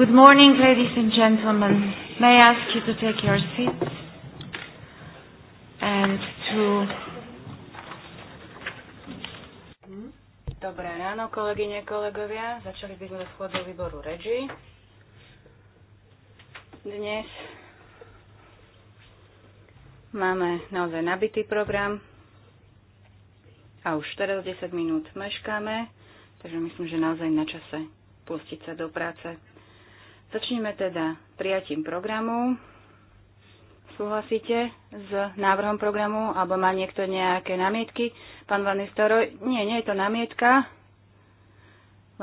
Good morning, ladies and gentlemen. May I ask you to take your seats and to... Dobré ráno, kolegyne, kolegovia. Začali by sme schôd do výboru REGI. Dnes máme naozaj nabitý program a už teraz 10 minút meškáme, takže myslím, že naozaj na čase pustiť sa do práce. Začneme teda prijatím programu. Súhlasíte s návrhom programu alebo má niekto nejaké namietky? Pán Van Storoj, nie, nie je to namietka,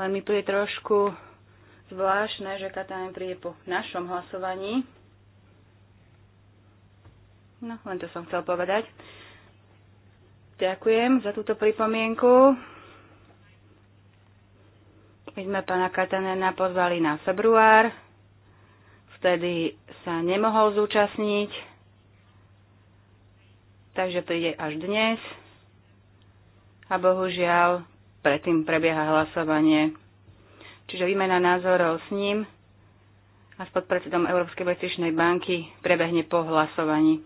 len mi je trošku zvláštne, že Katalin príde po našom hlasovaní. No, len to som chcel povedať. Ďakujem za túto pripomienku. My sme pána Katanena pozvali na február, vtedy sa nemohol zúčastniť, takže to ide až dnes a bohužiaľ predtým prebieha hlasovanie. Čiže výmena názorov s ním a s podpredsedom Európskej investičnej banky prebehne po hlasovaní.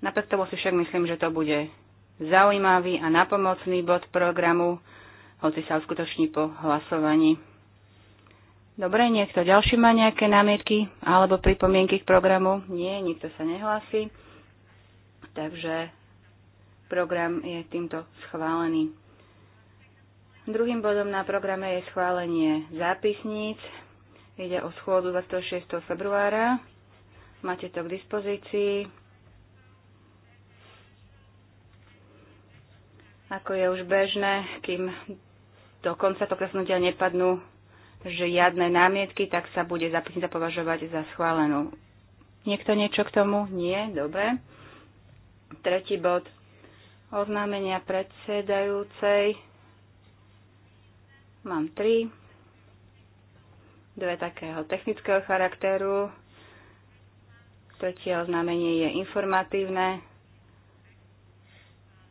Napriek tomu si však myslím, že to bude zaujímavý a napomocný bod programu hoci sa uskutoční po hlasovaní. Dobre, niekto ďalší má nejaké námietky alebo pripomienky k programu? Nie, nikto sa nehlási. Takže program je týmto schválený. Druhým bodom na programe je schválenie zápisníc. Ide o schôdu 26. februára. Máte to k dispozícii. Ako je už bežné, kým do konca to snutia nepadnú žiadne námietky, tak sa bude zapisnica považovať za schválenú. Niekto niečo k tomu? Nie? Dobre. Tretí bod. Oznámenia predsedajúcej. Mám tri. Dve takého technického charakteru. Tretie oznámenie je informatívne.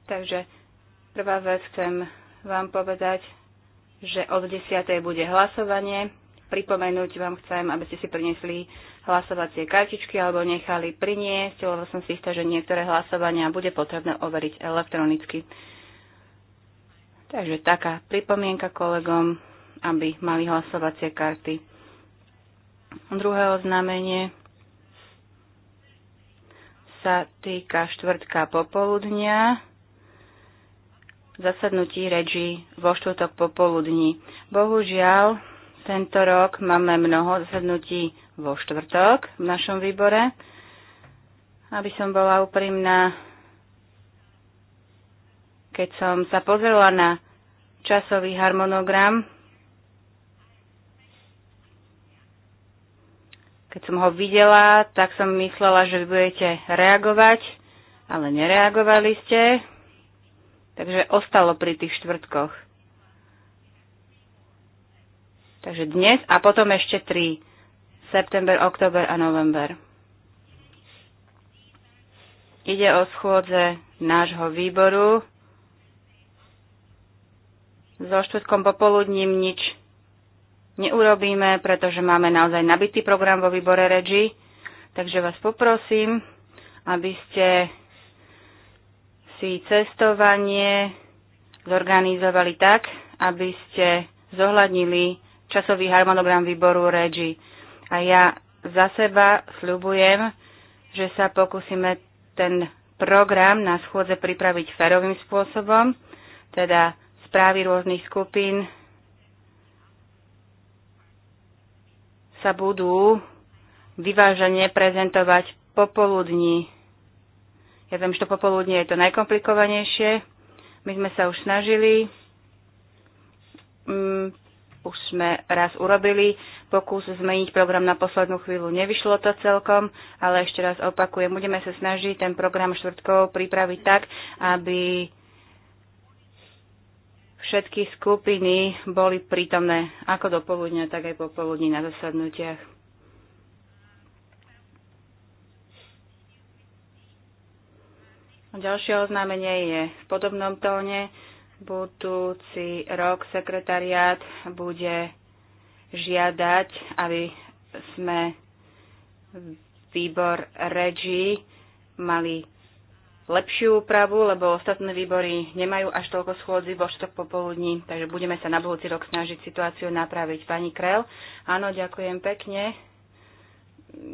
Takže prvá vec chcem vám povedať, že od 10. bude hlasovanie. Pripomenúť vám chcem, aby ste si priniesli hlasovacie kartičky alebo nechali priniesť, lebo som si istá, že niektoré hlasovania bude potrebné overiť elektronicky. Takže taká pripomienka kolegom, aby mali hlasovacie karty. Druhé oznámenie sa týka štvrtka popoludnia zasadnutí reči vo štvrtok popoludní. Bohužiaľ, tento rok máme mnoho zasadnutí vo štvrtok v našom výbore. Aby som bola úprimná, keď som sa pozrela na časový harmonogram, keď som ho videla, tak som myslela, že vy budete reagovať, ale nereagovali ste. Takže ostalo pri tých štvrtkoch. Takže dnes a potom ešte tri. September, október a november. Ide o schôdze nášho výboru. So štvrtkom popoludním nič neurobíme, pretože máme naozaj nabitý program vo výbore REGI. Takže vás poprosím, aby ste si cestovanie zorganizovali tak, aby ste zohľadnili časový harmonogram výboru REGI. A ja za seba sľubujem, že sa pokúsime ten program na schôdze pripraviť ferovým spôsobom, teda správy rôznych skupín sa budú vyvážene prezentovať popoludní ja viem, že to popoludne je to najkomplikovanejšie. My sme sa už snažili. Mm, už sme raz urobili pokus zmeniť program na poslednú chvíľu. Nevyšlo to celkom, ale ešte raz opakujem, budeme sa snažiť ten program štvrtkov pripraviť tak, aby všetky skupiny boli prítomné ako do poludnia, tak aj po poludní na zasadnutiach. Ďalšie oznámenie je v podobnom tóne. Budúci rok sekretariát bude žiadať, aby sme výbor REGI mali lepšiu úpravu, lebo ostatné výbory nemajú až toľko schôdzi vo štok popoludní, takže budeme sa na budúci rok snažiť situáciu napraviť. Pani Krel, áno, ďakujem pekne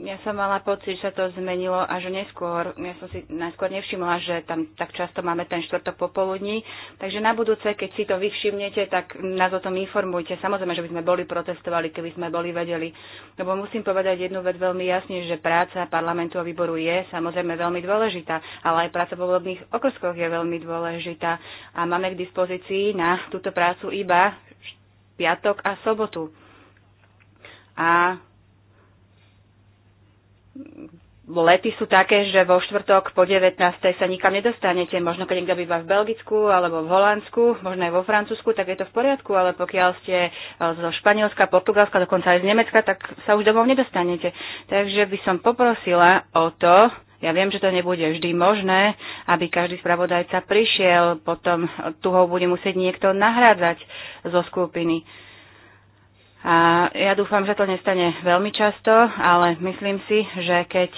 ja som mala pocit, že sa to zmenilo až neskôr. Ja som si najskôr nevšimla, že tam tak často máme ten štvrtok popoludní. Takže na budúce, keď si to vy všimnete, tak nás o tom informujte. Samozrejme, že by sme boli protestovali, keby sme boli vedeli. Lebo musím povedať jednu vec veľmi jasne, že práca parlamentu a výboru je samozrejme veľmi dôležitá, ale aj práca vo volebných okrskoch je veľmi dôležitá. A máme k dispozícii na túto prácu iba piatok a sobotu. A lety sú také, že vo štvrtok po 19. sa nikam nedostanete. Možno keď niekto býva v Belgicku alebo v Holandsku, možno aj vo Francúzsku, tak je to v poriadku, ale pokiaľ ste e, zo Španielska, Portugalska, dokonca aj z Nemecka, tak sa už domov nedostanete. Takže by som poprosila o to, ja viem, že to nebude vždy možné, aby každý spravodajca prišiel, potom tuho bude musieť niekto nahrádzať zo skupiny. Uh, a ja dúfam, že to nestane veľmi často, ale myslím si, že keď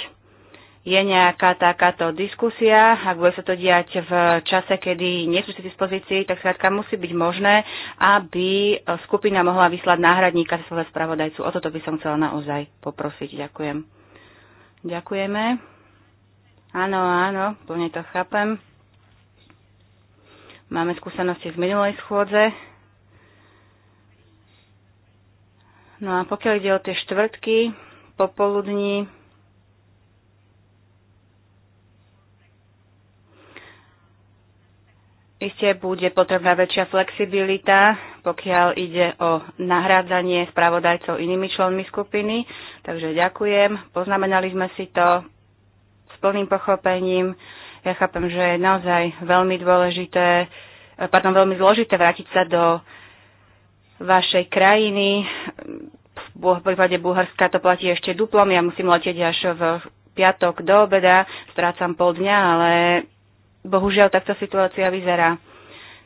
je nejaká takáto diskusia, ak bude sa to diať v čase, kedy nie sú si dispozícii, tak skrátka musí byť možné, aby skupina mohla vyslať náhradníka svojho spravodajcu. O toto by som chcela naozaj poprosiť. Ďakujem. Ďakujeme. Áno, áno, plne to chápem. Máme skúsenosti z minulej schôdze. No a pokiaľ ide o tie štvrtky, popoludní, iste bude potrebná väčšia flexibilita, pokiaľ ide o nahrádzanie spravodajcov inými členmi skupiny. Takže ďakujem, poznamenali sme si to s plným pochopením. Ja chápem, že je naozaj veľmi dôležité, pardon, veľmi zložité vrátiť sa do vašej krajiny. V prípade Bulharska to platí ešte duplom. Ja musím letieť až v piatok do obeda, strácam pol dňa, ale bohužiaľ takto situácia vyzerá.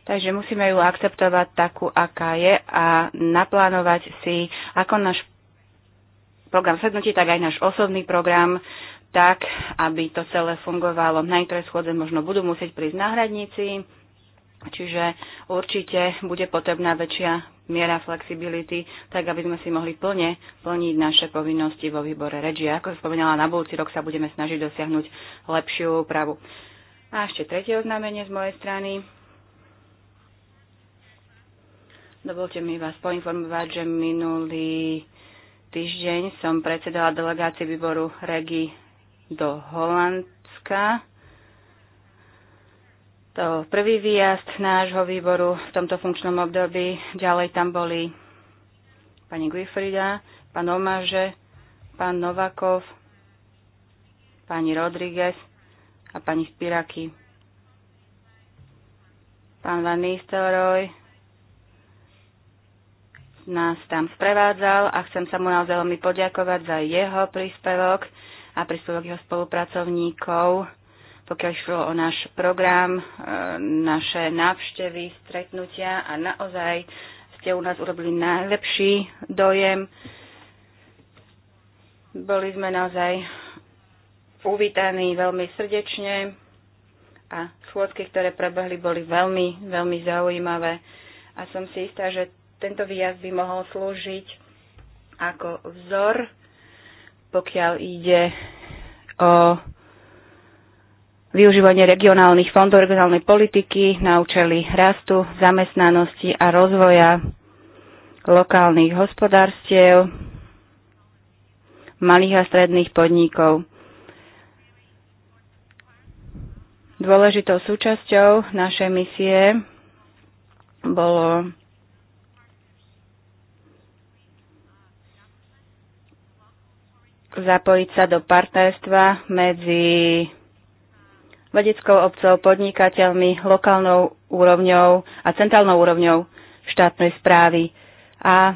Takže musíme ju akceptovať takú, aká je a naplánovať si, ako náš program sednutí, tak aj náš osobný program, tak, aby to celé fungovalo. Na niektoré schôdze možno budú musieť prísť náhradníci, čiže určite bude potrebná väčšia miera flexibility, tak aby sme si mohli plne plniť naše povinnosti vo výbore reči. Ako spomenala, spomínala, na budúci rok sa budeme snažiť dosiahnuť lepšiu úpravu. A ešte tretie oznámenie z mojej strany. Dovolte mi vás poinformovať, že minulý týždeň som predsedala delegácii výboru REGI do Holandska to prvý výjazd nášho výboru v tomto funkčnom období. Ďalej tam boli pani Guifrida, pán Omaže, pán Novakov, pani Rodriguez a pani Spiraky. Pán Van Nistelrooy nás tam sprevádzal a chcem sa mu naozaj veľmi poďakovať za jeho príspevok a príspevok jeho spolupracovníkov pokiaľ šlo o náš program, e, naše návštevy, stretnutia a naozaj ste u nás urobili najlepší dojem. Boli sme naozaj uvítaní veľmi srdečne a schôdky, ktoré prebehli, boli veľmi, veľmi zaujímavé. A som si istá, že tento výjazd by mohol slúžiť ako vzor, pokiaľ ide o využívanie regionálnych fondov, regionálnej politiky na účely rastu, zamestnanosti a rozvoja lokálnych hospodárstiev, malých a stredných podnikov. Dôležitou súčasťou našej misie bolo zapojiť sa do partnerstva medzi vedeckou obcov, podnikateľmi, lokálnou úrovňou a centrálnou úrovňou štátnej správy. A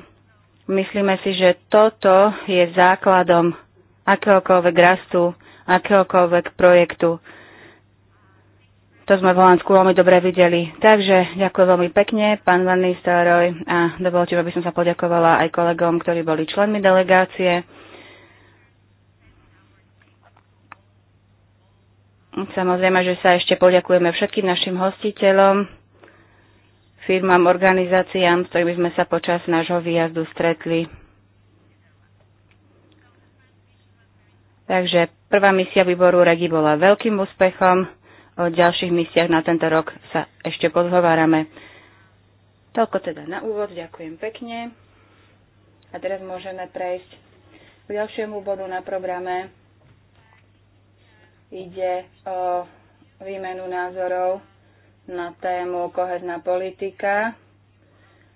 myslíme si, že toto je základom akéhokoľvek rastu, akéhokoľvek projektu. To sme v Holandsku veľmi dobre videli. Takže ďakujem veľmi pekne, pán Van Nistelrooy, a dovolte, aby som sa poďakovala aj kolegom, ktorí boli členmi delegácie. Samozrejme, že sa ešte poďakujeme všetkým našim hostiteľom, firmám, organizáciám, s ktorými sme sa počas nášho výjazdu stretli. Takže prvá misia výboru Regi bola veľkým úspechom. O ďalších misiach na tento rok sa ešte pozhovárame. Toľko teda na úvod, ďakujem pekne. A teraz môžeme prejsť k ďalšiemu bodu na programe. Ide o výmenu názorov na tému kohezná politika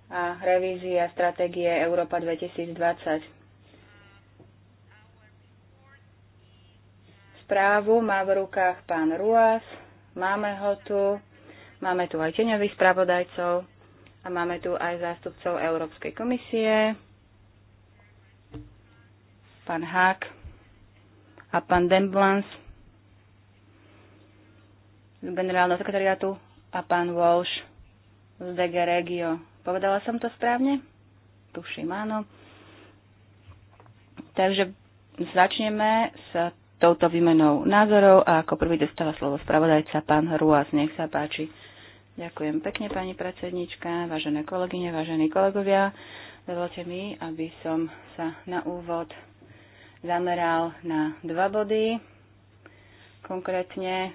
a revízia stratégie Európa 2020. správu má v rukách pán Ruas, máme ho tu, máme tu aj teňových spravodajcov a máme tu aj zástupcov Európskej komisie, pán Hák a pán Demblans generálneho sekretariátu a pán Walsh z DG Regio. Povedala som to správne? Tuším, áno. Takže začneme s touto výmenou názorov a ako prvý dostáva slovo spravodajca pán Ruas. Nech sa páči. Ďakujem pekne, pani predsednička, vážené kolegyne, vážení kolegovia. Dovolte mi, aby som sa na úvod zameral na dva body. Konkrétne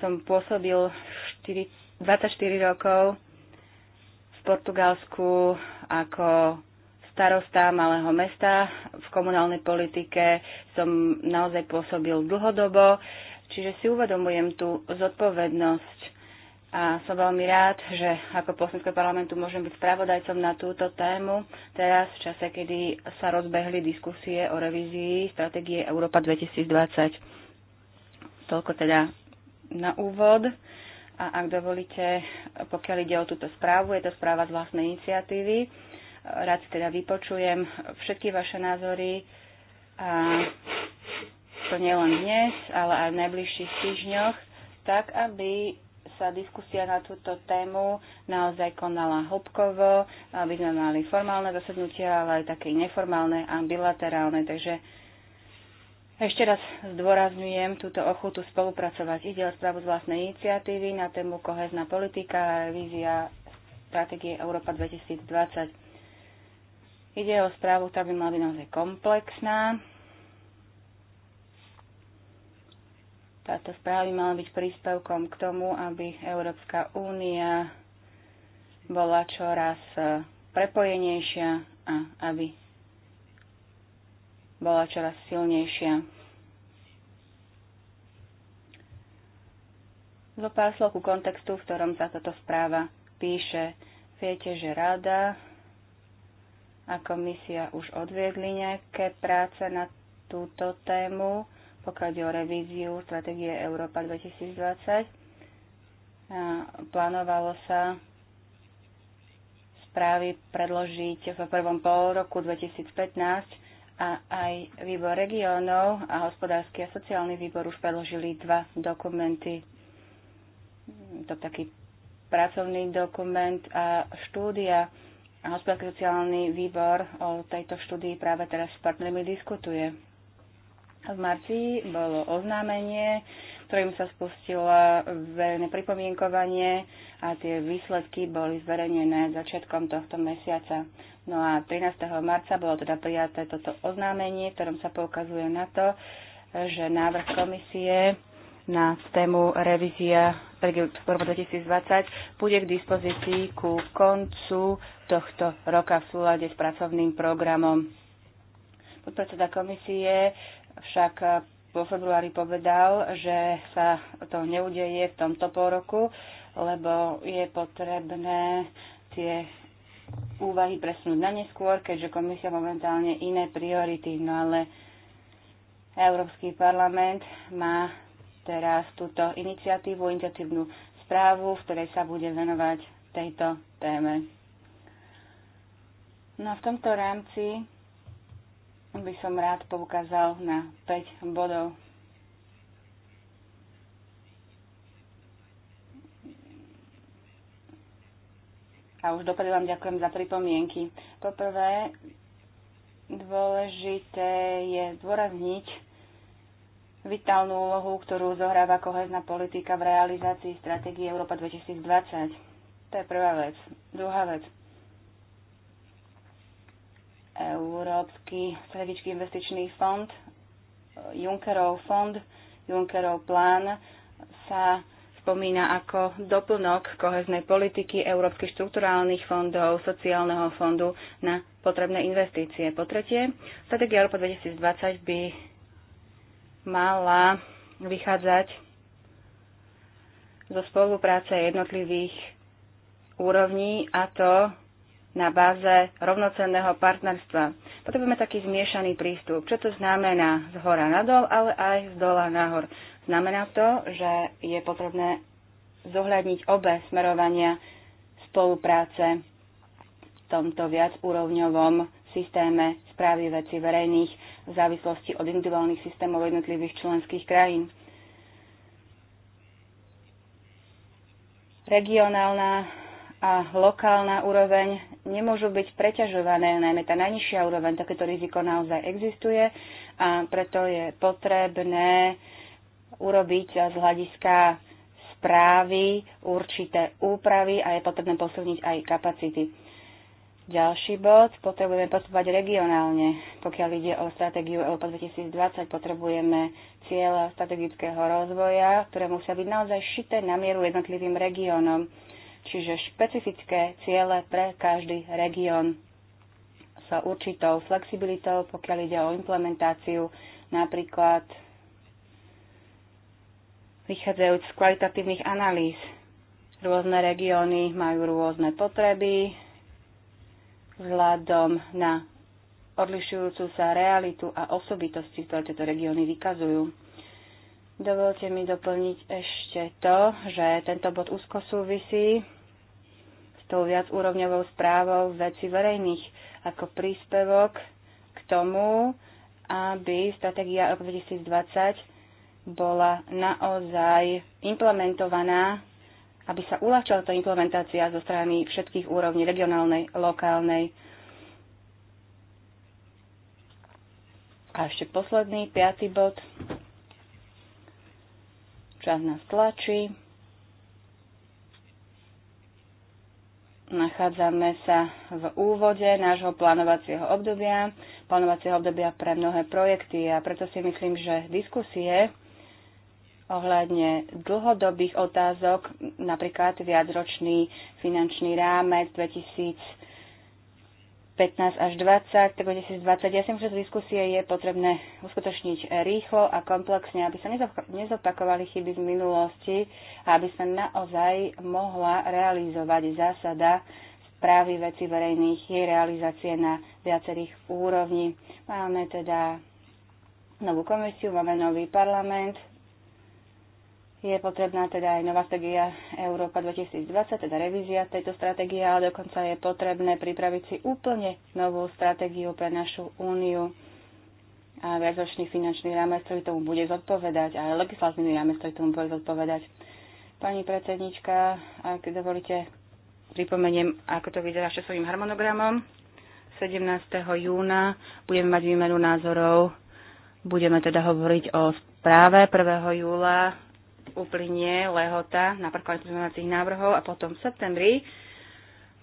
som pôsobil 4, 24 rokov v Portugalsku ako starosta malého mesta. V komunálnej politike som naozaj pôsobil dlhodobo, čiže si uvedomujem tú zodpovednosť a som veľmi rád, že ako poslanského parlamentu môžem byť spravodajcom na túto tému teraz v čase, kedy sa rozbehli diskusie o revízii stratégie Európa 2020. Toľko teda na úvod. A ak dovolíte, pokiaľ ide o túto správu, je to správa z vlastnej iniciatívy. Rád si teda vypočujem všetky vaše názory a to nielen dnes, ale aj v najbližších týždňoch, tak aby sa diskusia na túto tému naozaj konala hĺbkovo, aby sme mali formálne zasadnutia, ale aj také neformálne a bilaterálne. Takže ešte raz zdôrazňujem túto ochotu spolupracovať. Ide o správu z vlastnej iniciatívy na tému kohezná politika a revízia stratégie Európa 2020. Ide o správu, ktorá by mala byť naozaj komplexná. Táto správa by mala byť príspevkom k tomu, aby Európska únia bola čoraz prepojenejšia a aby bola čoraz silnejšia. Zo pár slov ku kontextu, v ktorom sa táto správa píše. Viete, že rada a komisia už odviedli nejaké práce na túto tému, pokiaľ o revíziu stratégie Európa 2020. A plánovalo sa správy predložiť v prvom pol roku 2015 a aj výbor regiónov a hospodársky a sociálny výbor už predložili dva dokumenty. To taký pracovný dokument a štúdia. A hospodársky sociálny výbor o tejto štúdii práve teraz s partnermi diskutuje. V marci bolo oznámenie, ktorým sa spustilo verejné pripomienkovanie a tie výsledky boli zverejnené začiatkom tohto mesiaca. No a 13. marca bolo teda prijaté toto oznámenie, v ktorom sa poukazuje na to, že návrh komisie na tému revízia roku 2020 bude k dispozícii ku koncu tohto roka v súlade s pracovným programom. Podpredseda komisie však vo februári povedal, že sa to neudeje v tomto pol roku, lebo je potrebné tie úvahy presunúť na neskôr, keďže komisia momentálne iné priority, no ale Európsky parlament má teraz túto iniciatívu, iniciatívnu správu, v ktorej sa bude venovať tejto téme. No a v tomto rámci by som rád poukázal na 5 bodov. A už dopredu vám ďakujem za pripomienky. Poprvé, dôležité je zdôrazniť vitálnu úlohu, ktorú zohráva kohezná politika v realizácii stratégie Európa 2020. To je prvá vec. Druhá vec. Európsky strategický investičný fond, Junckerov fond, Junckerov plán sa spomína ako doplnok koheznej politiky európskych štrukturálnych fondov, sociálneho fondu na potrebné investície. Po tretie, strategia Európa 2020 by mala vychádzať zo spolupráce jednotlivých úrovní a to na báze rovnocenného partnerstva. Potrebujeme taký zmiešaný prístup. Čo to znamená z hora nadol, ale aj z dola nahor. Znamená to, že je potrebné zohľadniť obe smerovania spolupráce v tomto viacúrovňovom systéme správy veci verejných v závislosti od individuálnych systémov jednotlivých členských krajín. Regionálna a lokálna úroveň nemôžu byť preťažované, najmä tá najnižšia úroveň, takéto riziko naozaj existuje a preto je potrebné urobiť z hľadiska správy určité úpravy a je potrebné posilniť aj kapacity. Ďalší bod, potrebujeme postupovať regionálne. Pokiaľ ide o stratégiu Európa 2020, potrebujeme cieľ strategického rozvoja, ktoré musia byť naozaj šité na mieru jednotlivým regiónom, čiže špecifické ciele pre každý región s určitou flexibilitou, pokiaľ ide o implementáciu napríklad vychádzajúc z kvalitatívnych analýz. Rôzne regióny majú rôzne potreby vzhľadom na odlišujúcu sa realitu a osobitosti, ktoré tieto regióny vykazujú. Dovolte mi doplniť ešte to, že tento bod úzko súvisí s tou viacúrovňovou správou veci verejných ako príspevok k tomu, aby stratégia rok 2020 bola naozaj implementovaná, aby sa uľahčila tá implementácia zo strany všetkých úrovní, regionálnej, lokálnej. A ešte posledný, piatý bod. Čas nás tlačí. Nachádzame sa v úvode nášho plánovacieho obdobia, plánovacieho obdobia pre mnohé projekty a preto si myslím, že diskusie ohľadne dlhodobých otázok, napríklad viacročný finančný rámec 2015 až 20, tak 2020. Ja si myslím, že z diskusie je potrebné uskutočniť rýchlo a komplexne, aby sa nezopakovali chyby z minulosti a aby sa naozaj mohla realizovať zásada správy veci verejných, jej realizácie na viacerých úrovni. Máme teda novú komisiu, máme nový parlament, je potrebná teda aj nová stratégia Európa 2020, teda revízia tejto stratégie, ale dokonca je potrebné pripraviť si úplne novú stratégiu pre našu úniu a viacročný finančný rámec, ktorý tomu bude zodpovedať, a legislatívny rámec, ktorý tomu bude zodpovedať. Pani predsednička, ak dovolíte, pripomeniem, ako to vyzerá s časovým harmonogramom. 17. júna budeme mať výmenu názorov, budeme teda hovoriť o správe 1. júla uplynie lehota na preklade pozmeňovacích návrhov a potom v septembri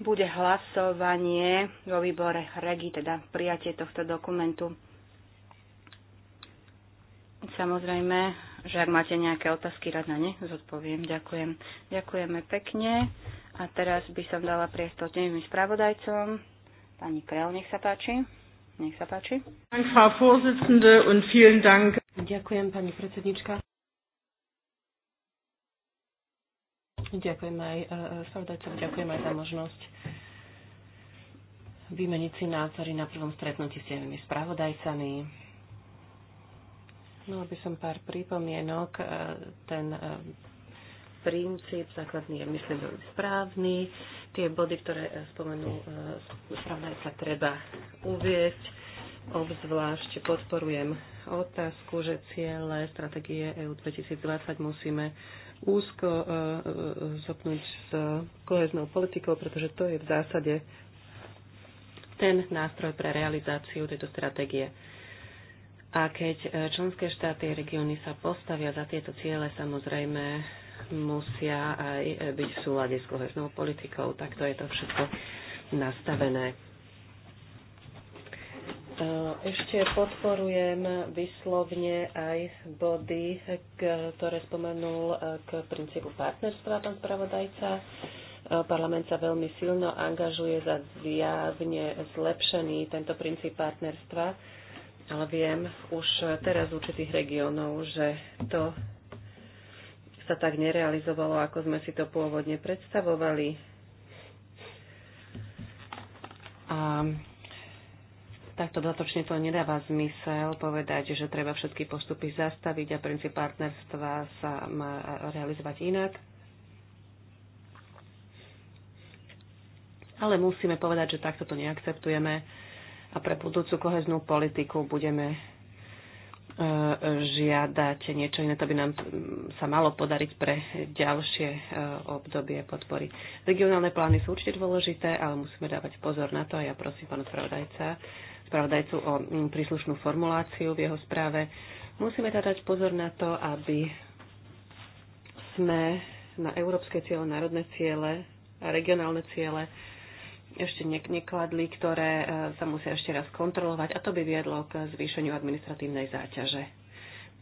bude hlasovanie vo výbore REGI, teda prijatie tohto dokumentu. Samozrejme, že ak máte nejaké otázky, rád na ne zodpoviem. Ďakujem. Ďakujeme pekne. A teraz by som dala priestor tým spravodajcom. Pani Krel, nech sa páči. Nech sa páči. Ďakujem, pani predsednička. Ďakujem aj e, e, spravodajcom, ďakujem aj za možnosť vymeniť si názory na prvom stretnutí s tými spravodajcami. No aby som pár pripomienok. E, ten princíp základný je, myslím, veľmi správny. Tie body, ktoré spomenú spravodajca, treba uviesť. Obzvlášť podporujem otázku, že ciele stratégie EU 2020 musíme úzko e, e, zopnúť s koheznou politikou, pretože to je v zásade ten nástroj pre realizáciu tejto stratégie. A keď e, členské štáty a regióny sa postavia za tieto ciele, samozrejme musia aj byť v súlade s koheznou politikou. Takto je to všetko nastavené. E, ešte podporujem vyslovne aj body, ktoré spomenul e, k princípu partnerstva pán spravodajca. E, parlament sa veľmi silno angažuje za zjavne zlepšený tento princíp partnerstva, ale viem už teraz z určitých regiónov, že to sa tak nerealizovalo, ako sme si to pôvodne predstavovali. A takto dodatočne to nedáva zmysel povedať, že treba všetky postupy zastaviť a princíp partnerstva sa má realizovať inak. Ale musíme povedať, že takto to neakceptujeme a pre budúcu koheznú politiku budeme e, žiadať niečo iné, to by nám sa malo podariť pre ďalšie e, obdobie podpory. Regionálne plány sú určite dôležité, ale musíme dávať pozor na to a ja prosím pána spravodajca, spravodajcu o mm, príslušnú formuláciu v jeho správe. Musíme teda dať pozor na to, aby sme na európske ciele, národné ciele a regionálne ciele ešte ne- nekladli, ktoré e, sa musia ešte raz kontrolovať a to by viedlo k zvýšeniu administratívnej záťaže,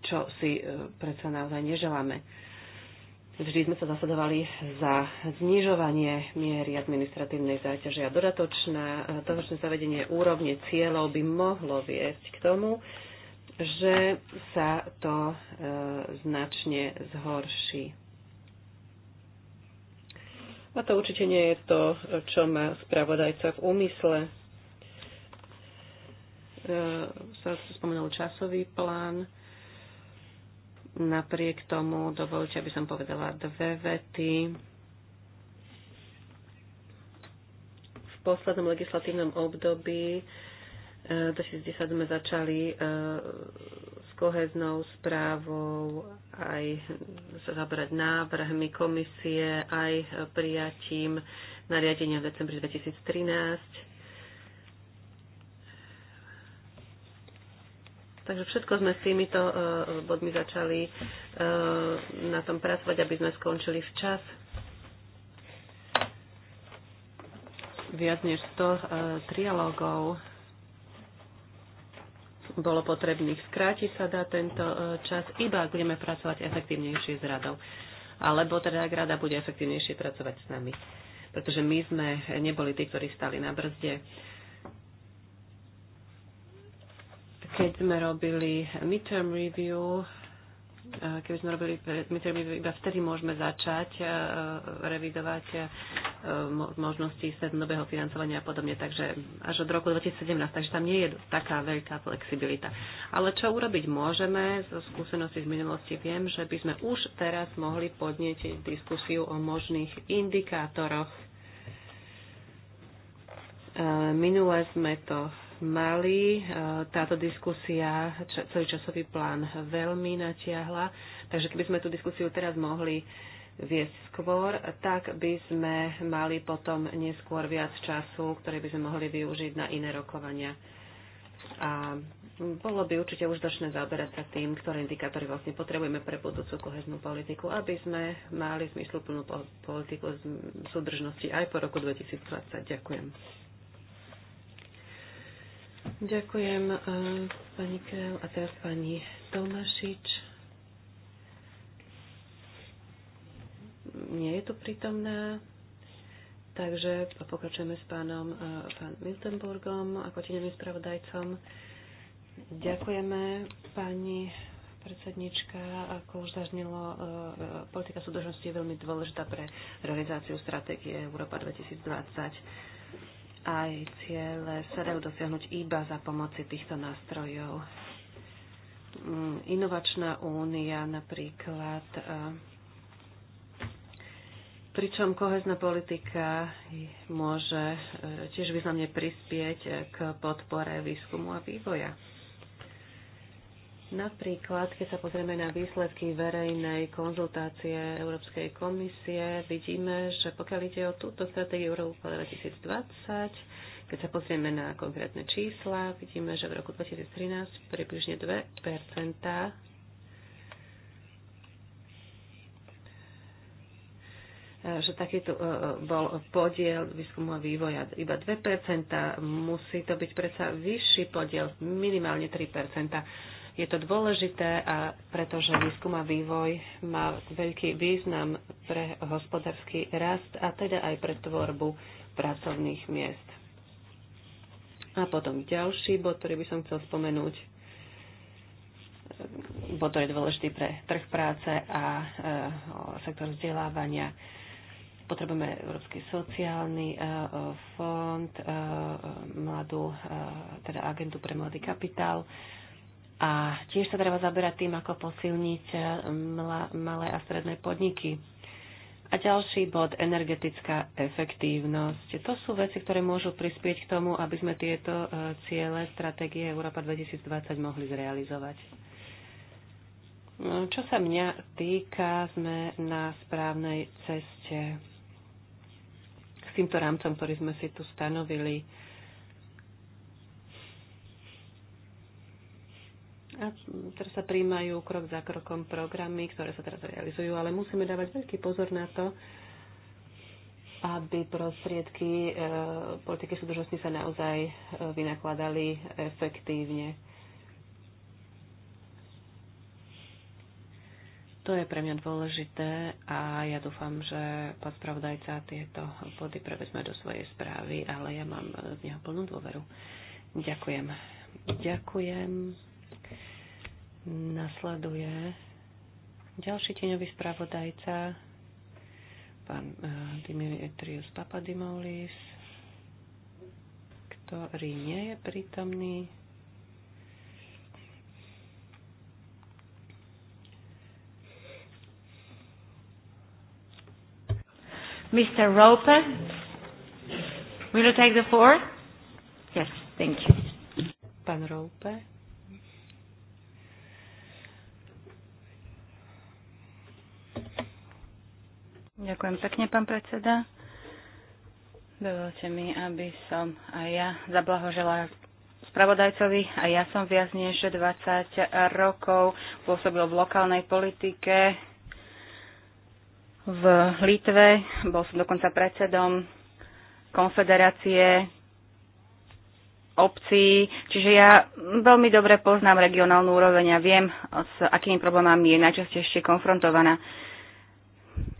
čo si e, predsa naozaj neželáme. Vždy sme sa zasadovali za znižovanie miery administratívnej záťaže a dodatočné, e, dodatočné zavedenie úrovne cieľov by mohlo viesť k tomu, že sa to e, značne zhorší. A to určite nie je to, čo má spravodajca v úmysle. E, sa spomenul časový plán. E, Napriek tomu dovolte, aby som povedala dve vety. V poslednom legislatívnom období 2010 eh, sme začali eh, s koheznou správou aj sa zabrať návrhmi komisie, aj prijatím nariadenia v decembri 2013 Takže všetko sme s týmito e, bodmi začali e, na tom pracovať, aby sme skončili včas. Viac než 100 e, trialógov bolo potrebných. Skráti sa dá tento čas, iba ak budeme pracovať efektívnejšie s radou. Alebo teda ak rada bude efektívnejšie pracovať s nami. Pretože my sme neboli tí, ktorí stali na brzde. keď sme robili midterm review, keď sme robili midterm review, iba vtedy môžeme začať e, e, revidovať e, možnosti strednodobého financovania a podobne, takže až od roku 2017, takže tam nie je taká veľká flexibilita. Ale čo urobiť môžeme, zo skúsenosti z minulosti viem, že by sme už teraz mohli podnieť diskusiu o možných indikátoroch. Minule sme to mali. E, táto diskusia celý časový plán veľmi natiahla, takže keby sme tú diskusiu teraz mohli viesť skôr, tak by sme mali potom neskôr viac času, ktoré by sme mohli využiť na iné rokovania. A bolo by určite užitočné zaoberať sa tým, ktoré indikátory vlastne potrebujeme pre budúcu koheznú politiku, aby sme mali zmysluplnú politiku súdržnosti aj po roku 2020. Ďakujem. Ďakujem eh, pani Krel a teraz pani Tomašič. Nie je tu prítomná, takže pokračujeme s pánom eh, pán Miltenburgom ako tieňovým spravodajcom. Ďakujeme pani predsednička, ako už zaznelo, eh, politika súdržnosti je veľmi dôležitá pre realizáciu stratégie Európa 2020 aj ciele sa dajú dosiahnuť iba za pomoci týchto nástrojov. Mm, inovačná únia napríklad, e, pričom kohezná politika môže e, tiež významne prispieť e, k podpore výskumu a vývoja. Napríklad, keď sa pozrieme na výsledky verejnej konzultácie Európskej komisie, vidíme, že pokiaľ ide o túto stratégiu Európa 2020, keď sa pozrieme na konkrétne čísla, vidíme, že v roku 2013 približne 2 že takýto e, e, bol podiel výskumu a vývoja iba 2%, musí to byť predsa vyšší podiel, minimálne 3%. Je to dôležité, a pretože výskum a vývoj má veľký význam pre hospodársky rast a teda aj pre tvorbu pracovných miest. A potom ďalší bod, ktorý by som chcel spomenúť, bod, ktorý je dôležitý pre trh práce a e, sektor vzdelávania. Potrebujeme Európsky sociálny e, e fond, e, e, mladú, e, teda agentu pre mladý kapitál, e, a tiež sa treba zaberať tým, ako posilniť eh, malé a stredné podniky. A ďalší bod, energetická efektívnosť. To sú veci, ktoré môžu prispieť k tomu, aby sme tieto eh, ciele stratégie Európa 2020 mohli zrealizovať. Eh, čo sa mňa týka, sme na správnej ceste s týmto rámcom, ktorý sme si tu stanovili. A teraz sa príjmajú krok za krokom programy, ktoré sa teraz realizujú, ale musíme dávať veľký pozor na to, aby prostriedky e, politiky súdržnosti sa naozaj e, vynakladali efektívne. To je pre mňa dôležité a ja dúfam, že pán spravodajca tieto body prevezme do svojej správy, ale ja mám v neho plnú dôveru. Ďakujem. Ďakujem. Nasleduje ďalší tieňový spravodajca, pán eh, Dimitrius Papadimoulis, ktorý nie je prítomný. Mr. Roper, will you take the floor? Yes, thank you. Pan Roper. Ďakujem pekne, pán predseda. Dovolte mi, aby som aj ja zablahožela spravodajcovi. A ja som viac než 20 rokov pôsobil v lokálnej politike v Litve. Bol som dokonca predsedom konfederácie obcí, čiže ja veľmi dobre poznám regionálnu úroveň a viem, s akými problémami je najčastejšie konfrontovaná.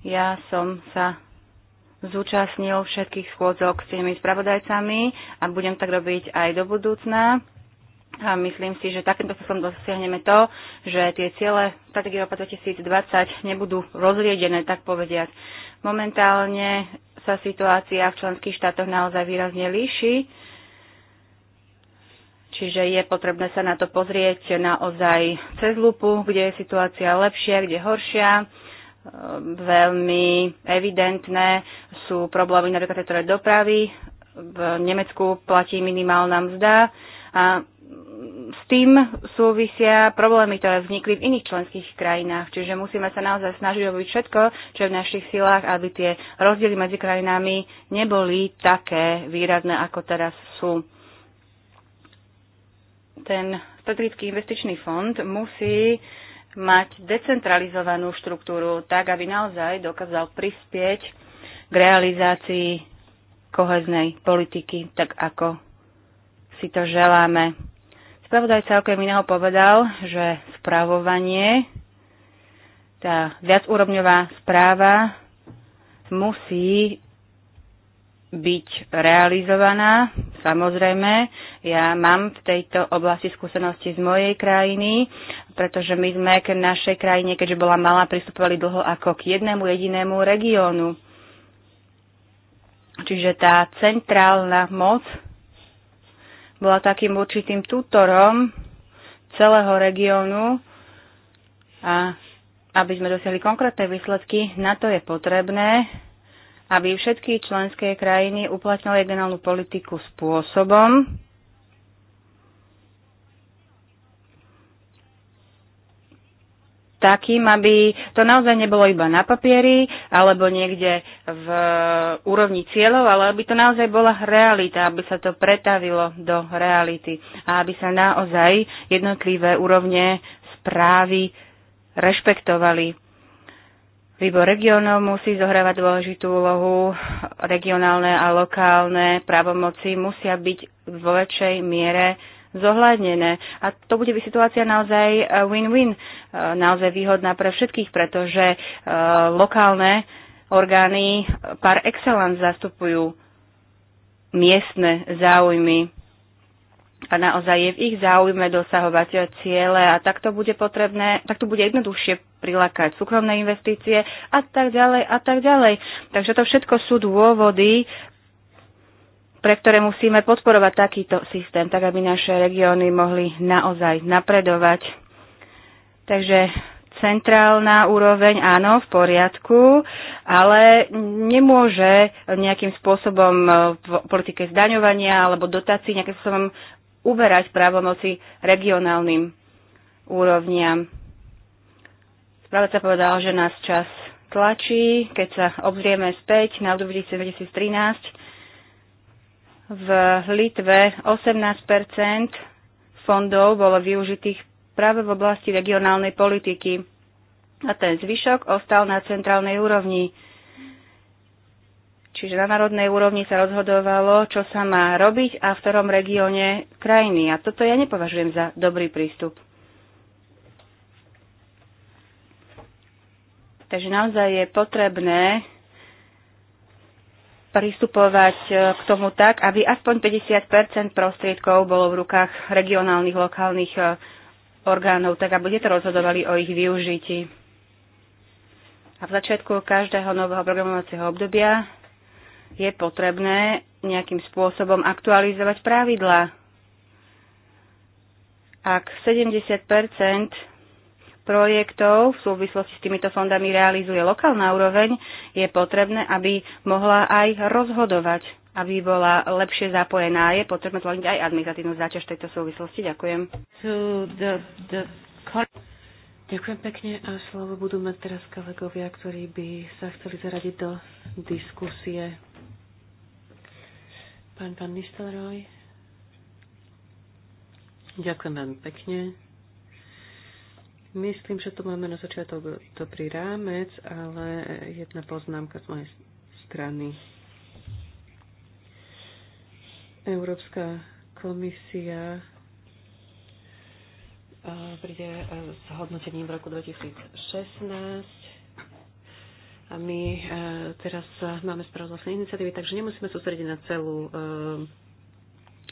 Ja som sa zúčastnil všetkých schôdzok s tými spravodajcami a budem tak robiť aj do budúcna. A myslím si, že takýmto spôsobom dosiahneme to, že tie ciele strategie OPA 2020 nebudú rozriedené, tak povediať. Momentálne sa situácia v členských štátoch naozaj výrazne líši, čiže je potrebné sa na to pozrieť naozaj cez lupu, kde je situácia lepšia, kde horšia veľmi evidentné sú problémy na sektore dopravy. V Nemecku platí minimálna mzda a s tým súvisia problémy, ktoré vznikli v iných členských krajinách. Čiže musíme sa naozaj snažiť robiť všetko, čo je v našich silách, aby tie rozdiely medzi krajinami neboli také výrazné, ako teraz sú. Ten strategický investičný fond musí uh, mať decentralizovanú štruktúru tak, aby naozaj dokázal prispieť k realizácii koheznej politiky, tak ako si to želáme. Spravodajca okrem iného povedal, že spravovanie, tá viacúrovňová správa musí byť realizovaná. Samozrejme, ja mám v tejto oblasti skúsenosti z mojej krajiny pretože my sme k našej krajine, keďže bola malá, pristupovali dlho ako k jednému jedinému regiónu. Čiže tá centrálna moc bola takým určitým tutorom celého regiónu a aby sme dosiahli konkrétne výsledky, na to je potrebné, aby všetky členské krajiny uplatňovali regionálnu politiku spôsobom, takým, aby to naozaj nebolo iba na papieri alebo niekde v e, úrovni cieľov, ale aby to naozaj bola realita, aby sa to pretavilo do reality a aby sa naozaj jednotlivé úrovne správy rešpektovali. Výbor regionov musí zohrávať dôležitú úlohu, regionálne a lokálne právomoci musia byť vo väčšej miere zohľadnené. A to bude by situácia naozaj eh, win-win, eh, naozaj výhodná pre všetkých, pretože eh, lokálne orgány par excellence zastupujú miestne záujmy a naozaj je v ich záujme dosahovať ciele a takto bude potrebné, takto bude jednoduchšie prilákať súkromné investície a tak ďalej a tak ďalej. Takže to všetko sú dôvody, pre ktoré musíme podporovať takýto systém, tak aby naše regióny mohli naozaj napredovať. Takže centrálna úroveň, áno, v poriadku, ale nemôže nejakým spôsobom e, v politike zdaňovania alebo dotácií nejakým spôsobom uberať právomoci regionálnym úrovniam. Správa sa povedal, že nás čas tlačí, keď sa obzrieme späť na obdobie 2013, v Litve 18 fondov bolo využitých práve v oblasti regionálnej politiky a ten zvyšok ostal na centrálnej úrovni. Čiže na národnej úrovni sa rozhodovalo, čo sa má robiť a v ktorom regióne krajiny. A toto ja nepovažujem za dobrý prístup. Takže naozaj je potrebné pristupovať e, k tomu tak, aby aspoň 50 prostriedkov bolo v rukách regionálnych, lokálnych e, orgánov, tak aby to rozhodovali o ich využití. A v začiatku každého nového programovacieho obdobia je potrebné nejakým spôsobom aktualizovať pravidla. Ak 70 projektov v súvislosti s týmito fondami realizuje lokálna úroveň, je potrebné, aby mohla aj rozhodovať, aby bola lepšie zapojená. Je potrebné zvoliť aj administratívnu záťaž v tejto súvislosti. Ďakujem. Ďakujem pekne a slovo budú mať teraz kolegovia, ktorí by sa chceli zaradiť do diskusie. Pán pán Nistelroj. Ďakujem veľmi pekne. Myslím, že to máme na začiatok dobrý rámec, ale jedna poznámka z mojej strany. Európska komisia príde s hodnotením v roku 2016 a my teraz máme správu iniciatívy, takže nemusíme sústrediť na celú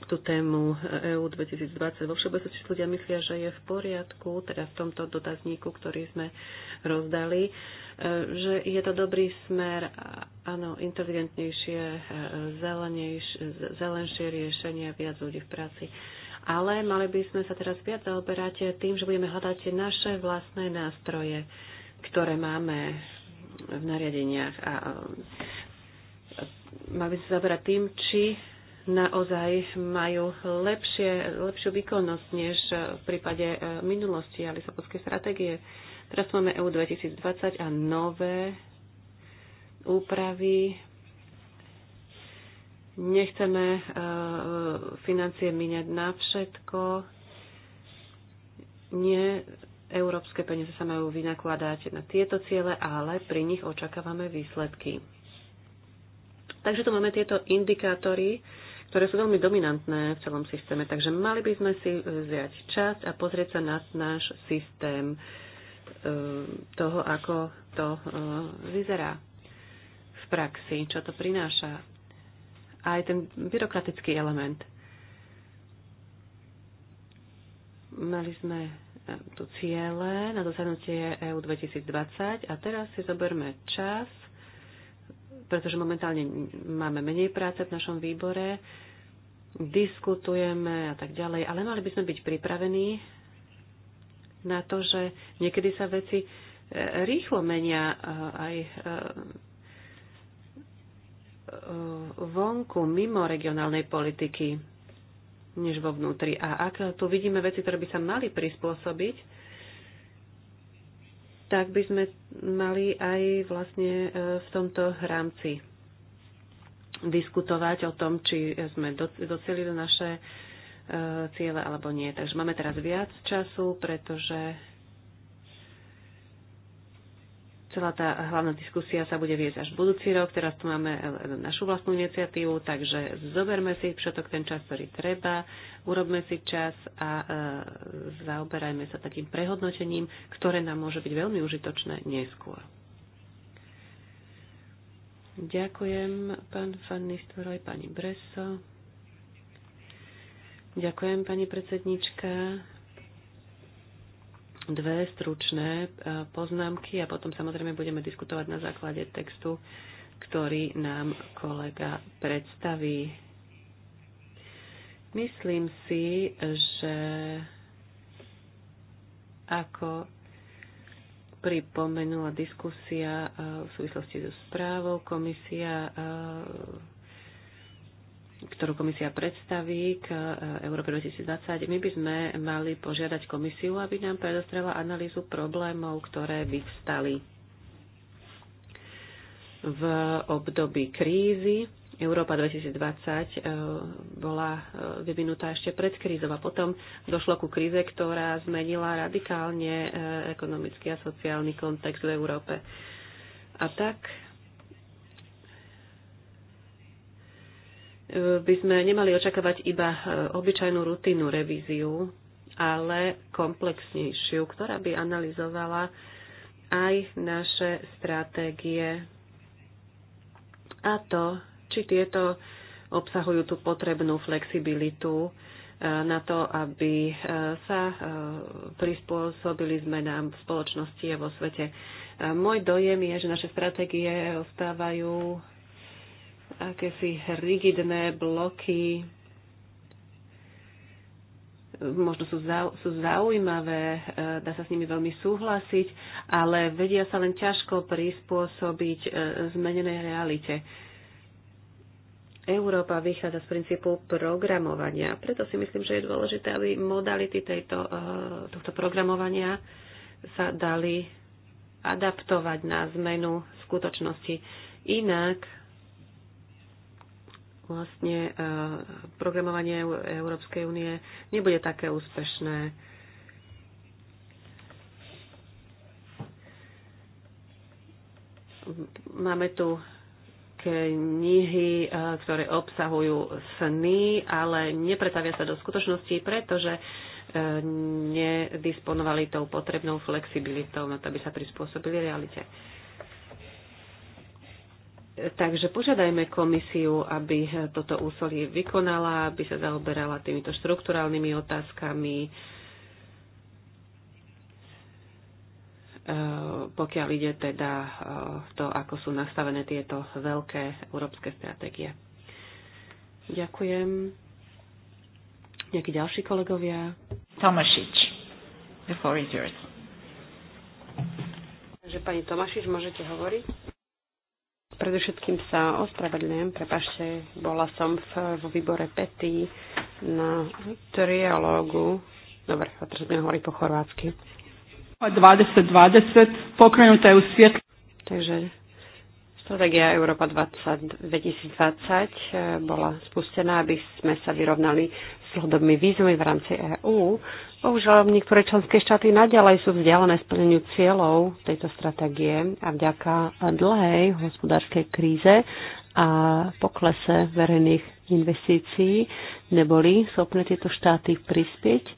tú tému EU 2020 vo všeobecnosti ľudia myslia, že je v poriadku, teda v tomto dotazníku, ktorý sme rozdali, e, že je to dobrý smer, áno, inteligentnejšie, e, zelenšie riešenia, viac ľudí v práci. Ale mali by sme sa teraz viac zaoberať tým, že budeme hľadať naše vlastné nástroje, ktoré máme v nariadeniach a e, mali by sme zaoberať tým, či naozaj majú lepšie, lepšiu výkonnosť než v prípade e, minulosti a Lisabonské stratégie. Teraz máme EU 2020 a nové úpravy. Nechceme e, financie míňať na všetko. Nie, európske peniaze sa majú vynakladať na tieto ciele, ale pri nich očakávame výsledky. Takže tu máme tieto indikátory, ktoré sú veľmi dominantné v celom systéme. Takže mali by sme si e, vziať čas a pozrieť sa na náš systém e, toho, ako to e, vyzerá v praxi, čo to prináša. aj ten byrokratický element. Mali sme tu ciele na dosadnutie EU 2020 a teraz si zoberme čas pretože momentálne máme menej práce v našom výbore, diskutujeme a tak ďalej, ale mali by sme byť pripravení na to, že niekedy sa veci e, rýchlo menia e, aj e, vonku, mimo regionálnej politiky, než vo vnútri. A ak tu vidíme veci, ktoré by sa mali prispôsobiť, tak by sme mali aj vlastne e, v tomto rámci diskutovať o tom, či sme docelili naše e, ciele alebo nie. Takže máme teraz viac času, pretože Celá tá hlavná diskusia sa bude viesť až budúci rok. Teraz tu máme našu vlastnú iniciatívu, takže zoberme si všetok ten čas, ktorý treba, urobme si čas a e, zaoberajme sa takým prehodnotením, ktoré nám môže byť veľmi užitočné neskôr. Ďakujem, pán Van Nistelrooy, pani Breso. Ďakujem, pani predsednička dve stručné e, poznámky a potom samozrejme budeme diskutovať na základe textu, ktorý nám kolega predstaví. Myslím si, že ako pripomenula diskusia e, v súvislosti so správou, komisia e, ktorú komisia predstaví k e, Európe 2020, my by sme mali požiadať komisiu, aby nám predostrela analýzu problémov, ktoré vyvstali v období krízy. Európa 2020 e, bola e, vyvinutá ešte pred krízou a potom došlo ku kríze, ktorá zmenila radikálne ekonomický a sociálny kontext v Európe. A tak by sme nemali očakávať iba e, obyčajnú rutinnú revíziu, ale komplexnejšiu, ktorá by analyzovala aj naše stratégie a to, či tieto obsahujú tú potrebnú flexibilitu e, na to, aby e, sa prispôsobili zmenám v spoločnosti a vo svete. Môj dojem je, že naše stratégie ostávajú akési rigidné bloky. Možno sú, zau, sú zaujímavé, e, dá sa s nimi veľmi súhlasiť, ale vedia sa len ťažko prispôsobiť e, zmenenej realite. Európa vychádza z princípu programovania. Preto si myslím, že je dôležité, aby modality tejto, e, tohto programovania sa dali adaptovať na zmenu skutočnosti. Inak vlastne e, programovanie Európskej únie nebude také úspešné. Máme tu knihy, e, ktoré obsahujú sny, ale nepretavia sa do skutočnosti, pretože e, nedisponovali tou potrebnou flexibilitou na to, aby sa prispôsobili realite. Takže požiadajme komisiu, aby toto úsolie vykonala, aby sa zaoberala týmito štruktúralnými otázkami, e, pokiaľ ide teda e, to, ako sú nastavené tieto veľké európske stratégie. Ďakujem. Nejakí ďalší kolegovia? Tomašič. The floor is yours. Takže pani Tomašič, môžete hovoriť? Predovšetkým sa ospravedlňujem, prepašte, bola som v, v výbore Petý na trialógu. Dobre, a teraz budem hovoriť po chorvátsky. 2020 pokrenuté u svietlo. Takže stratégia Európa 20, 2020 eh, bola spustená, aby sme sa vyrovnali s hľadobnými výzvami v rámci EÚ Bohužiaľ, niektoré členské štáty naďalej sú vzdialené splneniu cieľov tejto stratégie a vďaka dlhej hospodárskej kríze a poklese verejných investícií neboli schopné tieto štáty prispieť eh,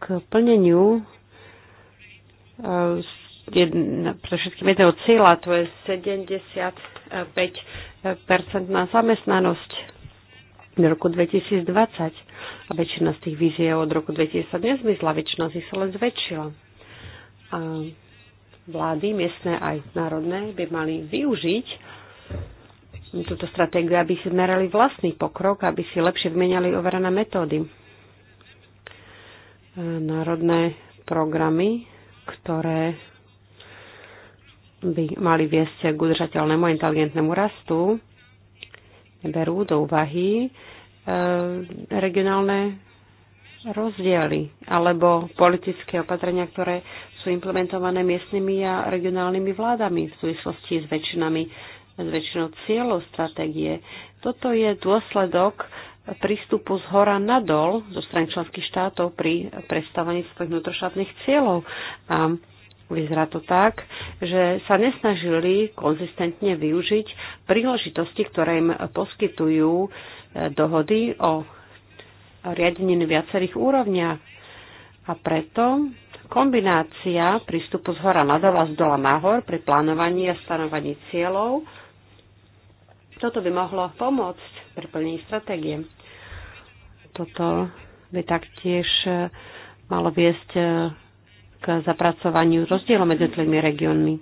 k plneniu eh, pre všetkým jedného cieľa, to je 75% na zamestnanosť do roku 2020 a väčšina z tých vízie od roku 2010 nezmizla, väčšina z nich sa len zväčšila. A vlády, miestne aj národné, by mali využiť túto stratégiu, aby si merali vlastný pokrok, aby si lepšie vmenali overené metódy. E, národné programy, ktoré by mali viesť k udržateľnému inteligentnému rastu, neberú do úvahy E, regionálne rozdiely alebo politické opatrenia, ktoré sú implementované miestnymi a regionálnymi vládami v súvislosti s väčšinami s väčšinou cieľov stratégie. Toto je dôsledok prístupu z hora nadol zo strany členských štátov pri predstavovaní svojich vnútroštátnych cieľov. A vyzerá to tak, že sa nesnažili konzistentne využiť príležitosti, ktoré im poskytujú dohody o riadení viacerých úrovniach. A preto kombinácia prístupu z hora nadol a z dola nahor pri plánovaní a stanovaní cieľov, toto by mohlo pomôcť pri plnení stratégie. Toto by taktiež e, malo viesť e, k zapracovaniu rozdielu medzi tými regiónmi.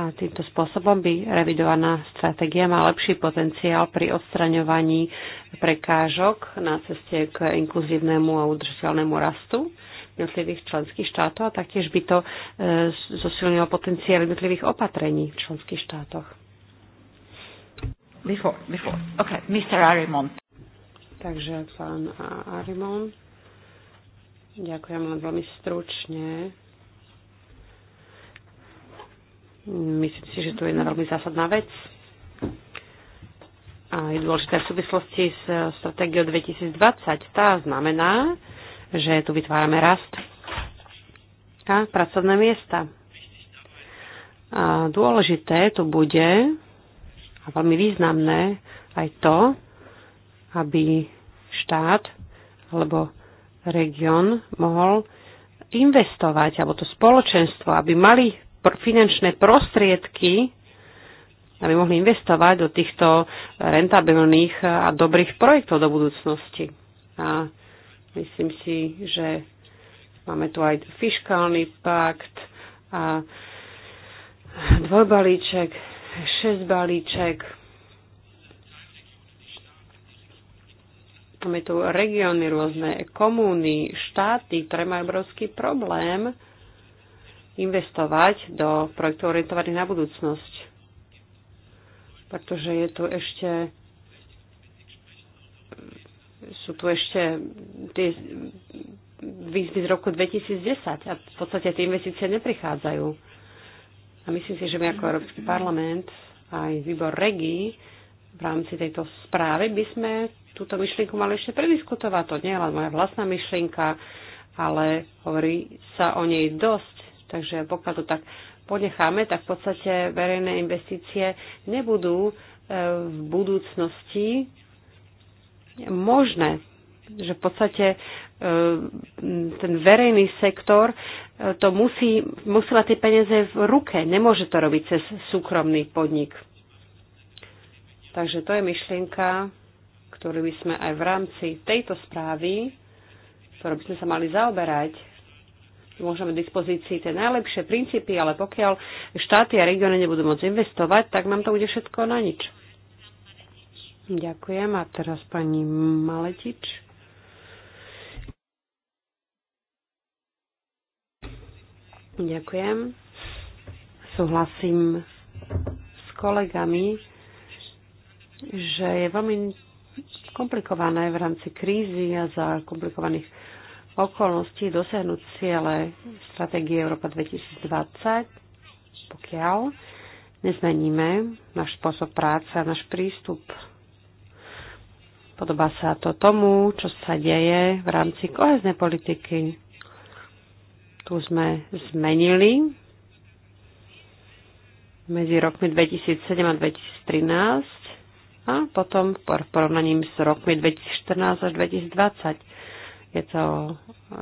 A týmto spôsobom by revidovaná stratégia má lepší potenciál pri odstraňovaní prekážok na ceste k inkluzívnemu a udržateľnému rastu jednotlivých členských štátov a taktiež by to e, zosilnilo potenciál jednotlivých opatrení v členských štátoch. Before, before. Okay, Mr. Arimon. Takže pán Arimon. Ďakujem len veľmi stručne. Myslím si, že to je jedna veľmi zásadná vec a je dôležité v súvislosti s stratégiou 2020. Tá znamená, že tu vytvárame rast a pracovné miesta. A dôležité to bude a veľmi významné aj to, aby štát alebo región mohol investovať, alebo to spoločenstvo, aby mali finančné prostriedky, aby mohli investovať do týchto rentabilných a dobrých projektov do budúcnosti. A myslím si, že máme tu aj fiskálny pakt a dvojbalíček, šesťbalíček. Máme tu regióny, rôzne komúny, štáty, ktoré majú obrovský problém investovať do projektov orientovaných na budúcnosť. Pretože je tu ešte sú tu ešte tie výzvy z roku 2010 a v podstate tie investície neprichádzajú. A myslím si, že my ako Európsky parlament aj výbor REGI v rámci tejto správy by sme túto myšlienku mali ešte prediskutovať. To nie je len moja vlastná myšlienka, ale hovorí sa o nej dosť. Takže pokiaľ to tak ponecháme, tak v podstate verejné investície nebudú e, v budúcnosti možné. Že v podstate e, ten verejný sektor e, to musí, musí mať tie peniaze v ruke. Nemôže to robiť cez súkromný podnik. Takže to je myšlienka, ktorú by sme aj v rámci tejto správy, ktorú by sme sa mali zaoberať, môžeme k dispozícii tie najlepšie princípy, ale pokiaľ štáty a regióny nebudú môcť investovať, tak nám to bude všetko na nič. Ďakujem. A teraz pani Maletič. Ďakujem. Súhlasím s kolegami, že je veľmi komplikované v rámci krízy a za komplikovaných okolnosti dosiahnuť ciele stratégie Európa 2020, pokiaľ nezmeníme náš spôsob práce a náš prístup. Podobá sa to tomu, čo sa deje v rámci koheznej politiky. Tu sme zmenili medzi rokmi 2007 a 2013 a potom porovnaním s rokmi 2014 až 2020. Je to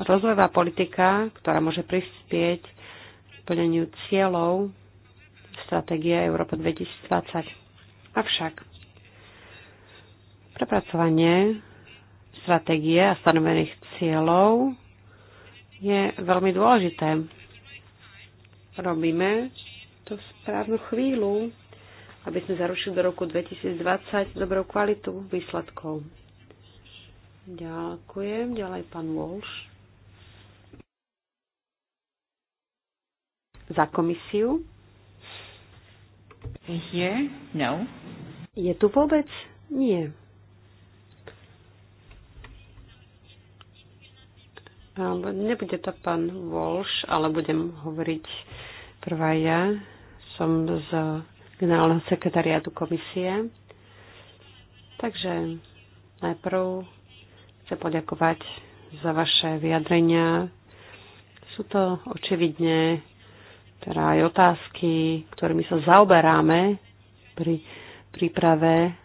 rozvojová politika, ktorá môže prispieť splneniu cieľov stratégie Európa 2020. Avšak prepracovanie stratégie a stanovených cieľov je veľmi dôležité. Robíme to v správnu chvíľu, aby sme zarušili do roku 2020 dobrou kvalitu výsledkov. Ďakujem. Ďalej pán Walsh. Za komisiu. Je here? No. Je tu vôbec? Nie. Nebude to pán Walsh, ale budem hovoriť prvá ja. Som z generálneho sekretariátu komisie. Takže najprv chce poďakovať za vaše vyjadrenia. Sú to očividne teda aj otázky, ktorými sa zaoberáme pri príprave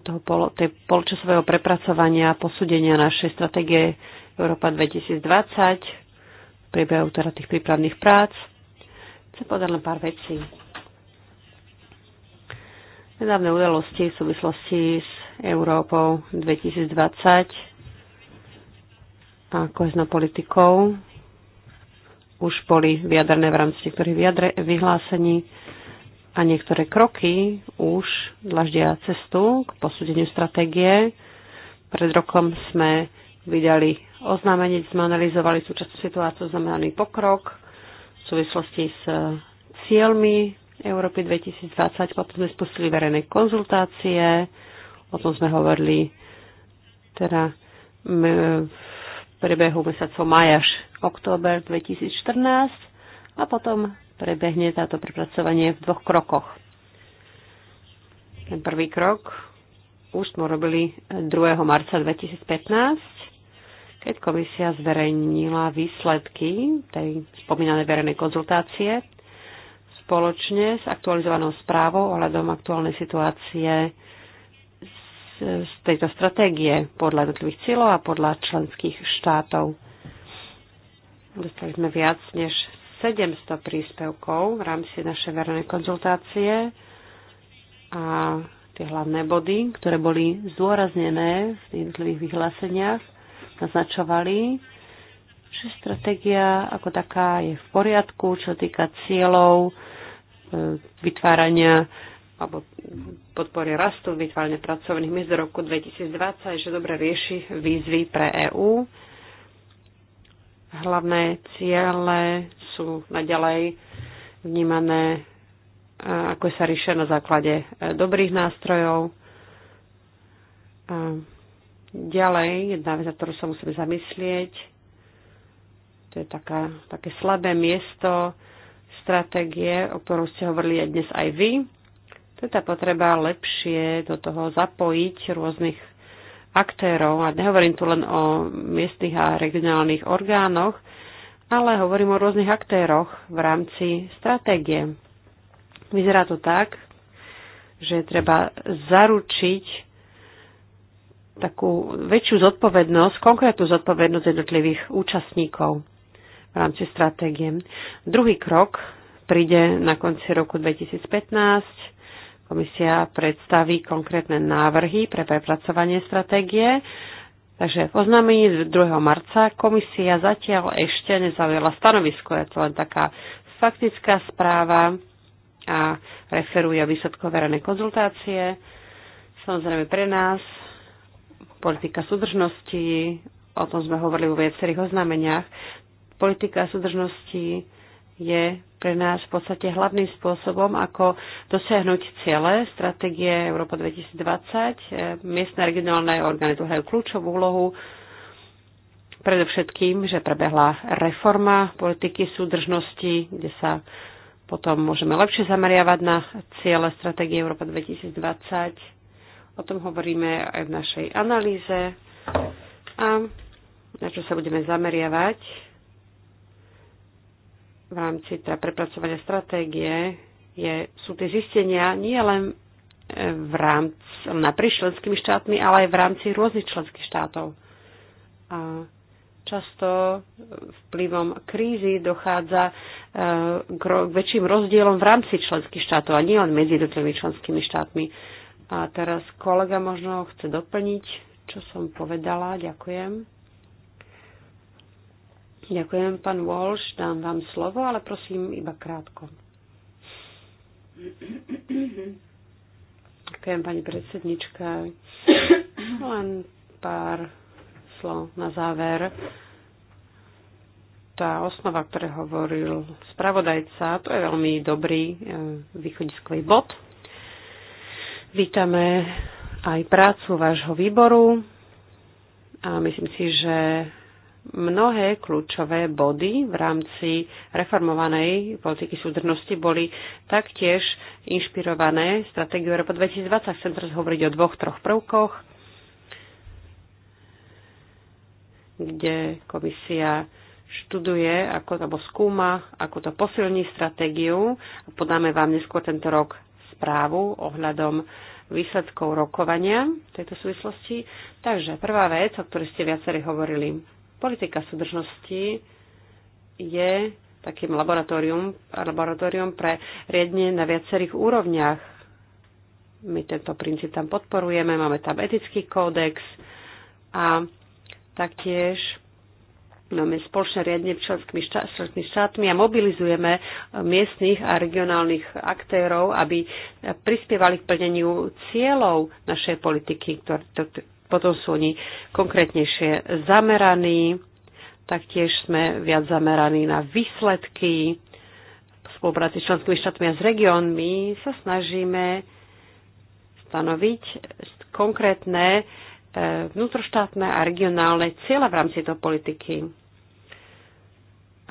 toho polo, tej polčasového prepracovania a posúdenia našej stratégie Európa 2020 v priebehu teda tých prípravných prác. Chcem povedať len pár vecí. Nedávne udalosti v súvislosti s Európou 2020 a koheznou politikou už boli vyjadrené v rámci niektorých vyhlásení a niektoré kroky už dlaždia cestu k posúdeniu stratégie. Pred rokom sme vydali oznámenie, sme analyzovali súčasnú situáciu, znamenaný pokrok v súvislosti s cieľmi Európy 2020. Potom sme spustili verejné konzultácie, o tom sme hovorili teda v prebehu mesiacov majaž október 2014 a potom prebehne táto prepracovanie v dvoch krokoch. Ten prvý krok už sme robili 2. marca 2015, keď komisia zverejnila výsledky tej spomínanej verejnej konzultácie spoločne s aktualizovanou správou ohľadom aktuálnej situácie z tejto stratégie podľa jednotlivých cieľov a podľa členských štátov. Dostali sme viac než 700 príspevkov v rámci našej verejnej konzultácie a tie hlavné body, ktoré boli zdôraznené v jednotlivých vyhláseniach, naznačovali, že stratégia ako taká je v poriadku, čo týka cieľov e, vytvárania alebo podpore rastu, vytvárania pracovných miest do roku 2020, že dobre rieši výzvy pre EÚ. Hlavné ciele sú naďalej vnímané, e, ako sa riešia na základe e, dobrých nástrojov. E, ďalej, jedna vec, ktorú sa musíme zamyslieť, to je taká, také slabé miesto stratégie, o ktorom ste hovorili aj dnes aj vy, to je tá potreba lepšie do toho zapojiť rôznych aktérov. A nehovorím tu len o miestnych a regionálnych orgánoch, ale hovorím o rôznych aktéroch v rámci stratégie. Vyzerá to tak, že treba zaručiť takú väčšiu zodpovednosť, konkrétnu zodpovednosť jednotlivých účastníkov v rámci stratégie. Druhý krok príde na konci roku 2015 Komisia predstaví konkrétne návrhy pre prepracovanie stratégie. Takže v oznámení 2. marca komisia zatiaľ ešte nezaujala stanovisko. Je to len taká faktická správa a referuje výsledko verejnej konzultácie. Samozrejme pre nás politika súdržnosti, o tom sme hovorili vo viacerých oznámeniach, politika súdržnosti je pre nás v podstate hlavným spôsobom, ako dosiahnuť ciele stratégie Európa 2020. E, miestne regionálne orgány tu hrajú kľúčovú úlohu, predovšetkým, že prebehla reforma politiky súdržnosti, kde sa potom môžeme lepšie zameriavať na ciele stratégie Európa 2020. O tom hovoríme aj v našej analýze. A na čo sa budeme zameriavať v rámci teda prepracovania stratégie je, sú tie zistenia nie len e, v rámci, naprieč členskými štátmi, ale aj v rámci rôznych členských štátov. A často e, vplyvom krízy dochádza e, k väčším rozdielom v rámci členských štátov a nie len medzi jednotlivými členskými štátmi. A teraz kolega možno chce doplniť, čo som povedala. Ďakujem. Ďakujem, pán Walsh, dám vám slovo, ale prosím iba krátko. Ďakujem, pani predsednička. Len pár slov na záver. Tá osnova, ktoré hovoril spravodajca, to je veľmi dobrý e, východiskový bod. Vítame aj prácu vášho výboru a myslím si, že mnohé kľúčové body v rámci reformovanej politiky súdržnosti boli taktiež inšpirované Stratégiu Európa 2020. Chcem teraz hovoriť o dvoch, troch prvkoch, kde komisia študuje, ako, alebo skúma, ako to posilní stratégiu. Podáme vám neskôr tento rok správu ohľadom výsledkov rokovania v tejto súvislosti. Takže prvá vec, o ktorej ste viacerí hovorili, Politika súdržnosti je takým laboratórium, laboratórium pre riedne na viacerých úrovniach. My tento princíp tam podporujeme, máme tam etický kódex a taktiež máme spoločné riadne členskými, štát, členskými štátmi a mobilizujeme miestnych a regionálnych aktérov, aby prispievali k plneniu cieľov našej politiky, ktoré, potom sú oni konkrétnejšie zameraní, taktiež sme viac zameraní na výsledky. V spolupráci s členskými štátmi a s regiónmi sa snažíme stanoviť konkrétne e, vnútroštátne a regionálne cieľa v rámci tejto politiky.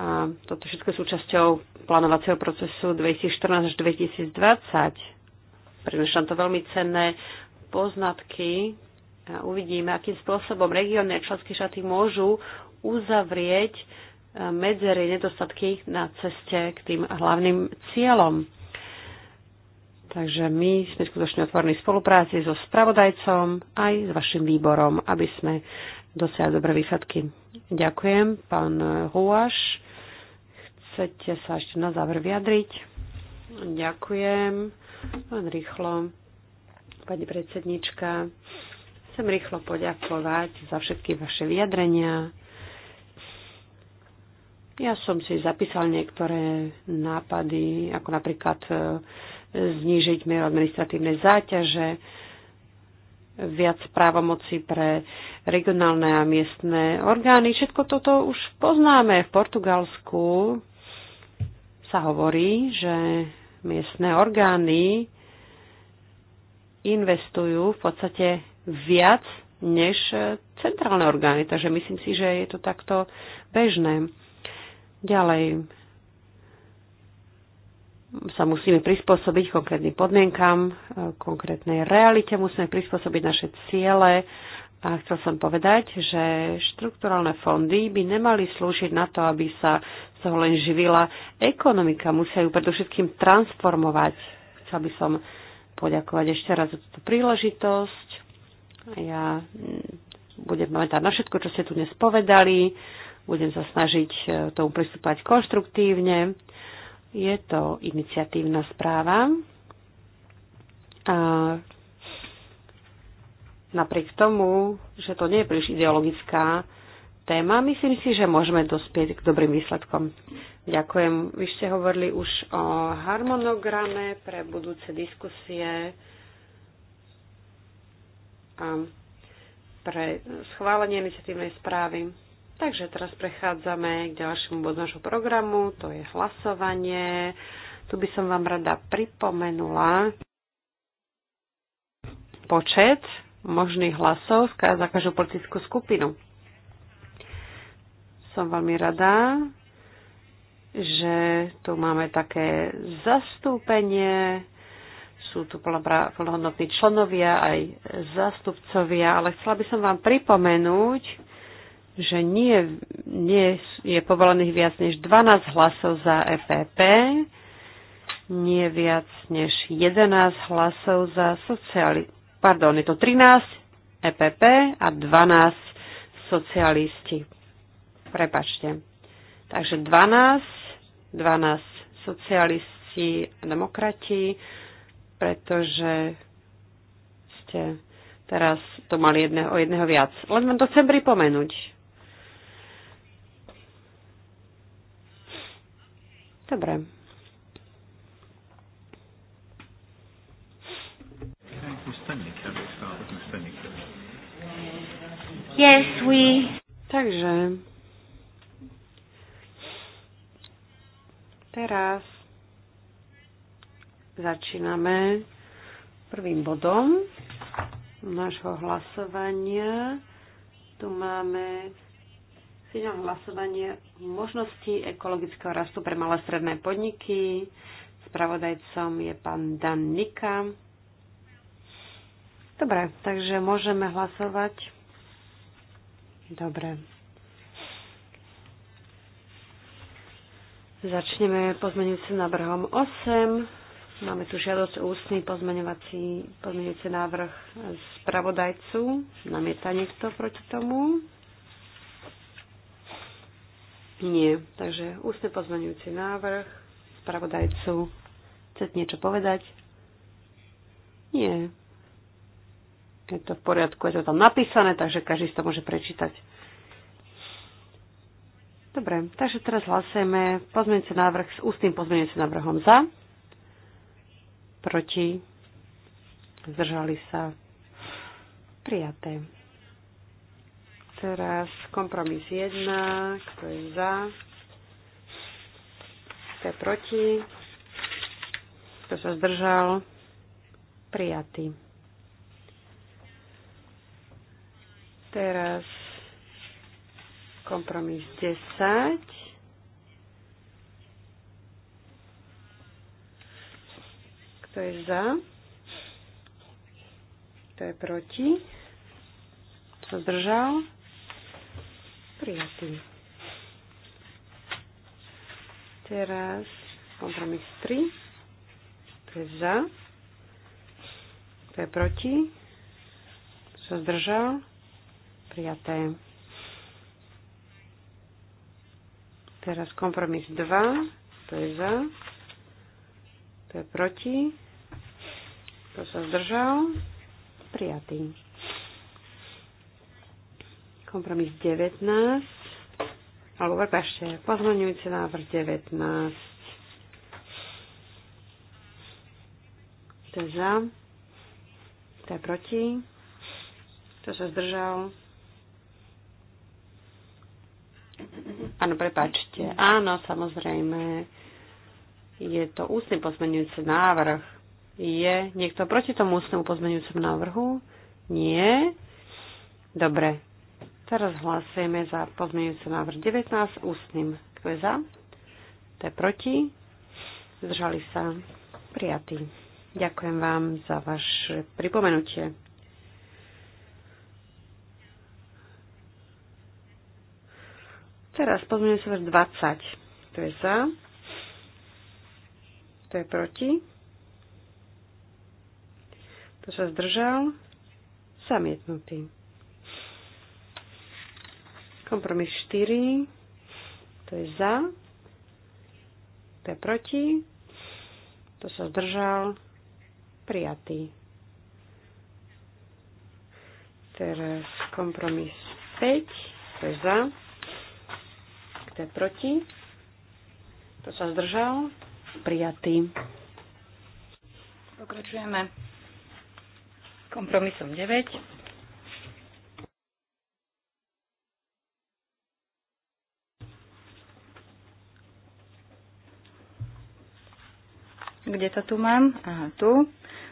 A toto všetko je súčasťou plánovacieho procesu 2014 až 2020. Prinášam to veľmi cenné poznatky, a uvidíme, akým spôsobom regiónne členské štáty môžu uzavrieť e, medzery, nedostatky na ceste k tým hlavným cieľom. Takže my sme skutočne otvorení spolupráci so spravodajcom aj s vašim výborom, aby sme dosiahli dobré výsledky. Ďakujem, pán Huáš. Chcete sa ešte na záver vyjadriť? Ďakujem. Len rýchlo. Pani predsednička, Chcem rýchlo poďakovať za všetky vaše vyjadrenia. Ja som si zapísal niektoré nápady, ako napríklad e, znížiť mieru administratívne záťaže, viac právomoci pre regionálne a miestne orgány. Všetko toto už poznáme. V Portugalsku sa hovorí, že miestne orgány investujú v podstate viac než centrálne orgány. Takže myslím si, že je to takto bežné. Ďalej sa musíme prispôsobiť konkrétnym podmienkam, konkrétnej realite, musíme prispôsobiť naše ciele. A chcel som povedať, že štrukturálne fondy by nemali slúžiť na to, aby sa z toho len živila ekonomika. Musia ju predovšetkým transformovať. Chcel by som poďakovať ešte raz za túto príležitosť ja mm, budem pamätať na všetko, čo ste tu dnes povedali. Budem sa snažiť e, tomu pristúpať konštruktívne. Je to iniciatívna správa. A napriek tomu, že to nie je príliš ideologická téma, myslím si, že môžeme dospieť k dobrým výsledkom. Ďakujem. Vy ste hovorili už o harmonograme pre budúce diskusie a pre schválenie iniciatívnej správy. Takže teraz prechádzame k ďalšiemu bodu našho programu, to je hlasovanie. Tu by som vám rada pripomenula počet možných hlasov za každú politickú skupinu. Som veľmi rada, že tu máme také zastúpenie sú tu plnohodnotní členovia, aj zástupcovia, ale chcela by som vám pripomenúť, že nie, nie je povolených viac než 12 hlasov za EPP, nie viac než 11 hlasov za sociali... Pardon, je to 13 EPP a 12 socialisti. Prepačte. Takže 12, 12 socialisti a demokrati pretože ste teraz to mali jedného, o jedného viac. Len vám to chcem pripomenúť. Dobre. Yes, we... Takže... Teraz Začíname prvým bodom nášho hlasovania. Tu máme signál hlasovanie možnosti ekologického rastu pre malé stredné podniky. Spravodajcom je pán Dan Nika. Dobre, takže môžeme hlasovať. Dobre. Začneme pozmeňujúcim návrhom 8. Máme tu žiadosť o ústny pozmeňovací, pozmeňujúci návrh spravodajcu. Namieta niekto proti tomu? Nie. Takže ústny pozmeňujúci návrh spravodajcu. Chcete niečo povedať? Nie. Je to v poriadku, je to tam napísané, takže každý si to môže prečítať. Dobre, takže teraz hlasujeme pozmeňujúci návrh s ústnym pozmeňujúcim návrhom za proti, zdržali sa, prijaté. Teraz kompromis 1, kto je za, kto je proti, kto sa zdržal, prijatý. Teraz kompromis 10, Kto je za? Kto je proti? Kto zdržal? Prijatý. Teraz kompromis 3. Kto je za? Kto je proti? Kto zdržal? Prijaté. Teraz kompromis 2. Kto je za? Kto je proti? Kto sa zdržal? Prijatý. Kompromis 19. Alebo prepašte, pozmeňujúci návrh 19. Kto je za? Kto je proti? Kto sa zdržal? Áno, prepačte. Áno, samozrejme. Je to ústny pozmenujúci návrh. Je niekto proti tomu ústnemu pozmenujúcemu návrhu? Nie. Dobre. Teraz hlasujeme za pozmenujúci návrh 19 ústnym. Kto je za? Kto je proti? Zdržali sa. Prijatý. Ďakujem vám za vaše pripomenutie. Teraz pozmenujúci návrh 20. To je za, kto je proti? Kto sa zdržal? Samietnutý. Kompromis 4. Kto je za? Kto je proti? Kto sa zdržal? Prijatý. Teraz kompromis 5. Kto je za? Kto je proti? Kto sa zdržal? prijatý. Pokračujeme kompromisom 9. Kde to tu mám? Aha, tu.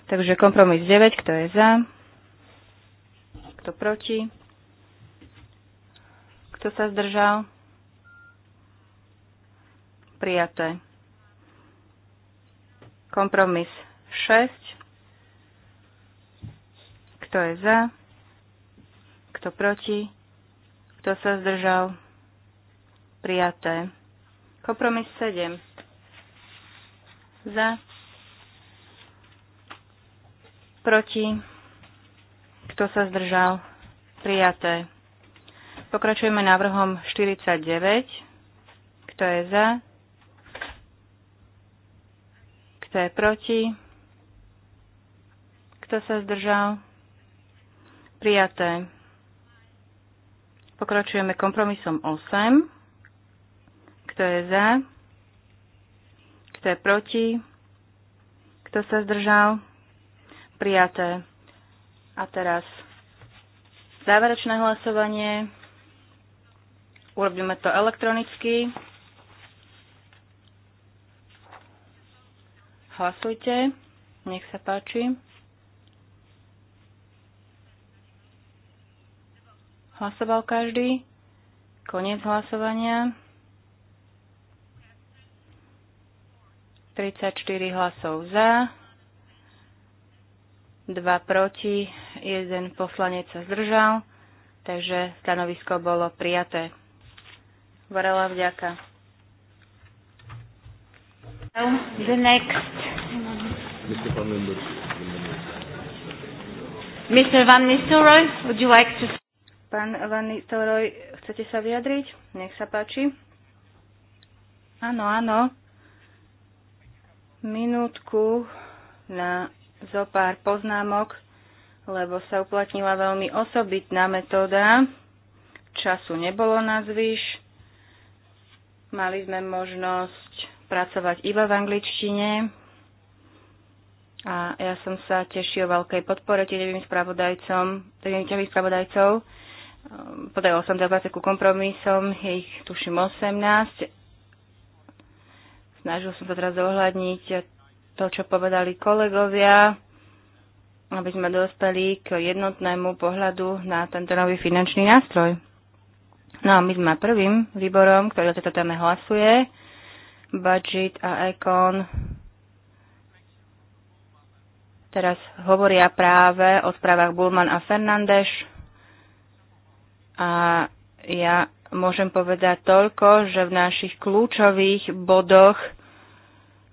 Takže kompromis 9, kto je za? Kto proti? Kto sa zdržal? Prijaté. Kompromis 6. Kto je za? Kto proti? Kto sa zdržal? Prijaté. Kompromis 7. Za. Proti. Kto sa zdržal? Prijaté. Pokračujeme návrhom 49. Kto je za? Kto je proti? Kto sa zdržal? Prijaté. Pokračujeme kompromisom 8. Kto je za? Kto je proti? Kto sa zdržal? Prijaté. A teraz záverečné hlasovanie. Urobíme to elektronicky. Hlasujte. Nech sa páči. Hlasoval každý? Koniec hlasovania. 34 hlasov za, 2 proti, 1 poslanec sa zdržal, takže stanovisko bolo prijaté. Varela vďaka the next. Mr. Van Mr. Van Nistelrooy, would you like to... Pán Van Nistelrooy, chcete sa vyjadriť? Nech sa páči. Áno, áno. Minútku na zo pár poznámok, lebo sa uplatnila veľmi osobitná metóda. Času nebolo na zvyš. Mali sme možnosť pracovať iba v angličtine. A ja som sa tešil veľkej podpore tým spravodajcom, tým spravodajcov. Podajal som debate ku kompromisom, je ich tuším 18. Snažil som sa teraz zohľadniť to, čo povedali kolegovia, aby sme dostali k jednotnému pohľadu na tento nový finančný nástroj. No a my sme prvým výborom, ktorý o tejto téme hlasuje budget a ECON teraz hovoria práve o správach Bulman a Fernández a ja môžem povedať toľko, že v našich kľúčových bodoch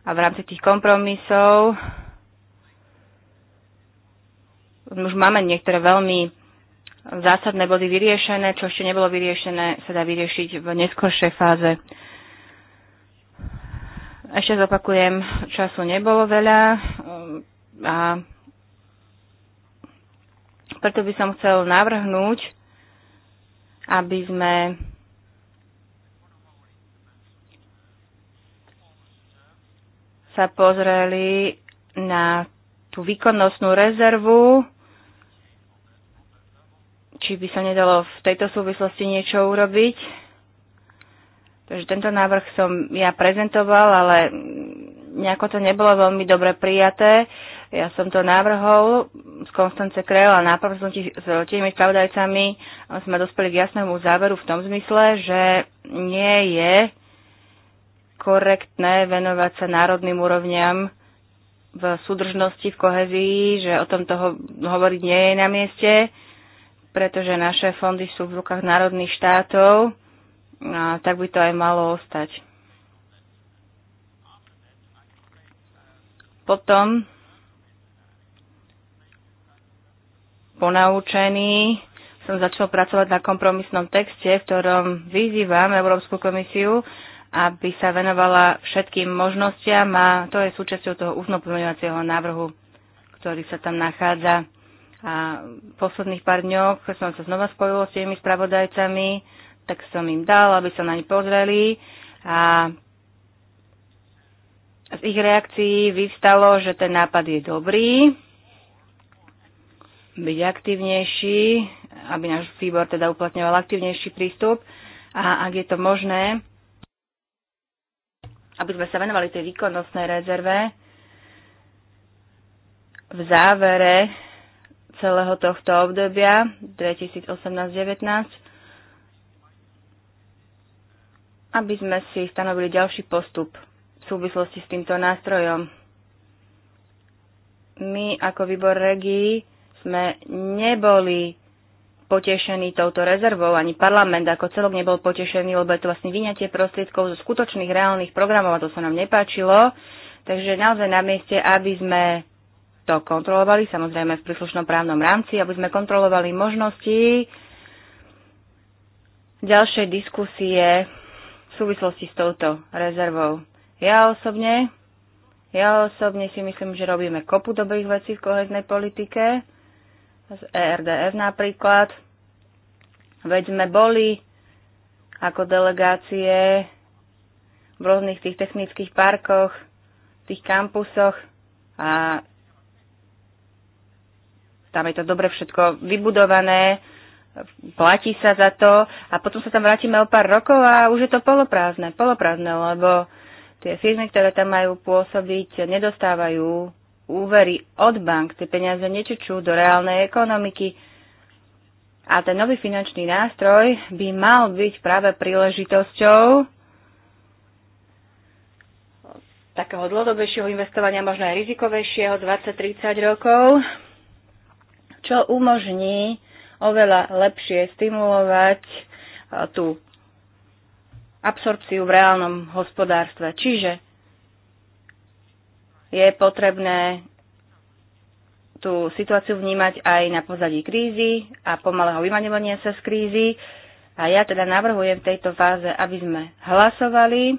a v rámci tých kompromisov už máme niektoré veľmi zásadné body vyriešené, čo ešte nebolo vyriešené, sa dá vyriešiť v neskoršej fáze. Ešte zopakujem, času nebolo veľa a preto by som chcel navrhnúť, aby sme sa pozreli na tú výkonnostnú rezervu, či by sa nedalo v tejto súvislosti niečo urobiť. Takže tento návrh som ja prezentoval, ale nejako to nebolo veľmi dobre prijaté. Ja som to návrhol z Konstance Krell a náprv s tými spravodajcami sme dospeli k jasnému záveru v tom zmysle, že nie je korektné venovať sa národným úrovniam v súdržnosti, v kohezii, že o tom toho hovoriť nie je na mieste, pretože naše fondy sú v rukách národných štátov a tak by to aj malo ostať. Potom ponaučený som začal pracovať na kompromisnom texte, v ktorom vyzývam Európsku komisiu, aby sa venovala všetkým možnostiam a to je súčasťou toho ústnopomňovacieho návrhu, ktorý sa tam nachádza. A v posledných pár dňoch som sa znova spojila s tými spravodajcami tak som im dal, aby sa na ne pozreli a z ich reakcií vyvstalo, že ten nápad je dobrý, byť aktívnejší, aby náš výbor teda uplatňoval aktívnejší prístup a ak je to možné, aby sme sa venovali tej výkonnostnej rezerve v závere celého tohto obdobia 2018-19 aby sme si stanovili ďalší postup v súvislosti s týmto nástrojom. My ako výbor regií sme neboli potešení touto rezervou, ani parlament ako celok nebol potešený, lebo je to vlastne vyňatie prostriedkov zo skutočných reálnych programov a to sa nám nepáčilo. Takže naozaj na mieste, aby sme to kontrolovali, samozrejme v príslušnom právnom rámci, aby sme kontrolovali možnosti ďalšej diskusie súvislosti s touto rezervou. Ja osobne, ja osobne si myslím, že robíme kopu dobrých vecí v koheznej politike, z ERDF napríklad. Veď sme boli ako delegácie v rôznych tých technických parkoch, tých kampusoch a tam je to dobre všetko vybudované, platí sa za to a potom sa tam vrátime o pár rokov a už je to poloprázdne, poloprázdne, lebo tie firmy, ktoré tam majú pôsobiť, nedostávajú úvery od bank, tie peniaze nečučú do reálnej ekonomiky. A ten nový finančný nástroj by mal byť práve príležitosťou takého dlhodobejšieho investovania, možno aj rizikovejšieho, 20-30 rokov, čo umožní oveľa lepšie stimulovať tú absorpciu v reálnom hospodárstve. Čiže je potrebné tú situáciu vnímať aj na pozadí krízy a pomalého vymaňovania sa z krízy. A ja teda navrhujem v tejto fáze, aby sme hlasovali.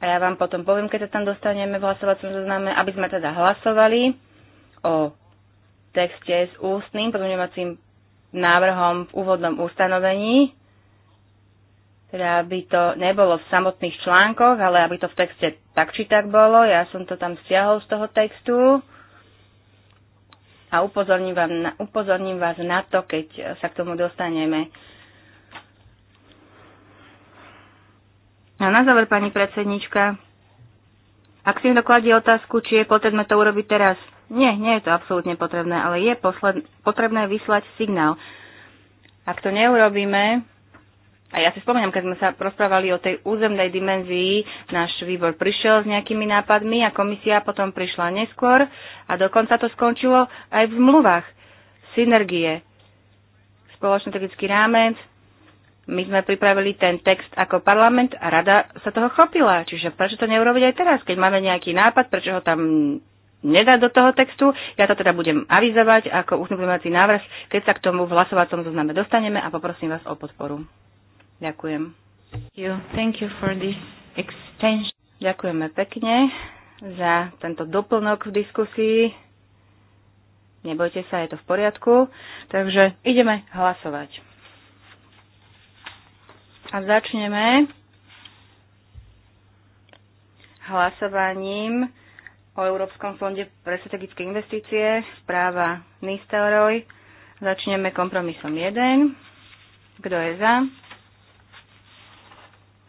A ja vám potom poviem, keď sa tam dostaneme v hlasovacom zozname, aby sme teda hlasovali o texte s ústnym pozmeňovacím návrhom v úvodnom ustanovení, teda aby to nebolo v samotných článkoch, ale aby to v texte tak či tak bolo. Ja som to tam stiahol z toho textu a upozorním, vám na, upozorním vás na to, keď sa k tomu dostaneme. A na záver, pani predsednička, ak si dokladí otázku, či je potrebné to urobiť teraz, nie, nie je to absolútne potrebné, ale je posled, potrebné vyslať signál. Ak to neurobíme, a ja si spomínam, keď sme sa rozprávali o tej územnej dimenzii, náš výbor prišiel s nejakými nápadmi a komisia potom prišla neskôr a dokonca to skončilo aj v zmluvách. Synergie, spoločný technický rámec, my sme pripravili ten text ako parlament a rada sa toho chopila. Čiže prečo to neurobiť aj teraz, keď máme nejaký nápad, prečo ho tam nedá do toho textu. Ja to teda budem avizovať ako ústny pozmeňovací návrh, keď sa k tomu v hlasovacom zozname dostaneme a poprosím vás o podporu. Ďakujem. Thank you. Thank you for this extension. Ďakujeme pekne za tento doplnok v diskusii. Nebojte sa, je to v poriadku. Takže ideme hlasovať. A začneme hlasovaním o Európskom fonde pre strategické investície, správa Nistelroj. Začneme kompromisom 1. Kto je za?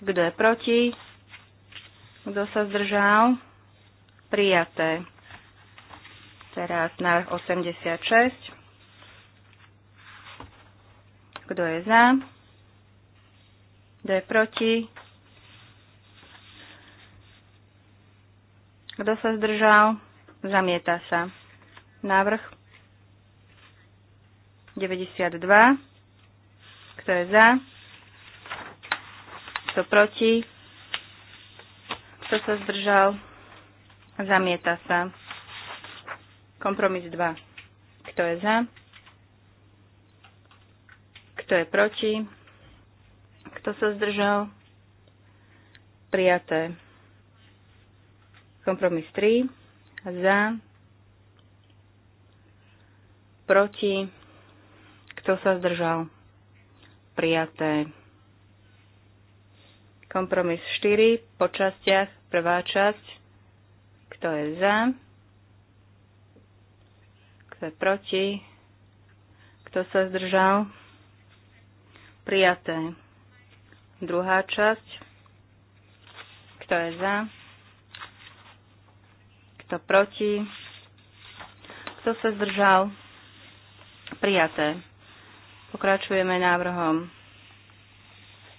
Kto je proti? Kto sa zdržal? Prijaté. Teraz návrh 86. Kto je za? Kto je proti? Kto sa zdržal? Zamieta sa. Návrh 92. Kto je za? Kto proti? Kto sa zdržal? Zamieta sa. Kompromis 2. Kto je za? Kto je proti? Kto sa zdržal? Prijaté. Kompromis 3. Za. Proti. Kto sa zdržal? Prijaté. Kompromis 4 po častiach. Prvá časť. Kto je za? Kto je proti? Kto sa zdržal? Prijaté. Druhá časť. Kto je za? Kto proti? Kto sa zdržal? Prijaté. Pokračujeme návrhom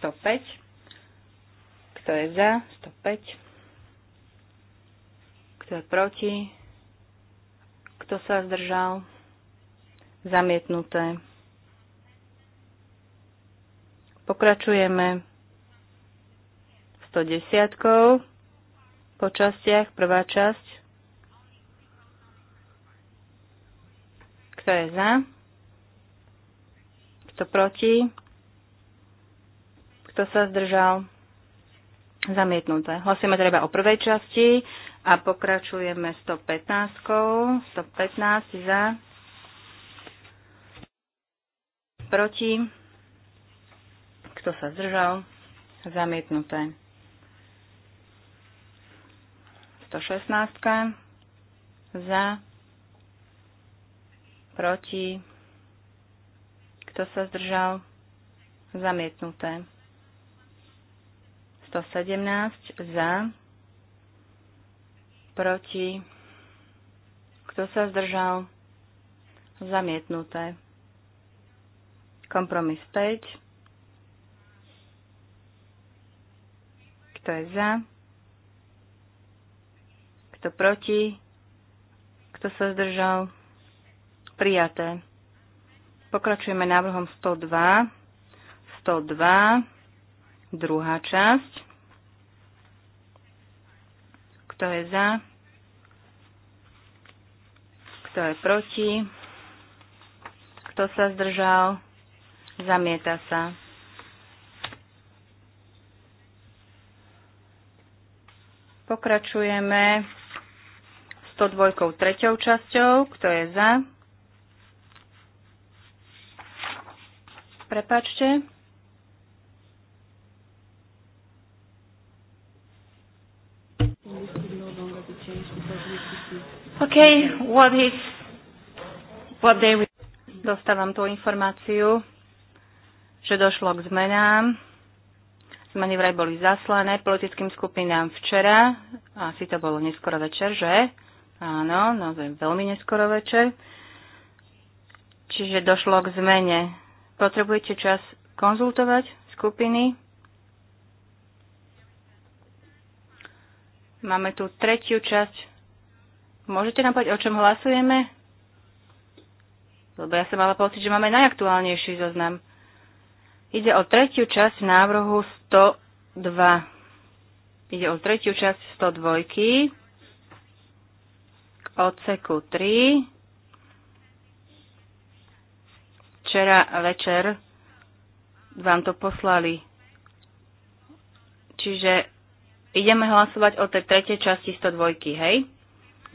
105. Kto je za? 105. Kto je proti? Kto sa zdržal? Zamietnuté. Pokračujeme 110. Po častiach prvá časť Kto je za? Kto proti? Kto sa zdržal? Zamietnuté. Hlasujeme treba o prvej časti a pokračujeme 115. 115 za. Proti. Kto sa zdržal? Zamietnuté. 116. Za proti, kto sa zdržal, zamietnuté. 117 za, proti, kto sa zdržal, zamietnuté. Kompromis 5. Kto je za? Kto proti? Kto sa zdržal? Prijaté. Pokračujeme návrhom 102. 102. Druhá časť. Kto je za? Kto je proti? Kto sa zdržal? Zamieta sa. Pokračujeme 102 treťou časťou. Kto je za? prepačte. OK, what is, what they will... Dostávam tú informáciu, že došlo k zmenám. Zmeny vraj boli zaslané politickým skupinám včera, asi to bolo neskoro večer, že? Áno, naozaj veľmi neskoro večer. Čiže došlo k zmene Potrebujete čas konzultovať skupiny. Máme tu tretiu časť. Môžete nám povedať, o čom hlasujeme? Lebo ja som mala pocit, že máme najaktuálnejší zoznam. Ide o tretiu časť návrhu 102. Ide o tretiu časť 102 k odseku 3. Včera večer vám to poslali. Čiže ideme hlasovať o tej tretej časti 102, hej?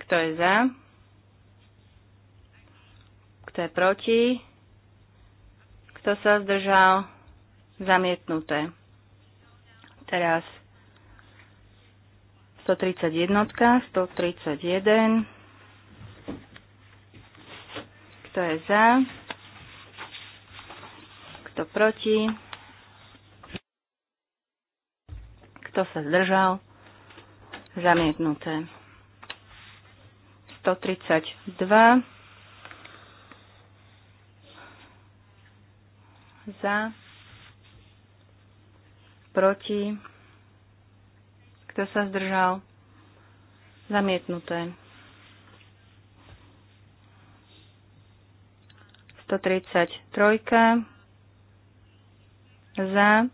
Kto je za? Kto je proti? Kto sa zdržal? Zamietnuté. Teraz 131, 131. Kto je za? Kto proti? Kto sa zdržal? Zamietnuté. 132 za proti kto sa zdržal zamietnuté 133 za,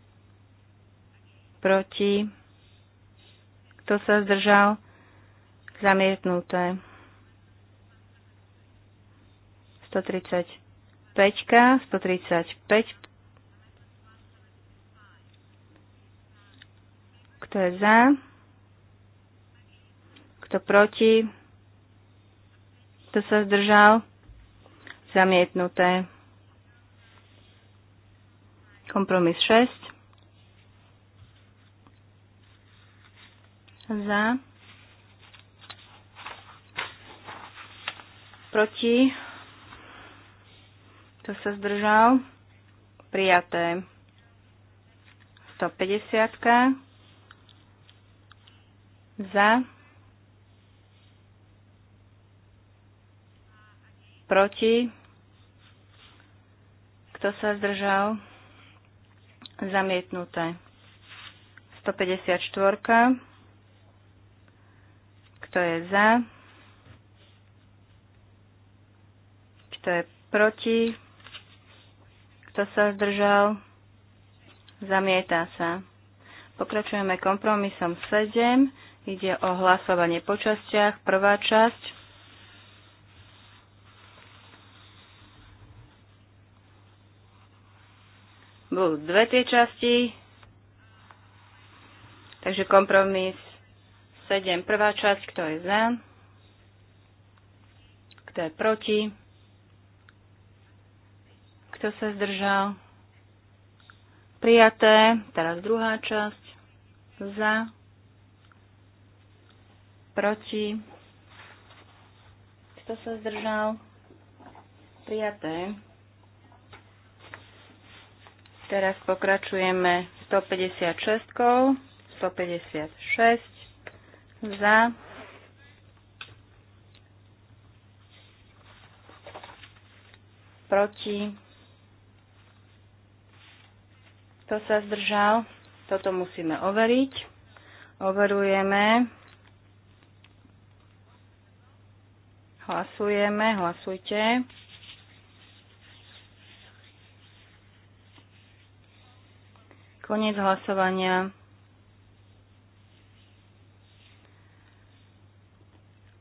proti, kto sa zdržal, zamietnuté. 135, 135, kto je za, kto proti, kto sa zdržal, zamietnuté. Kompromis 6. Za. Proti. To sa zdržal? Prijaté. 150. Za. Proti. Kto sa zdržal? zamietnuté. 154. Kto je za? Kto je proti? Kto sa zdržal? Zamieta sa. Pokračujeme kompromisom 7. Ide o hlasovanie po častiach. Prvá časť. budú dve tie časti. Takže kompromis 7, prvá časť, kto je za, kto je proti, kto sa zdržal. Prijaté, teraz druhá časť, za, proti, kto sa zdržal. Prijaté. Teraz pokračujeme 156, 156 za, proti, kto sa zdržal, toto musíme overiť. Overujeme, hlasujeme, hlasujte. Koniec hlasovania.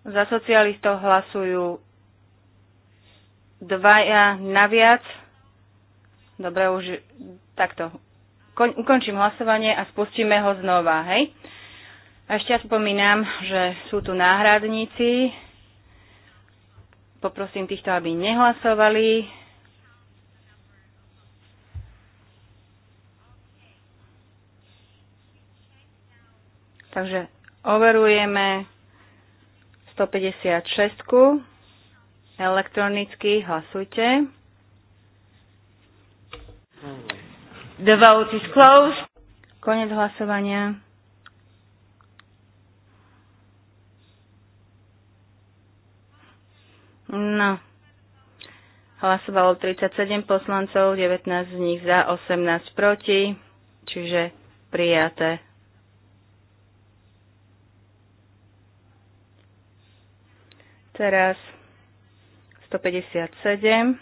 Za socialistov hlasujú dvaja naviac. Dobre, už takto. Kon, ukončím hlasovanie a spustíme ho znova, hej? A ešte spomínam, že sú tu náhradníci. Poprosím týchto, aby nehlasovali. Takže overujeme 156 elektronicky hlasujte. The vote is closed. Konec hlasovania. No. Hlasovalo 37 poslancov, 19 z nich za, 18 proti, čiže prijaté Teraz 157.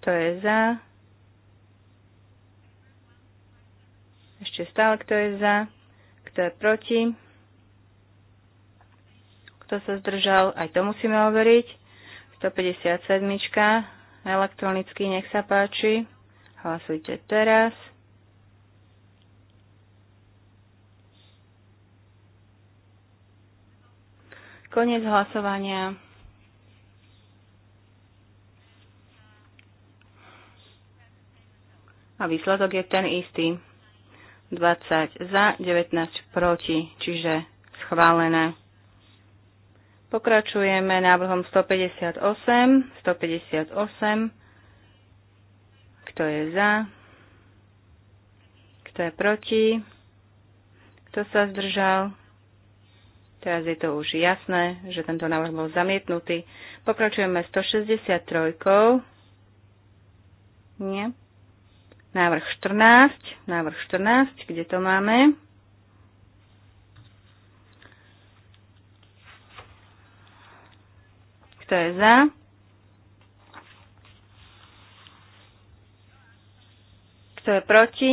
Kto je za? Ešte stále kto je za? Kto je proti? Kto sa zdržal? Aj to musíme overiť. 157. Elektronicky nech sa páči. Hlasujte teraz. Konec hlasovania. A výsledok je ten istý. 20 za, 19 proti, čiže schválené. Pokračujeme návrhom 158. 158. Kto je za? Kto je proti? Kto sa zdržal? Teraz je to už jasné, že tento návrh bol zamietnutý. Pokračujeme 163. Nie. Návrh 14. Návrh 14. Kde to máme? Kto je za? Kto je proti?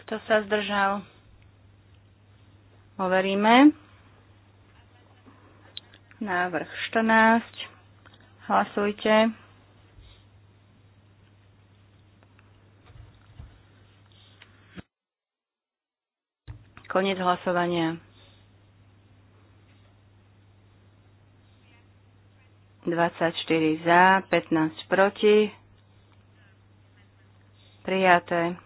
Kto sa zdržal? Overíme. Návrh 14. Hlasujte. Konec hlasovania. 24 za, 15 proti. Prijaté.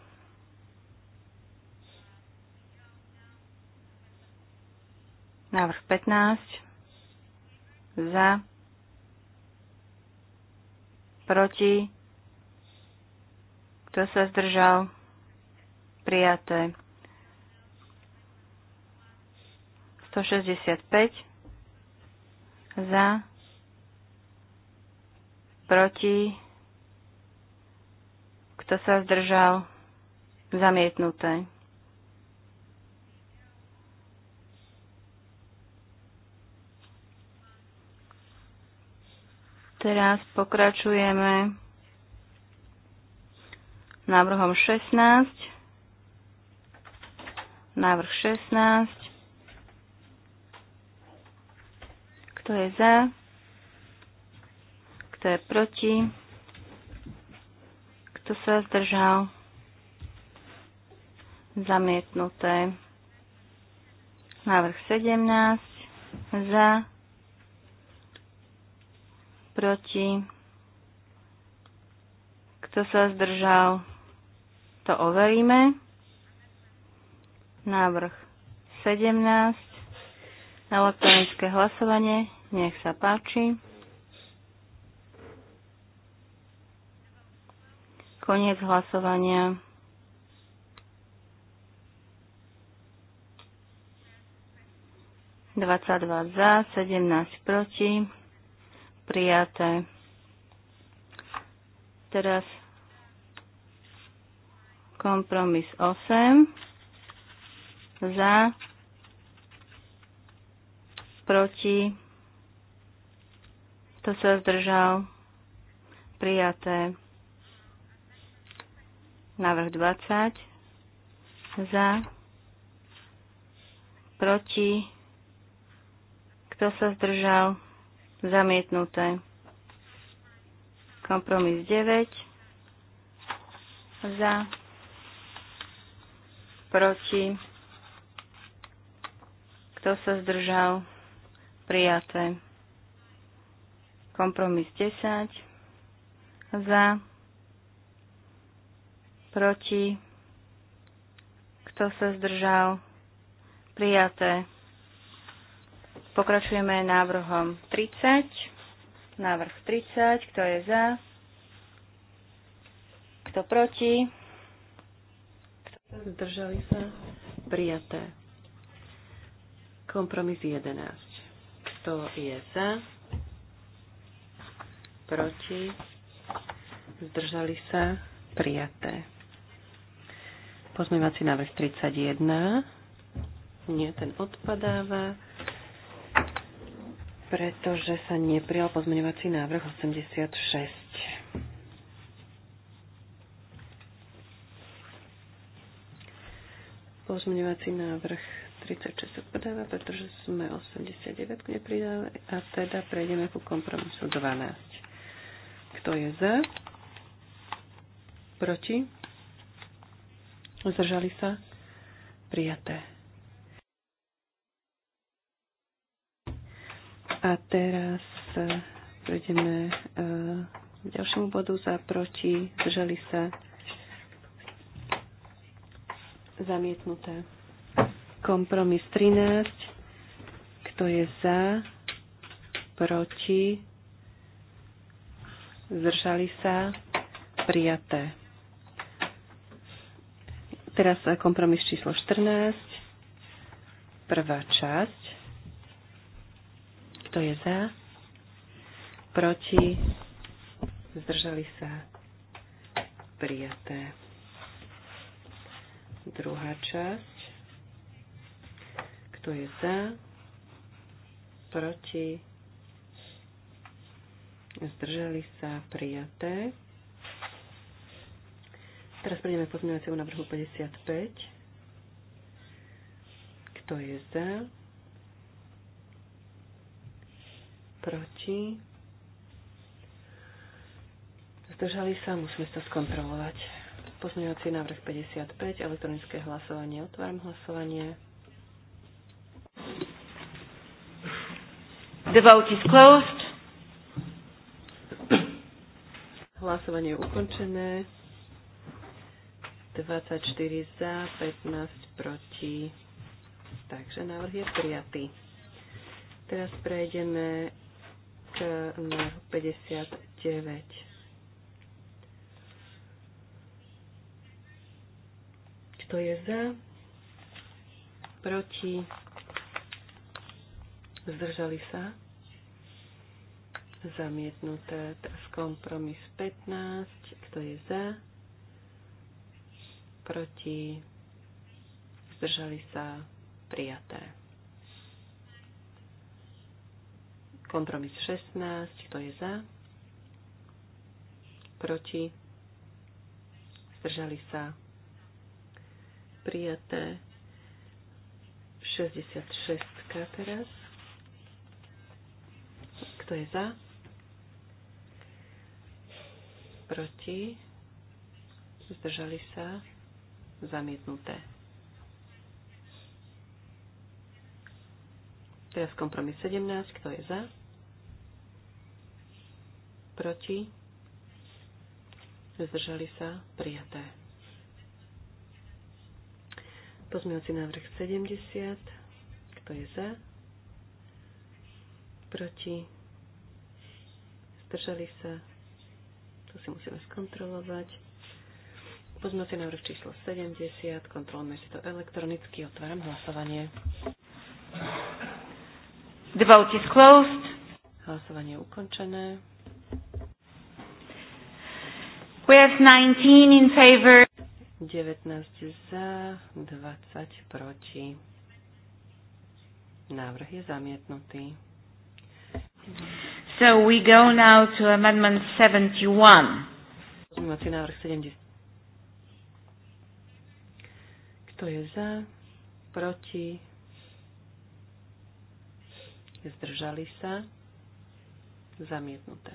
Návrh 15. Za. Proti. Kto sa zdržal? Prijaté. 165. Za. Proti. Kto sa zdržal? Zamietnuté. Teraz pokračujeme návrhom 16. Návrh 16. Kto je za? Kto je proti? Kto sa zdržal? Zamietnuté. Návrh 17. Za proti, kto sa zdržal, to overíme. Návrh 17, elektronické hlasovanie, nech sa páči. Koniec hlasovania. Dvadsať dva za, sedemnásť proti prijaté. Teraz kompromis 8 za proti to sa zdržal prijaté návrh 20 za proti kto sa zdržal zamietnuté. Kompromis 9 za, proti, kto sa zdržal, prijaté. Kompromis 10 za, proti, kto sa zdržal, prijaté Pokračujeme návrhom 30. Návrh 30. Kto je za? Kto proti? Kto sa zdržali sa? Prijaté. Kompromis 11. Kto je za? Proti? Zdržali sa? Prijaté. Pozmevací návrh 31. Nie, ten odpadáva pretože sa neprijal pozmeňovací návrh 86. Pozmeňovací návrh 36 odpadáva, pretože sme 89 nepridali a teda prejdeme ku kompromisu 12. Kto je za? Proti? Zdržali sa? Prijaté. A teraz e, prejdeme e, k ďalšiemu bodu za proti. Zdržali sa zamietnuté. Kompromis 13. Kto je za? Proti? Zdržali sa? Prijaté. Teraz e, kompromis číslo 14. Prvá časť. Kto je za? Proti? Zdržali sa? Prijaté. Druhá časť. Kto je za? Proti? Zdržali sa? Prijaté. Teraz prejdeme k pozmeňovaciemu návrhu 55. Kto je za? proti. Zdržali sa, musíme sa skontrolovať. Pozmeňovací návrh 55, elektronické hlasovanie, otváram hlasovanie. The vote is closed. Hlasovanie je ukončené. 24 za, 15 proti. Takže návrh je prijatý. Teraz prejdeme na 59. Kto je za? Proti? Zdržali sa? Zamietnuté. Teraz kompromis 15. Kto je za? Proti? Zdržali sa? Prijaté. Kompromis 16. Kto je za? Proti? Zdržali sa? Prijaté. 66 teraz. Kto je za? Proti? Zdržali sa? Zamietnuté. Teraz kompromis 17. Kto je za? Proti? Zdržali sa? Prijaté. Pozmiaci návrh 70. Kto je za? Proti? Zdržali sa? To si musíme skontrolovať. Pozmiaci návrh číslo 70. Kontrolujeme si to elektronicky. Otváram hlasovanie. The vote is closed. Hlasovanie je ukončené. We have 19 in favor. 19 za, 20 proti. Návrh je zamietnutý. So we go now to amendment 71. návrh 70. Kto je za? Proti? zdržali sa, zamietnuté.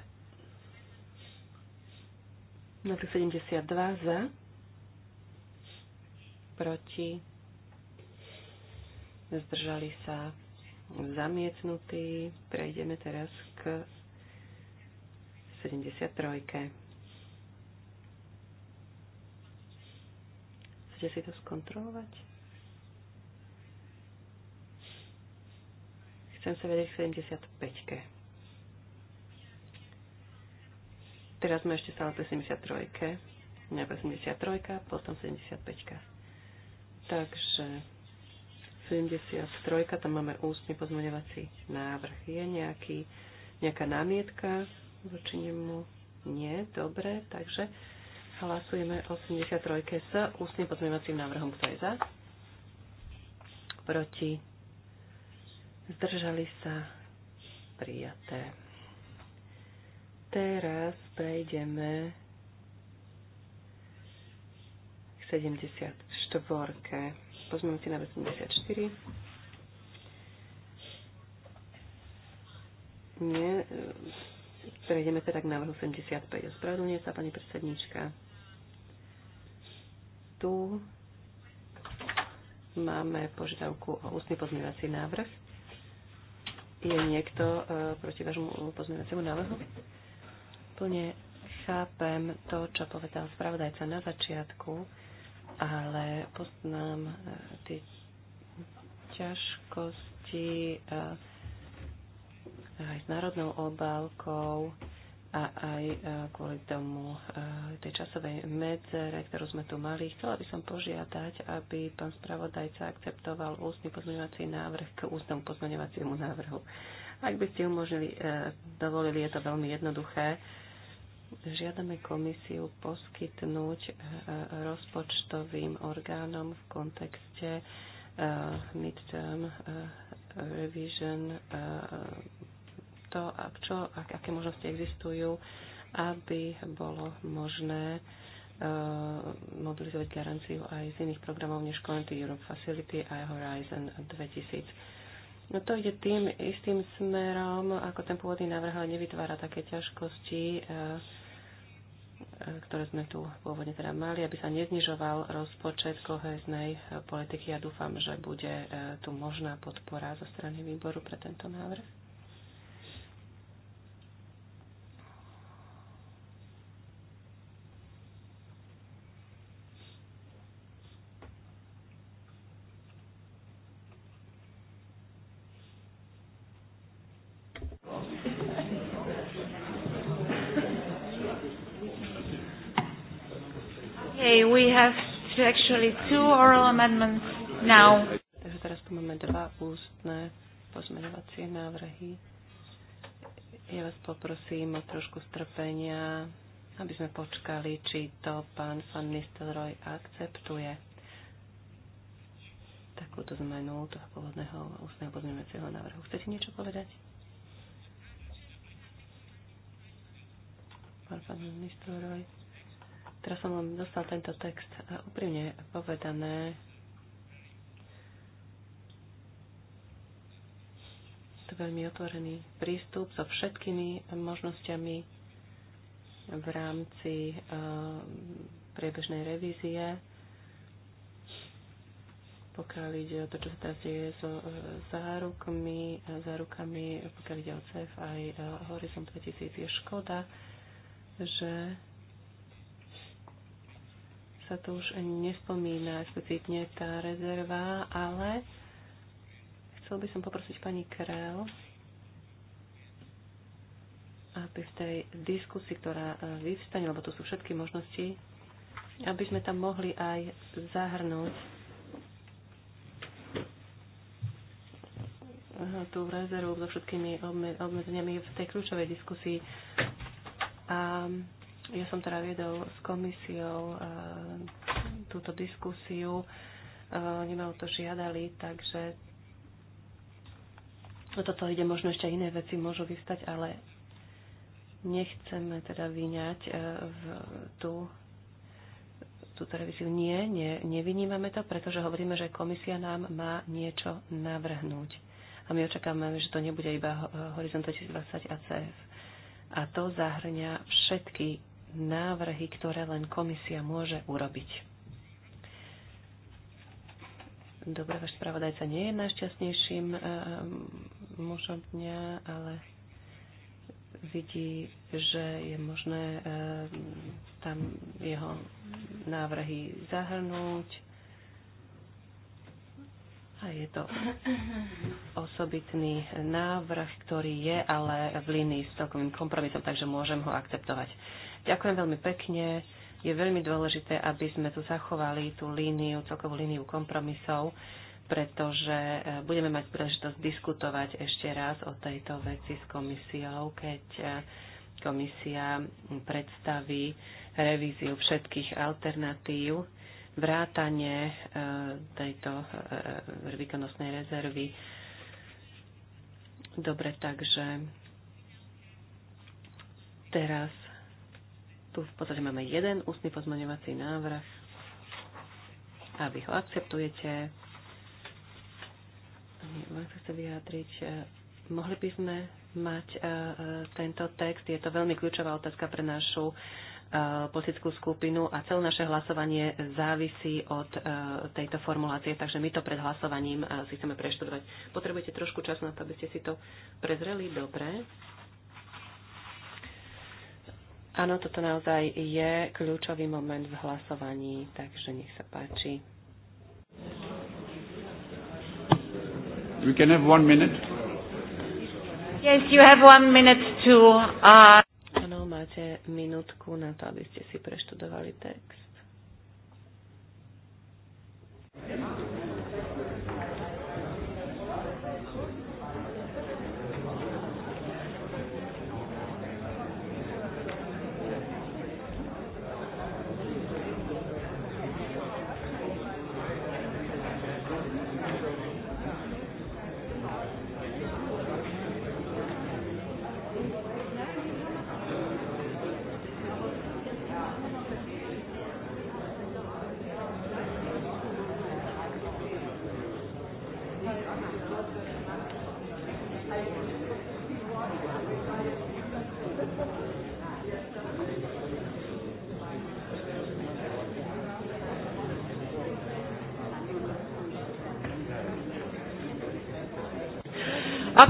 Návrh 72 za, proti, zdržali sa, zamietnutý. Prejdeme teraz k 73. Chcete si to skontrolovať? Chcem sa vedieť k 75 Teraz sme ešte stále pri 73-ke. Najprv 73 potom 75 Takže 73 tam máme ústny pozmeňovací návrh. Je nejaký, nejaká námietka voči nemu? Nie, dobre, takže hlasujeme 83 s ústnym pozmeňovacím návrhom. Kto je za? Proti? zdržali sa prijaté. Teraz prejdeme k 74. Pozmeme si na 84. Nie. Prejdeme teda k návrhu 75. Ospravedlňuje sa pani predsednička. Tu máme požiadavku o ústny pozmeňovací návrh je niekto e, proti vášmu pozmeňovaciemu návrhu? Plne chápem to, čo povedal spravodajca na začiatku, ale poznám e, tie ťažkosti e, aj s národnou obálkou a aj e, kvôli tomu e, tej časovej medzere, ktorú sme tu mali. Chcela by som požiadať, aby pán spravodajca akceptoval ústny pozmeňovací návrh k ústnemu pozmeňovaciemu návrhu. Ak by ste umožnili, e, dovolili, je to veľmi jednoduché. Žiadame komisiu poskytnúť rozpočtovým orgánom v kontekste midterm revision to, čo, aké možnosti existujú, aby bolo možné e, mobilizovať garanciu aj z iných programov než Quality Europe Facility a Horizon 2000. No to ide tým istým smerom, ako ten pôvodný návrh, ale nevytvára také ťažkosti, e, e, ktoré sme tu pôvodne teda mali, aby sa neznižoval rozpočet koheznej politiky. Ja dúfam, že bude tu možná podpora zo strany výboru pre tento návrh. amendments now. Takže teraz tu máme dva ústne pozmeňovacie návrhy. Ja vás poprosím o trošku strpenia, aby sme počkali, či to pán Van Nistelrooy akceptuje takúto zmenu toho pôvodného ústneho pozmeňovacieho návrhu. Chcete niečo povedať? Pán Van Nistelrooy. Teraz som len dostal tento text a e, úprimne povedané to veľmi otvorený prístup so všetkými možnosťami v rámci e, priebežnej revízie pokiaľ ide o to, čo sa teraz deje so e, zárukmi, zárukami, pokiaľ ide o CEF aj Horizon 2000, je škoda, že sa tu už nespomína explicitne tá rezerva, ale chcel by som poprosiť pani Krell, aby v tej diskusii, ktorá e, vyvstane, lebo tu sú všetky možnosti, aby sme tam mohli aj zahrnúť e, tú rezervu so všetkými obmedzeniami v tej kľúčovej diskusii. A ja som teda viedol s komisiou e, túto diskusiu. Oni e, ma o to žiadali, takže toto ide možno ešte iné veci môžu vystať, ale nechceme teda vyňať e, v tú túto revíziu. Nie, nie, nevynímame to, pretože hovoríme, že komisia nám má niečo navrhnúť. A my očakávame, že to nebude iba Horizont 2020 ACF. A to zahrňa všetky návrhy, ktoré len komisia môže urobiť. Dobre, váš spravodajca nie je najšťastnejším eh, eh, mužom dňa, ale vidí, že je možné eh, tam jeho návrhy zahrnúť. A je to osobitný návrh, ktorý je ale v línii s celkovým kompromisom, takže môžem ho akceptovať. Ďakujem veľmi pekne. Je veľmi dôležité, aby sme tu zachovali tú líniu, celkovú líniu kompromisov, pretože e, budeme mať príležitosť diskutovať ešte raz o tejto veci s komisiou, keď e, komisia predstaví revíziu všetkých alternatív, vrátanie e, tejto výkonnostnej rezervy. Dobre, takže teraz tu v podstate máme jeden ústny pozmeňovací návrh. A vy ho akceptujete. Vám sa chce vyjadriť. Eh, mohli by sme mať eh, eh, tento text. Je to veľmi kľúčová otázka pre našu politickú skupinu a celé naše hlasovanie závisí od tejto formulácie, takže my to pred hlasovaním si chceme preštudovať. Potrebujete trošku času na to, aby ste si to prezreli dobre. Áno, toto naozaj je kľúčový moment v hlasovaní, takže nech sa páči. We can have one minute. Yes, you have one minute to... Uh... Áno, máte minútku na to, aby ste si preštudovali text.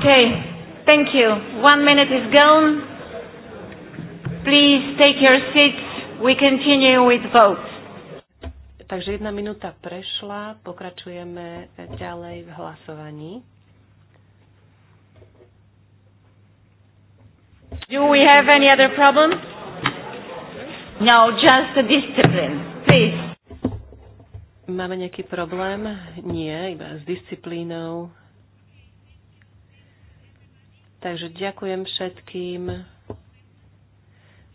Okay, thank you. One minute is gone. Please take your seats. We continue with vote. Takže jedna minúta prešla, pokračujeme ďalej v hlasovaní. Do we have any other problems? No, just the discipline, please. Máme nejaký problém? Nie, iba s disciplínou. Takže ďakujem všetkým.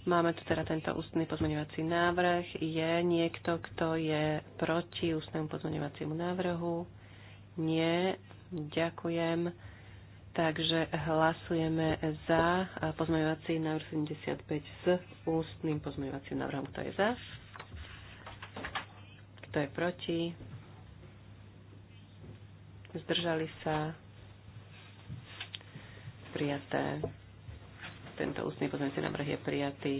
Máme tu teda tento ústny pozmeňovací návrh. Je niekto, kto je proti ústnemu pozmeňovaciemu návrhu? Nie. Ďakujem. Takže hlasujeme za pozmeňovací návrh 75 s ústnym pozmeňovacím návrhom. Kto je za? Kto je proti? Zdržali sa? prijaté. Tento ústny pozmeňujúci návrh je prijatý.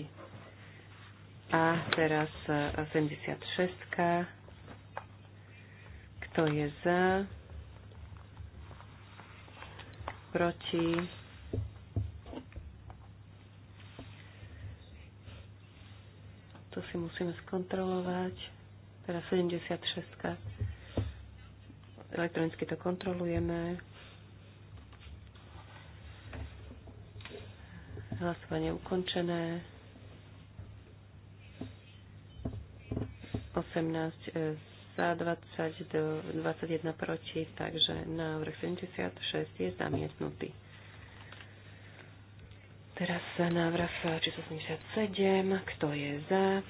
A teraz 76. Eh, Kto je za? Proti? To si musíme skontrolovať. Teraz 76. Elektronicky to kontrolujeme. Hlasovanie ukončené. 18 e, za 20 do 21 proti, takže návrh 76 je zamietnutý. Teraz návrh číslo 77. Kto je za?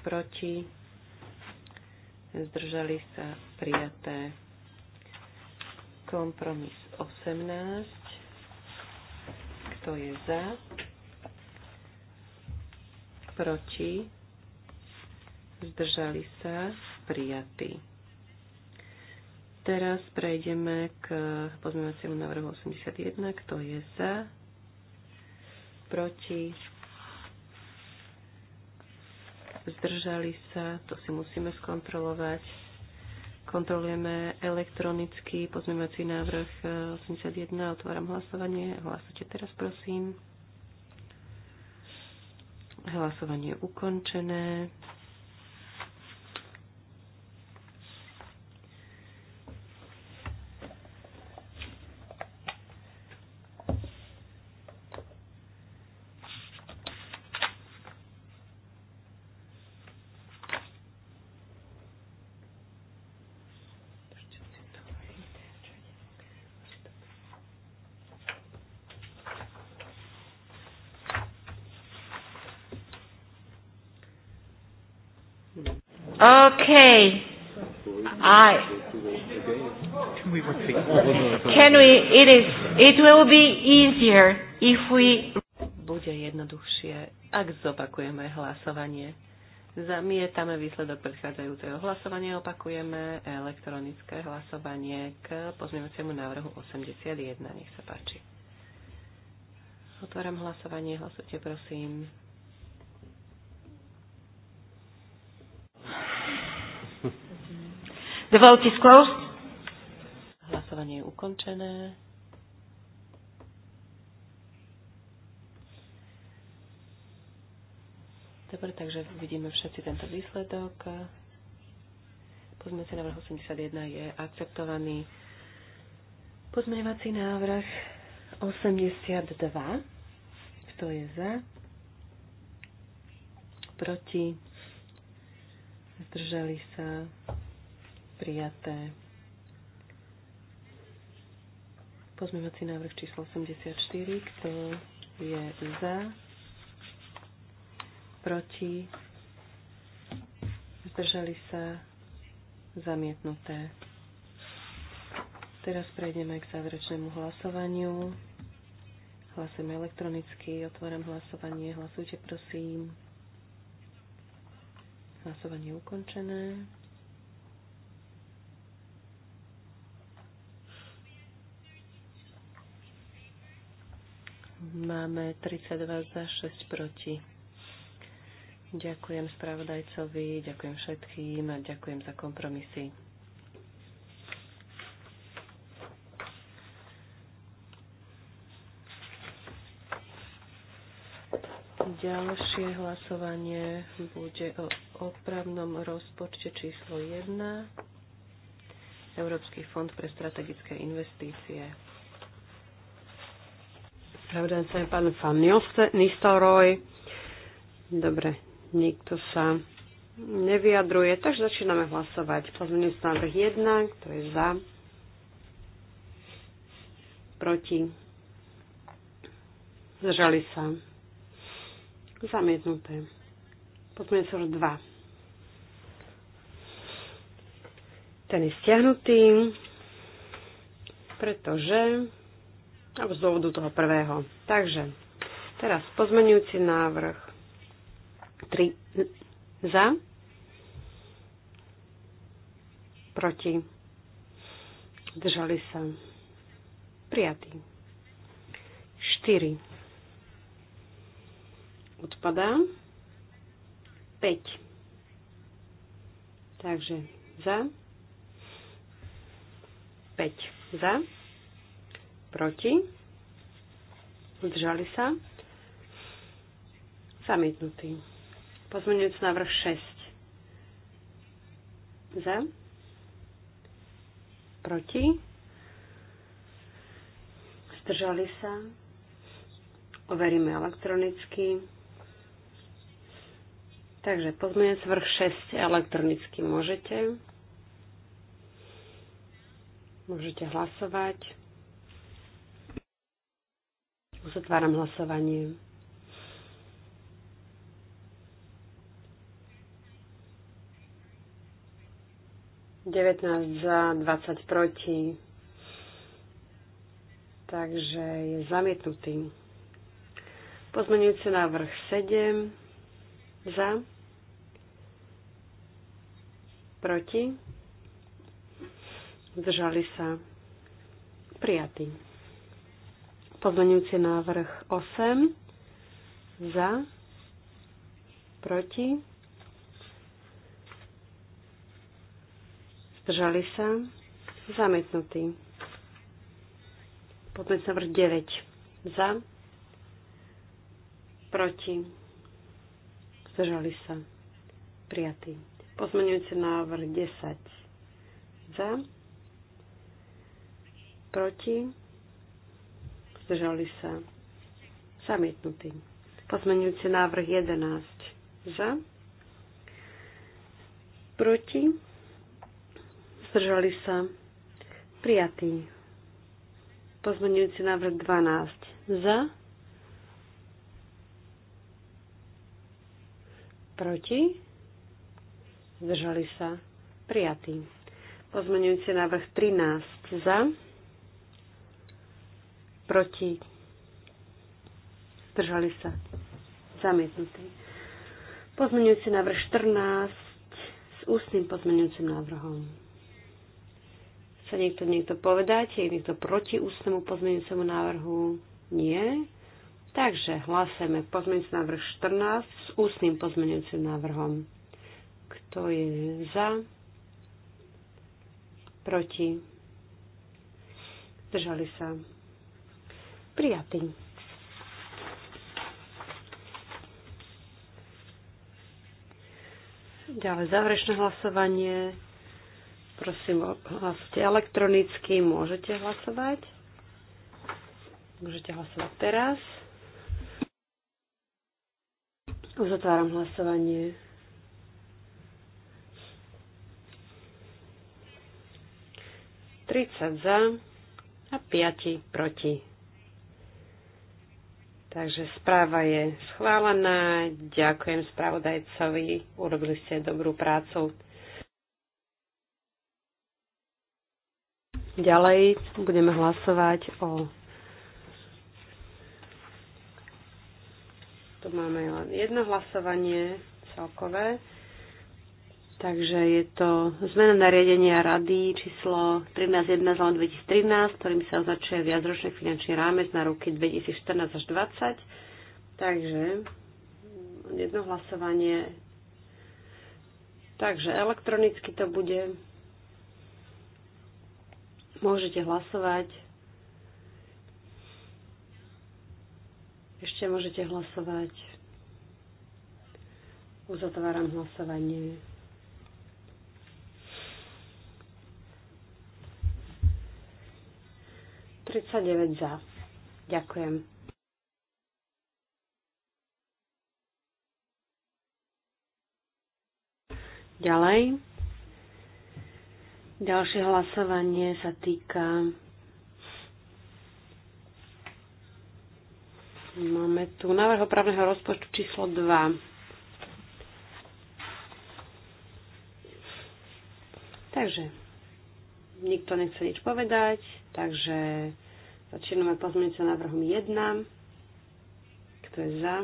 Proti? Zdržali sa prijaté. Kompromis 18. Kto je za? Proti? Zdržali sa? Prijatí. Teraz prejdeme k pozmeňovaciemu návrhu 81. Kto je za? Proti? Zdržali sa? To si musíme skontrolovať. Kontrolujeme elektronický pozmeňovací návrh 81. Eh, Otváram hlasovanie. Hlasujte teraz, prosím. Hlasovanie je ukončené. Okay. I can we It is. It will be easier if we. Bude jednoduchšie, ak zopakujeme hlasovanie. Zamietame výsledok predchádzajúceho hlasovania, opakujeme elektronické hlasovanie k pozmeňujúcemu návrhu 81. Nech sa páči. Otváram hlasovanie, hlasujte prosím. The vote is closed. Hlasovanie je ukončené. Dobre, takže vidíme všetci tento výsledok. Pozmeňovací návrh 81 je akceptovaný. Pozmeňovací návrh 82. Kto je za? Proti? Zdržali sa? prijaté. Pozmevací návrh číslo 84, kto je za, proti, zdržali sa, zamietnuté. Teraz prejdeme k záverečnému hlasovaniu. Hlasujeme elektronicky, otváram hlasovanie, hlasujte prosím. Hlasovanie je ukončené. Máme 32 za 6 proti. Ďakujem spravodajcovi, ďakujem všetkým a ďakujem za kompromisy. Ďalšie hlasovanie bude o opravnom rozpočte číslo 1, Európsky fond pre strategické investície. Spravodajca je pán Fan Nistoroj. Dobre, nikto sa nevyjadruje, takže začíname hlasovať. Pozmeňujúci návrh 1, kto je za, proti, zdržali sa, zamietnuté. Pozmeňujúci návrh 2. Ten je stiahnutý, pretože alebo z dôvodu toho prvého. Takže, teraz pozmenujúci návrh 3 za, proti, držali sa, prijatý. 4 odpadá, 5 takže za, 5 za, proti, zdržali sa, zamietnutý. Pozmeňujúci návrh 6. Za, proti, zdržali sa, overíme elektronicky. Takže pozmeňujúci návrh 6 elektronicky môžete. Môžete hlasovať. Uzatváram hlasovanie. Devetnáct za, 20 proti. Takže je zamietnutý. Pozmenujúci návrh 7 za, proti, zdržali sa, prijatý. Pozmenujúci návrh 8. Za. Proti. Zdržali sa. Zamietnutý. Pozmenujúci návrh 9. Za. Proti. Zdržali sa. Prijatý. Pozmeňujúci návrh 10. Za. Proti zdržali sa, zamietnutý. Pozmenujúci návrh 11 za, proti, zdržali sa, prijatý. Pozmenujúci návrh 12 za, proti, zdržali sa, prijatý. Pozmenujúci návrh 13 za, proti, zdržali sa, zamietnutí. Pozmeňujúci návrh 14 s ústnym pozmeňujúcim návrhom. Chce niekto niekto povedať? Je niekto proti ústnemu pozmeňujúcemu návrhu? Nie. Takže hlasujeme pozmeňujúci návrh 14 s ústnym pozmeňujúcim návrhom. Kto je za? Proti? Zdržali sa Prijatý. Ďalej záverečné hlasovanie. Prosím, hlasujte elektronicky. Môžete hlasovať. Môžete hlasovať teraz. Uzatváram hlasovanie. Tridsať za a piati proti. Takže správa je schválená. Ďakujem spravodajcovi. Urobili ste dobrú prácu. Ďalej budeme hlasovať o... Tu máme len jedno hlasovanie celkové. Takže je to zmena nariadenia rady číslo 13.1 z 2013, ktorým sa označuje viacročný finančný rámec na roky 2014 až 2020. Takže jedno hlasovanie. Takže elektronicky to bude. Môžete hlasovať. Ešte môžete hlasovať. Uzatváram hlasovanie. 39 za. Ďakujem. Ďalej. Ďalšie hlasovanie sa týka... Máme tu návrh opravného rozpočtu číslo 2. Takže nikto nechce nič povedať, takže Začíname sa návrhom 1. Kto je za?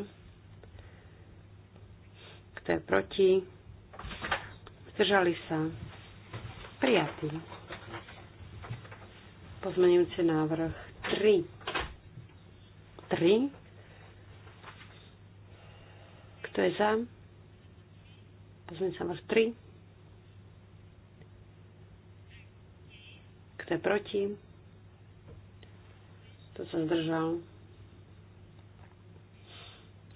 Kto je proti? Zdržali sa? Prijatý. Pozmeňujúci návrh 3. 3. Kto je za? Pozmeňujúci návrh 3. Kto je proti? Kto sa zdržal?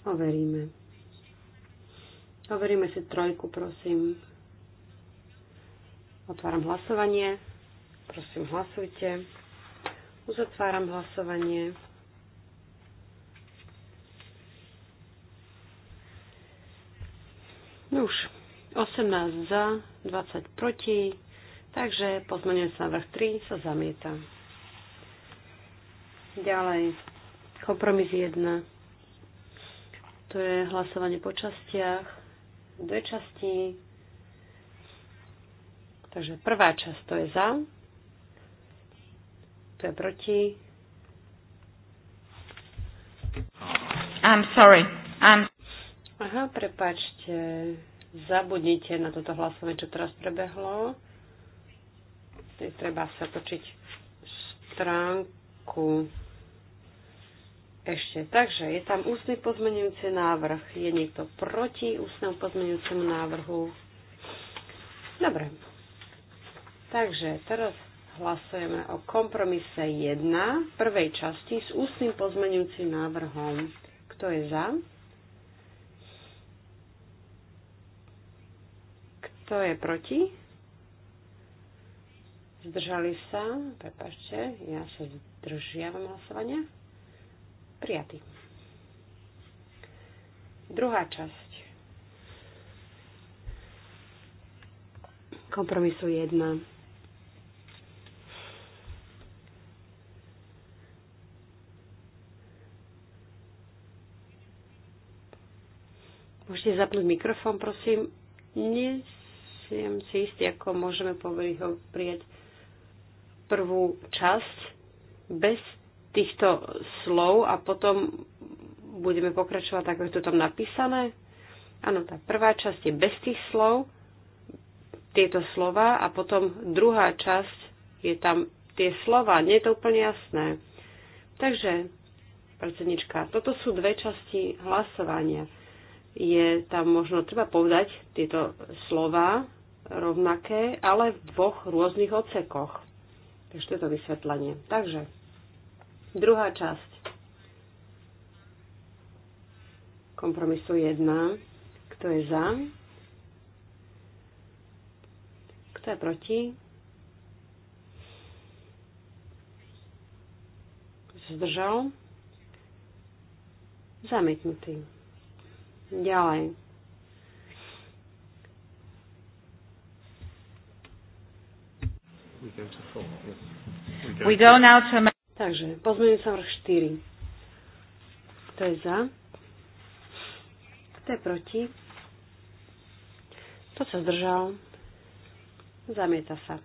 Overíme. Overíme si trojku, prosím. Otváram hlasovanie. Prosím, hlasujte. Uzatváram hlasovanie. No už 18 za, 20 proti, takže pozmeňujem sa vrch 3 sa zamietam. Ďalej, kompromis 1. To je hlasovanie po častiach, dve časti. Takže prvá časť to je za, to je proti. I'm sorry. I'm... Aha, prepačte. Zabudnite na toto hlasovanie, čo teraz prebehlo. treba sa točiť stránku ešte. Takže je tam ústny pozmenujúci návrh. Je niekto proti ústnemu pozmenujúcemu návrhu? Dobre. Takže teraz hlasujeme o kompromise 1 v prvej časti s ústnym pozmenujúcim návrhom. Kto je za? Kto je proti? Zdržali sa? Prepašte, ja sa zdržiavam hlasovania. Prijatý. Druhá časť. Kompromisu 1. Môžete zapnúť mikrofón, prosím. Nie som si istý, ako môžeme povedať ho prijať prvú časť bez týchto slov a potom budeme pokračovať tak, ako je to tam napísané. Áno, tá prvá časť je bez tých slov, tieto slova a potom druhá časť je tam tie slova. Nie je to úplne jasné. Takže, predsednička, toto sú dve časti hlasovania. Je tam možno treba povedať tieto slova rovnaké, ale v dvoch rôznych ocekoch. Takže to je to vysvetlenie. Takže Druhá časť kompromisu 1. Kto je za? Kto je proti? Kto sa zdržal? Zamietnutý. Ďalej. We go now to Takže pozmením sa vrch 4. Kto je za? Kto je proti? Kto sa zdržal? Zamieta sa.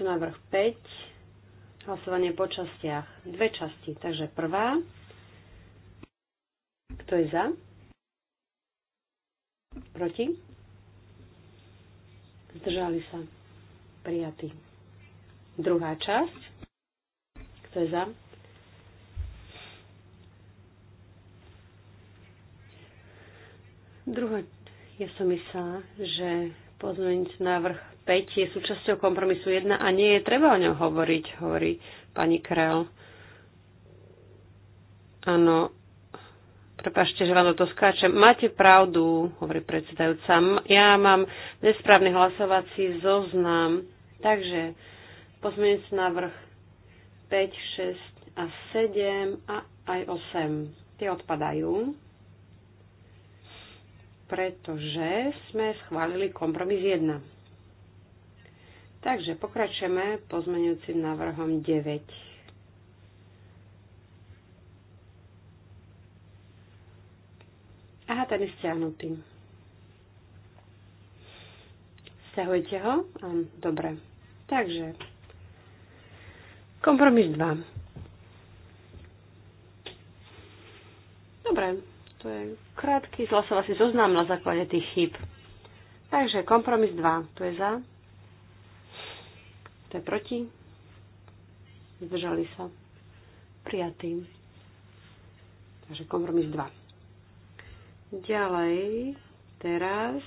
na vrch 5. Hlasovanie po častiach. Dve časti. Takže prvá. Kto je za? Proti? Zdržali sa. Prijatý. Druhá časť. Kto Druhé, ja som myslela, že pozmeniť návrh 5 je súčasťou kompromisu 1 a nie je treba o ňom hovoriť, hovorí pani Krell. Áno, prepašte, že vám do to skáčem. Máte pravdu, hovorí predsedajúca. Ja mám nesprávny hlasovací zoznam, takže pozmeniť návrh 5, 6 a 7 a aj 8. Tie odpadajú, pretože sme schválili kompromis 1. Takže pokračujeme pozmenujúcim návrhom 9. Aha, ten je stiahnutý. Stiahujete ho? Áno, dobre. Takže Kompromis 2. Dobre, to je krátky hlasovací zoznam na základe tých chyb. Takže kompromis 2. To je za. To je proti. Zdržali sa. Prijatý. Takže kompromis 2. Ďalej, teraz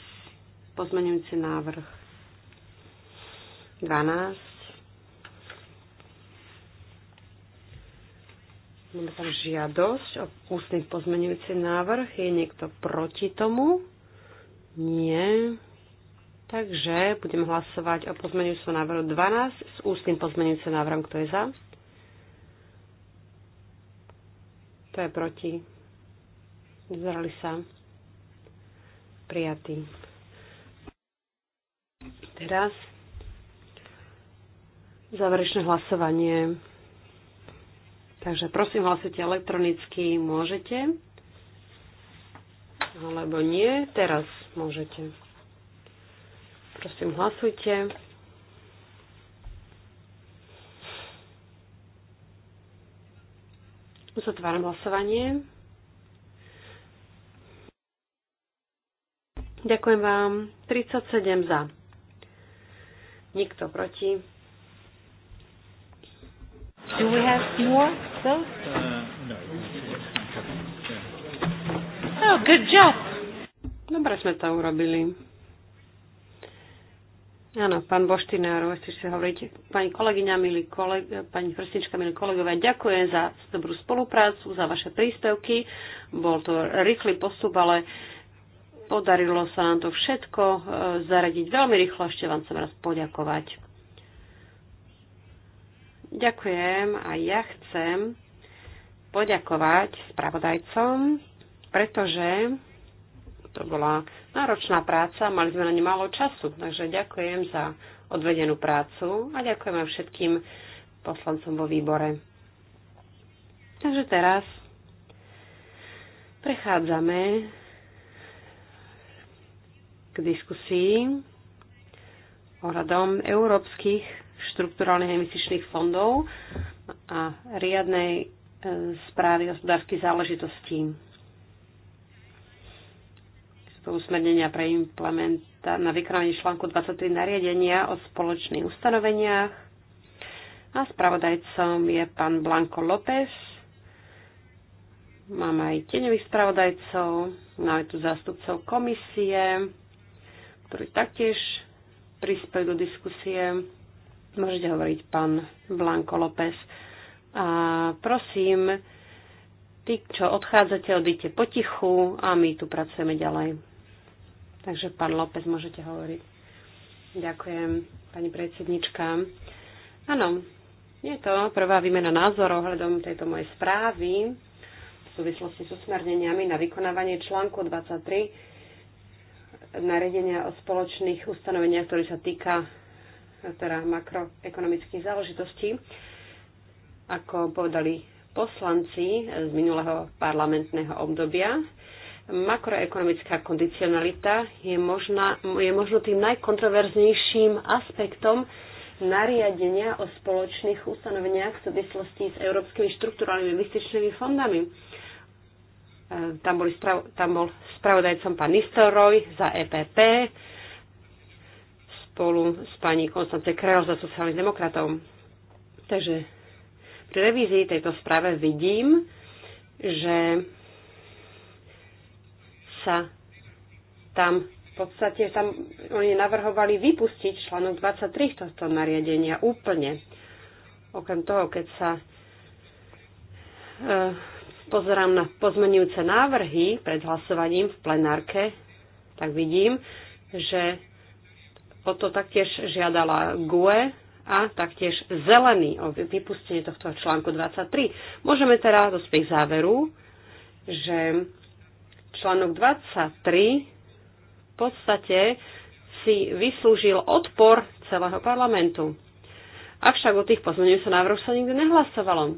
pozmenujúci návrh 12 Máme tam žiadosť o ústny pozmenujúci návrh. Je niekto proti tomu? Nie. Takže budem hlasovať o pozmenujúcom návrhu 12 s ústnym pozmenujúcim návrhom. Kto je za? Kto je proti? Zrali sa? Prijatý. Teraz záverečné hlasovanie Takže prosím, hlasujte elektronicky, môžete. Alebo nie, teraz môžete. Prosím, hlasujte. Zatváram hlasovanie. Ďakujem vám. 37 za. Nikto proti. Do we have more those? Uh, no. Oh, good job. Dobre sme to urobili. Áno, pán Boštinárov, ešte si hovoríte. Pani kolegyňa, milí koleg, pani Hrstnička, milí kolegovia, ďakujem za dobrú spoluprácu, za vaše príspevky. Bol to rýchly postup, ale podarilo sa nám to všetko eh, zaradiť veľmi rýchlo. Ešte vám chcem raz poďakovať. Ďakujem a ja chcem poďakovať spravodajcom, pretože to bola náročná práca, mali sme na ne málo času, takže ďakujem za odvedenú prácu a ďakujem aj všetkým poslancom vo výbore. Takže teraz prechádzame k diskusii ohľadom európskych štrukturálnych emisičných fondov a riadnej e, správy hospodársky záležitostí. To usmernenia pre implementa na vykonanie článku 23 nariadenia o spoločných ustanoveniach. A spravodajcom je pán Blanco López. Mám aj teňových spravodajcov, máme tu zástupcov komisie, ktorí taktiež prispäť do diskusie. Môžete hovoriť pán Blanko López. A prosím, tí, čo odchádzate, odíte potichu a my tu pracujeme ďalej. Takže pán López, môžete hovoriť. Ďakujem, pani predsednička. Áno, je to prvá výmena názorov ohľadom tejto mojej správy v súvislosti s usmerneniami na vykonávanie článku 23 nariadenia o spoločných ustanoveniach, ktorý sa týka teda makroekonomických záležitostí. Ako povedali poslanci z minulého parlamentného obdobia, makroekonomická kondicionalita je, možná, je možno tým najkontroverznejším aspektom nariadenia o spoločných ustanoveniach v súvislosti s európskymi štruktúralnými investičnými fondami. Tam, boli, tam bol spravodajcom pán Nistoroj za EPP, spolu s pani Konstance Krejl za sociálnych demokratov. Takže pri revízii tejto správe vidím, že sa tam v podstate tam oni navrhovali vypustiť článok 23 tohto nariadenia úplne. Okrem toho, keď sa e, pozerám na pozmenujúce návrhy pred hlasovaním v plenárke, tak vidím, že o to taktiež žiadala GUE a taktiež zelený o vypustenie tohto článku 23. Môžeme teraz dospieť záveru, že článok 23 v podstate si vyslúžil odpor celého parlamentu. Avšak o tých pozmeňujúcich návrhoch sa nikdy nehlasovalo.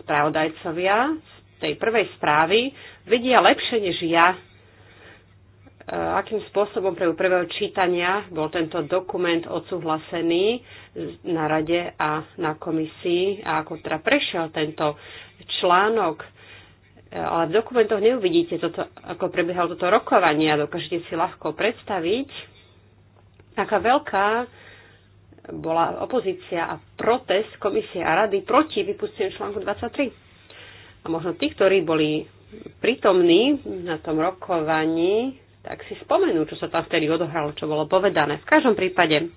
Spravodajcovia z tej prvej správy vedia lepšie než ja, Eh, akým spôsobom pre prvého čítania bol tento dokument odsúhlasený na rade a na komisii a ako teda prešiel tento článok. Eh, ale v dokumentoch neuvidíte, toto, ako prebiehalo toto rokovanie a dokážete si ľahko predstaviť, aká veľká bola opozícia a protest komisie a rady proti vypusteniu článku 23. A možno tí, ktorí boli prítomní na tom rokovaní, tak si spomenú, čo sa tam vtedy odohralo, čo bolo povedané. V každom prípade,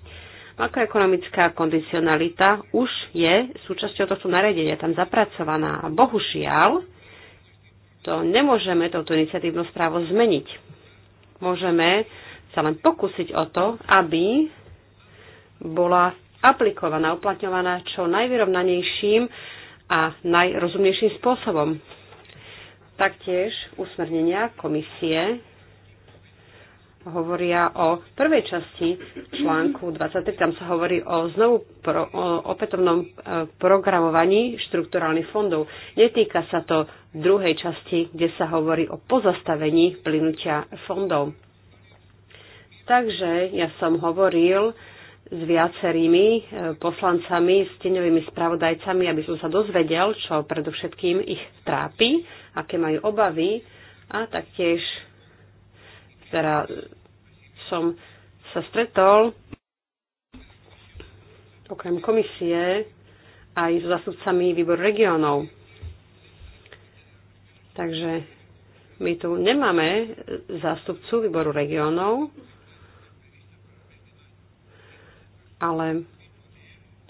makroekonomická kondicionalita už je súčasťou tohto naredenia, tam zapracovaná. A bohužiaľ, to nemôžeme touto iniciatívnou správu zmeniť. Môžeme sa len pokúsiť o to, aby bola aplikovaná, uplatňovaná čo najvyrovnanejším a najrozumnejším spôsobom. Taktiež usmernenia komisie hovoria o prvej časti článku 23. Tam sa hovorí o znovu pro, o opätovnom e, programovaní štrukturálnych fondov. Netýka sa to druhej časti, kde sa hovorí o pozastavení plynutia fondov. Takže ja som hovoril s viacerými e, poslancami, s teňovými spravodajcami, aby som sa dozvedel, čo predovšetkým ich trápi, aké majú obavy a taktiež teda som sa stretol okrem komisie aj so zastupcami výboru regionov. Takže my tu nemáme zástupcu výboru regionov, ale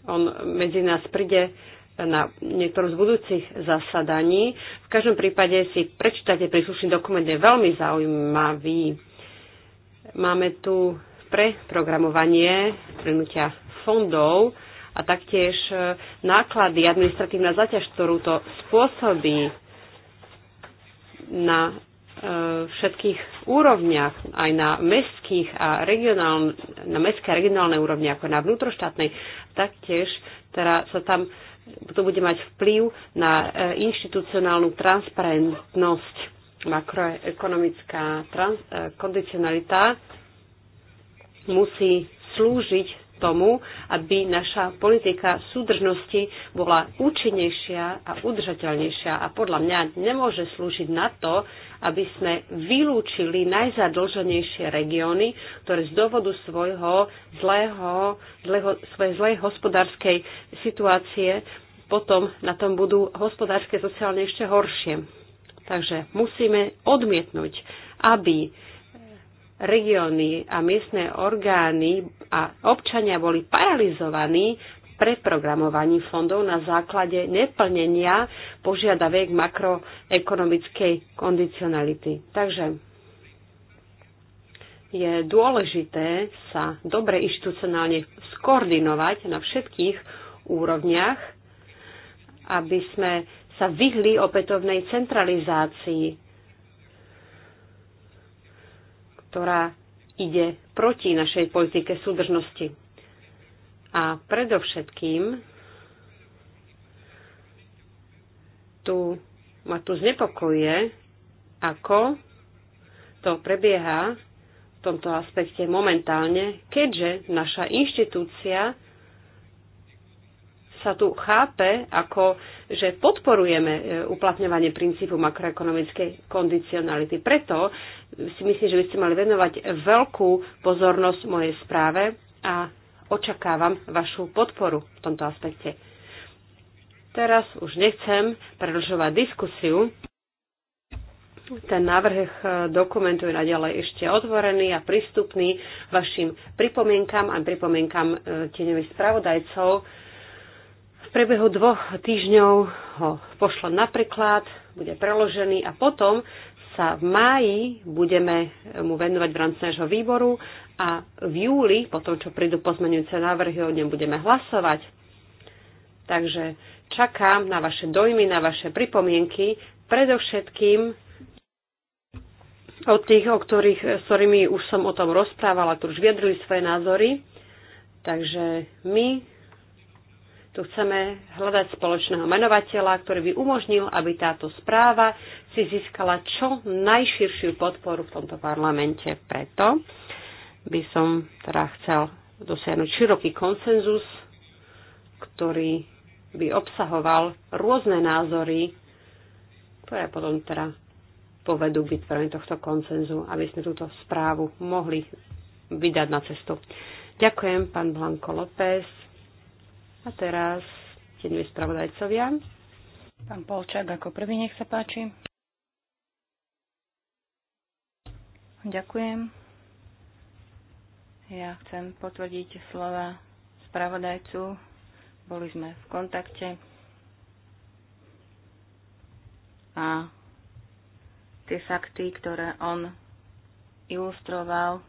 on medzi nás príde na niektorom z budúcich zasadaní. V každom prípade si prečítate príslušný dokument, je veľmi zaujímavý. Máme tu preprogramovanie prenutia fondov a taktiež e, náklady, administratívna zaťaž, ktorú to spôsobí na e, všetkých úrovniach, aj na mestských a regionálne, na mestské a regionálne úrovni, ako na vnútroštátnej, taktiež teda sa tam to bude mať vplyv na e, inštitucionálnu transparentnosť makroekonomická trans- e, kondicionalita musí slúžiť tomu, aby naša politika súdržnosti bola účinnejšia a udržateľnejšia. A podľa mňa nemôže slúžiť na to, aby sme vylúčili najzadlženejšie regióny, ktoré z dôvodu svojho zlého, zlého, svojej zlej hospodárskej situácie potom na tom budú hospodárske sociálne ešte horšie. Takže musíme odmietnúť, aby regióny a miestne orgány a občania boli paralizovaní preprogramovaní fondov na základe neplnenia požiadaviek makroekonomickej kondicionality. Takže je dôležité sa dobre inštitucionálne skoordinovať na všetkých úrovniach, aby sme sa vyhli opätovnej centralizácii, ktorá ide proti našej politike súdržnosti. A predovšetkým tu, ma tu znepokojuje, ako to prebieha v tomto aspekte momentálne, keďže naša inštitúcia sa tu chápe ako, že podporujeme e, uplatňovanie princípu makroekonomickej kondicionality. Preto si myslím, že by ste mali venovať veľkú pozornosť mojej správe a očakávam vašu podporu v tomto aspekte. Teraz už nechcem prerušovať diskusiu. Ten návrh e, dokumentu je naďalej ešte otvorený a prístupný vašim pripomienkam a pripomienkam e, tieňových spravodajcov priebehu dvoch týždňov ho pošlo na preklad, bude preložený a potom sa v máji budeme mu venovať v rámci nášho výboru a v júli, po tom, čo prídu pozmenujúce návrhy, o ňom budeme hlasovať. Takže čakám na vaše dojmy, na vaše pripomienky, predovšetkým od tých, o ktorých, s ktorými už som o tom rozprávala, ktorí už viedrili svoje názory. Takže my tu chceme hľadať spoločného menovateľa, ktorý by umožnil, aby táto správa si získala čo najširšiu podporu v tomto parlamente. Preto by som teda chcel dosiahnuť široký konsenzus, ktorý by obsahoval rôzne názory, ktoré potom teda povedú k vytvorení tohto konsenzu, aby sme túto správu mohli vydať na cestu. Ďakujem, pán Blanko López. A teraz dve spravodajcovia. Pán Polčák ako prvý, nech sa páči. Ďakujem. Ja chcem potvrdiť slova spravodajcu. Boli sme v kontakte. A tie fakty, ktoré on ilustroval,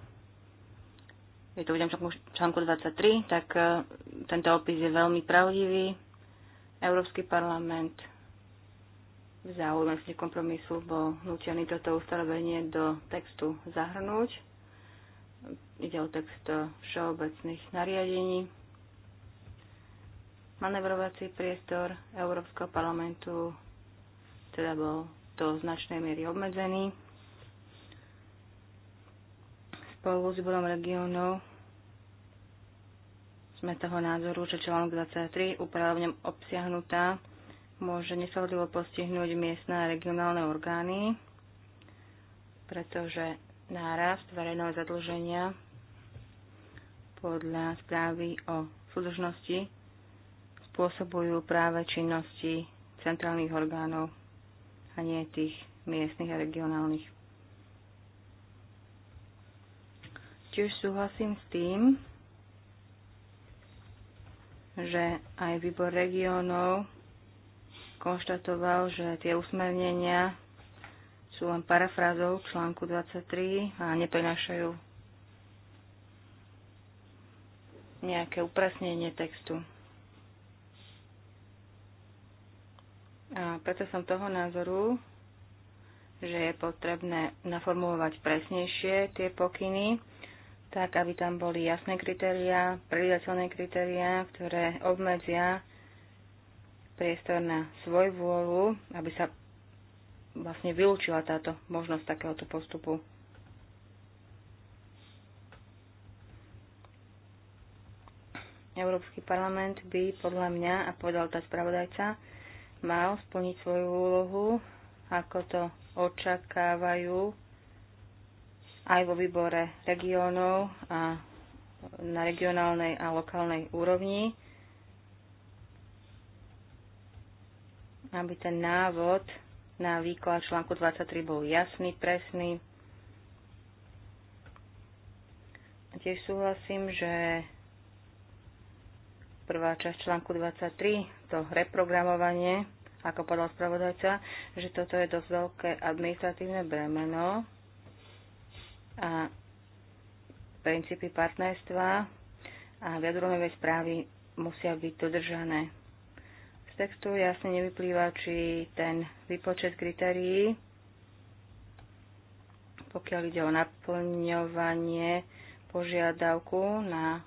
je to uvedom článku 23, tak e, tento opis je veľmi pravdivý. Európsky parlament v záujme kompromisu bol nutený toto ustanovenie do textu zahrnúť. Ide o text e, všeobecných nariadení. Manevrovací priestor Európskeho parlamentu teda bol do značnej miery obmedzený spolu s výborom regiónu sme toho názoru, že článok 23 úprava v ňom obsiahnutá môže nespravodlivo postihnúť miestne a regionálne orgány, pretože nárast verejného zadlženia podľa správy o súdržnosti spôsobujú práve činnosti centrálnych orgánov a nie tých miestnych a regionálnych. Tiež súhlasím s tým, že aj výbor regiónov konštatoval, že tie usmernenia sú len parafrázou článku 23 a neprinašajú nejaké upresnenie textu. A preto som toho názoru, že je potrebné naformulovať presnejšie tie pokyny tak aby tam boli jasné kritériá, predvidateľné kritériá, ktoré obmedzia priestor na svoj vôľu, aby sa vlastne vylúčila táto možnosť takéhoto postupu. Európsky parlament by podľa mňa, a povedal tá spravodajca, mal splniť svoju úlohu, ako to očakávajú aj vo výbore regiónov a na regionálnej a lokálnej úrovni, aby ten návod na výklad článku 23 bol jasný, presný. Tiež súhlasím, že prvá časť článku 23, to reprogramovanie, ako povedal spravodajca, že toto je dosť veľké administratívne bremeno, a princípy partnerstva a viadrumové správy musia byť dodržané. Z textu jasne nevyplýva, či ten výpočet kritérií, pokiaľ ide o naplňovanie požiadavku na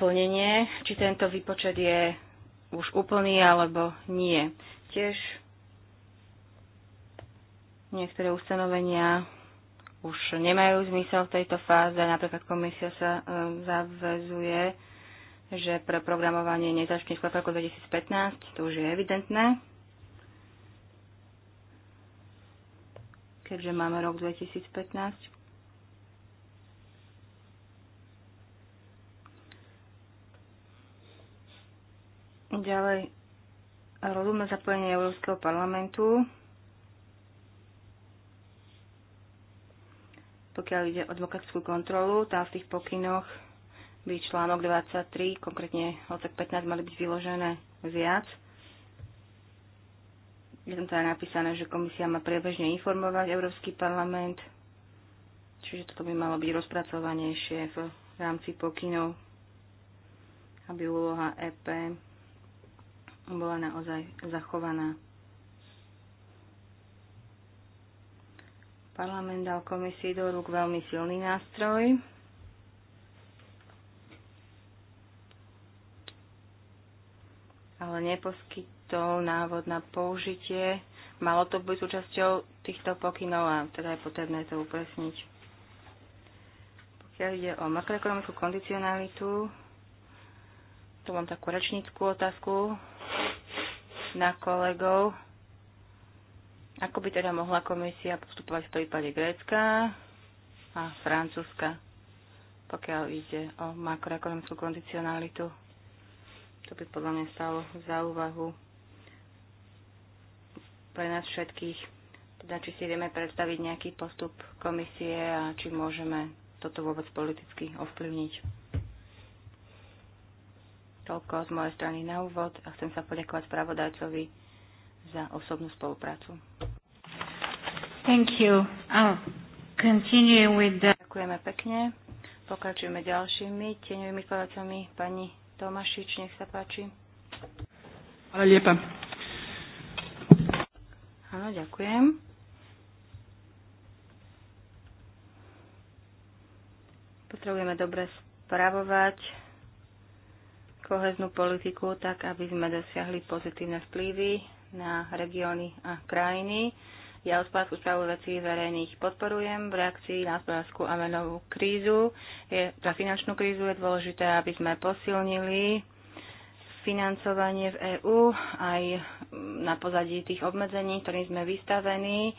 plnenie, či tento výpočet je už úplný alebo nie. Tiež Niektoré ustanovenia už nemajú zmysel v tejto fáze. Napríklad komisia sa e, zavezuje, že pre programovanie nezačne skôr v roku 2015. To už je evidentné. Keďže máme rok 2015. Ďalej, rozumné zapojenie Európskeho parlamentu. Pokiaľ ide o advokátskú kontrolu, tam v tých pokynoch by článok 23, konkrétne odsek 15, mali byť vyložené viac. Je tam teda napísané, že komisia má priebežne informovať Európsky parlament, čiže toto by malo byť rozpracovanejšie v rámci pokynov, aby úloha EP bola naozaj zachovaná. Parlament dal komisii do rúk veľmi silný nástroj. ale neposkytol návod na použitie. Malo to byť súčasťou týchto pokynov a teda je potrebné to upresniť. Pokiaľ ide o makroekonomickú kondicionalitu, tu mám takú rečnickú otázku na kolegov ako by teda mohla komisia postupovať v prípade Grécka a Francúzska, pokiaľ ide o makroekonomickú kondicionalitu? To by podľa mňa stalo za úvahu pre nás všetkých. Teda, či si vieme predstaviť nejaký postup komisie a či môžeme toto vôbec politicky ovplyvniť. Toľko z mojej strany na úvod a chcem sa poďakovať spravodajcovi za osobnú spoluprácu. Thank you. I'll continue with the... Ďakujeme pekne. Pokračujeme ďalšími tieňovými kladacami. Pani Tomašič, nech sa páči. Ale liepa. Áno, ďakujem. Potrebujeme dobre spravovať koheznú politiku tak, aby sme dosiahli pozitívne vplyvy na regióny a krajiny. Ja hospodárskú správu vecí verejných podporujem v reakcii na hospodárskú a menovú krízu. Je, na finančnú krízu je dôležité, aby sme posilnili financovanie v EÚ aj na pozadí tých obmedzení, ktorým sme vystavení.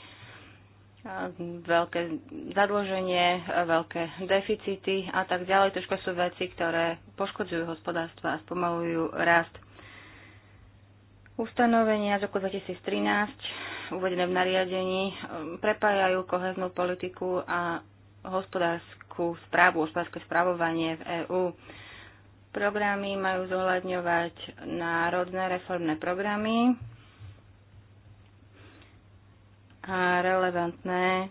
Veľké zadlženie, veľké deficity a tak ďalej. Troška sú veci, ktoré poškodzujú hospodárstva a spomalujú rast. Ustanovenia z roku 2013 uvedené v nariadení um, prepájajú koheznú politiku a hospodárskú správu, hospodárske správovanie v EÚ. Programy majú zohľadňovať národné reformné programy a relevantné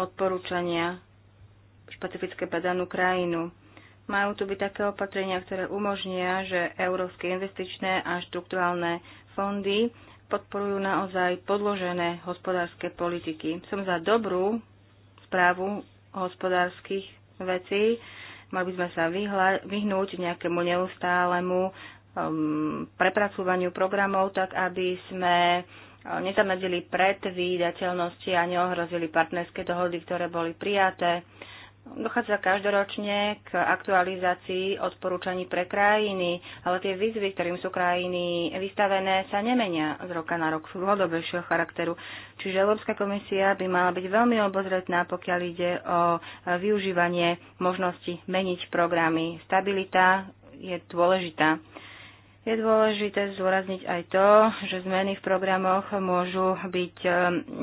odporúčania špecifické pre danú krajinu. Majú tu byť také opatrenia, ktoré umožnia, že európske investičné a štruktúrálne fondy podporujú naozaj podložené hospodárske politiky. Som za dobrú správu hospodárskych vecí. Mali by sme sa vyhnúť nejakému neustálemu um, prepracovaniu programov, tak aby sme uh, nezamedzili predvídateľnosti a neohrozili partnerské dohody, ktoré boli prijaté. Dochádza každoročne k aktualizácii odporúčaní pre krajiny, ale tie výzvy, ktorým sú krajiny vystavené, sa nemenia z roka na rok, súhodobejšieho dlhodobejšieho charakteru. Čiže Európska komisia by mala byť veľmi obozretná, pokiaľ ide o využívanie možnosti meniť programy. Stabilita je dôležitá. Je dôležité zdôrazniť aj to, že zmeny v programoch môžu byť eh,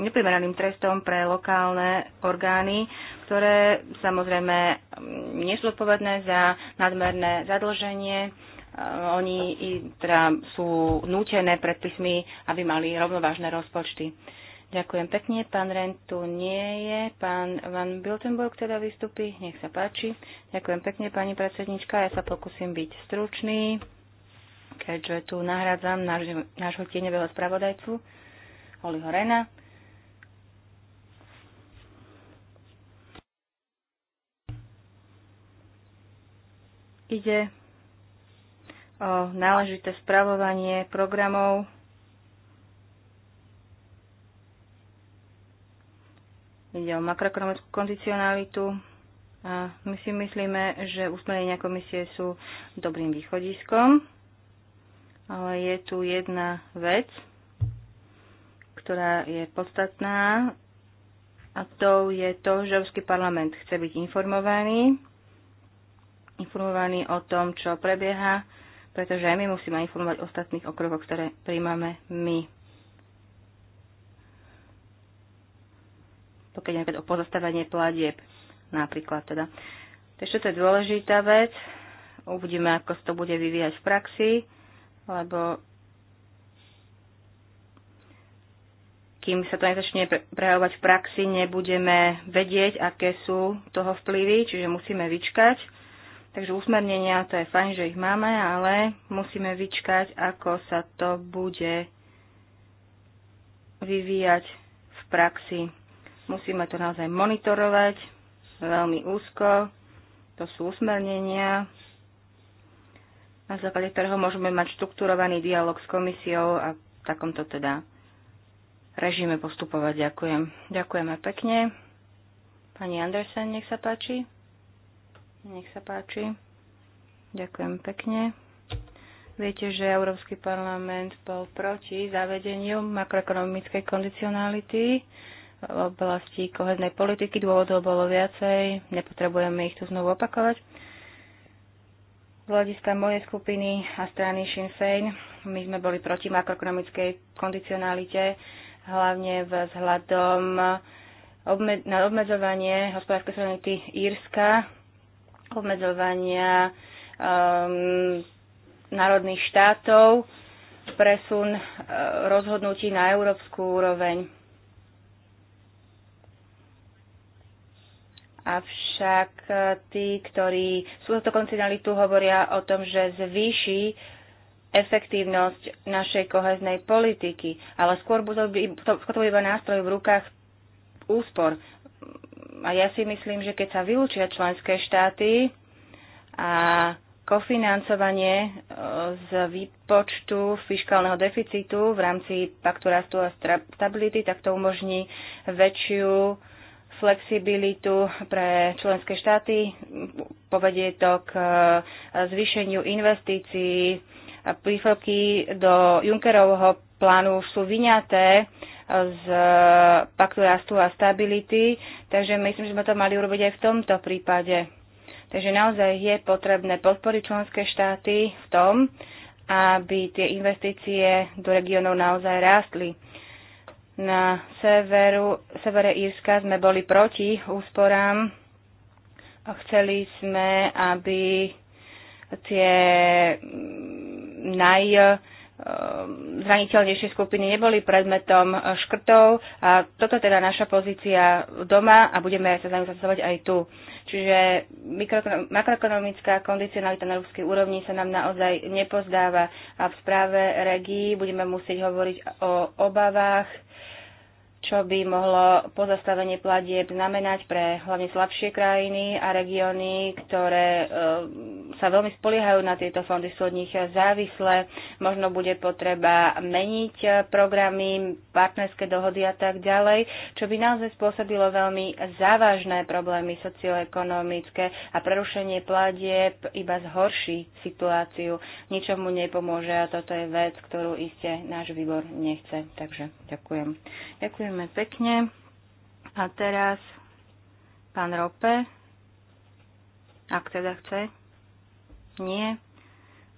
neprimeraným trestom pre lokálne orgány, ktoré samozrejme mm, nie sú odpovedné za nadmerné zadlženie. Eh, oni teda sú nútené predpismi, aby mali rovnovážne rozpočty. Ďakujem pekne. Pán Rent tu nie je. Pán Van Biltenburg teda vystupí. Nech sa páči. Ďakujem pekne, pani predsednička. Ja sa pokúsim byť stručný keďže tu nahrádzam náš, nášho tieňového spravodajcu Oliho Rena. Ide o náležité spravovanie programov Ide o makroekonomickú kondicionalitu. A my si myslíme, že úsmerenia komisie sú dobrým východiskom ale je tu jedna vec, ktorá je podstatná a to je to, že Európsky parlament chce byť informovaný, informovaný o tom, čo prebieha, pretože aj my musíme informovať ostatných okrovoch, ktoré príjmame my. Pokiaľ napríklad o pozastavenie pladieb napríklad teda. Takže to je dôležitá vec. Uvidíme, ako sa to bude vyvíjať v praxi lebo kým sa to nezačne prehľovať v praxi, nebudeme vedieť, aké sú toho vplyvy, čiže musíme vyčkať. Takže usmernenia, to je fajn, že ich máme, ale musíme vyčkať, ako sa to bude vyvíjať v praxi. Musíme to naozaj monitorovať veľmi úzko. To sú usmernenia, na základe ktorého môžeme mať štrukturovaný dialog s komisiou a v takomto teda režime postupovať. Ďakujem. Ďakujeme pekne. Pani Andersen, nech sa páči. Nech sa páči. Ďakujem pekne. Viete, že Európsky parlament bol proti zavedeniu makroekonomickej kondicionality v oblasti koheznej politiky. Dôvodov bolo viacej, nepotrebujeme ich tu znovu opakovať. Z hľadiska mojej skupiny a strany Sinn Féin, my sme boli proti makroekonomickej kondicionalite, hlavne vzhľadom na obmedzovanie hospodárskej suverenity Írska, obmedzovania um, národných štátov, presun uh, rozhodnutí na európsku úroveň. Avšak e, tí, ktorí sú za to koncidalitu, hovoria o tom, že zvýši efektívnosť našej koheznej politiky, ale skôr budú to, to bude iba nástroj v rukách úspor. A ja si myslím, že keď sa vylúčia členské štáty a kofinancovanie e, z výpočtu fiskálneho deficitu v rámci paktu rastu a stability, tak to umožní väčšiu flexibilitu pre členské štáty, povedie to k e, zvýšeniu investícií. Príspevky do Junckerovho plánu sú vyňaté e, z paktu rastu a stability, takže myslím, že sme to mali urobiť aj v tomto prípade. Takže naozaj je potrebné podporiť členské štáty v tom, aby tie investície do regiónov naozaj rástli. Na severu, severe Írska sme boli proti úsporám. Chceli sme, aby tie mm, naj e, zraniteľnejšie skupiny neboli predmetom škrtov a toto teda naša pozícia doma a budeme sa zainteresovať aj tu. Čiže makroekonomická kondicionalita na európskej úrovni sa nám naozaj nepozdáva a v správe regií budeme musieť hovoriť o obavách, čo by mohlo pozastavenie platieb znamenať pre hlavne slabšie krajiny a regióny, ktoré e, sa veľmi spoliehajú na tieto fondy, sú od nich závislé. Možno bude potreba meniť programy, partnerské dohody a tak ďalej, čo by naozaj spôsobilo veľmi závažné problémy socioekonomické a prerušenie platieb iba zhorší situáciu. Ničomu nepomôže a toto je vec, ktorú iste náš výbor nechce. Takže ďakujem. Ďakujem Ďakujeme pekne. A teraz pán Rope, ak teda chce. Nie.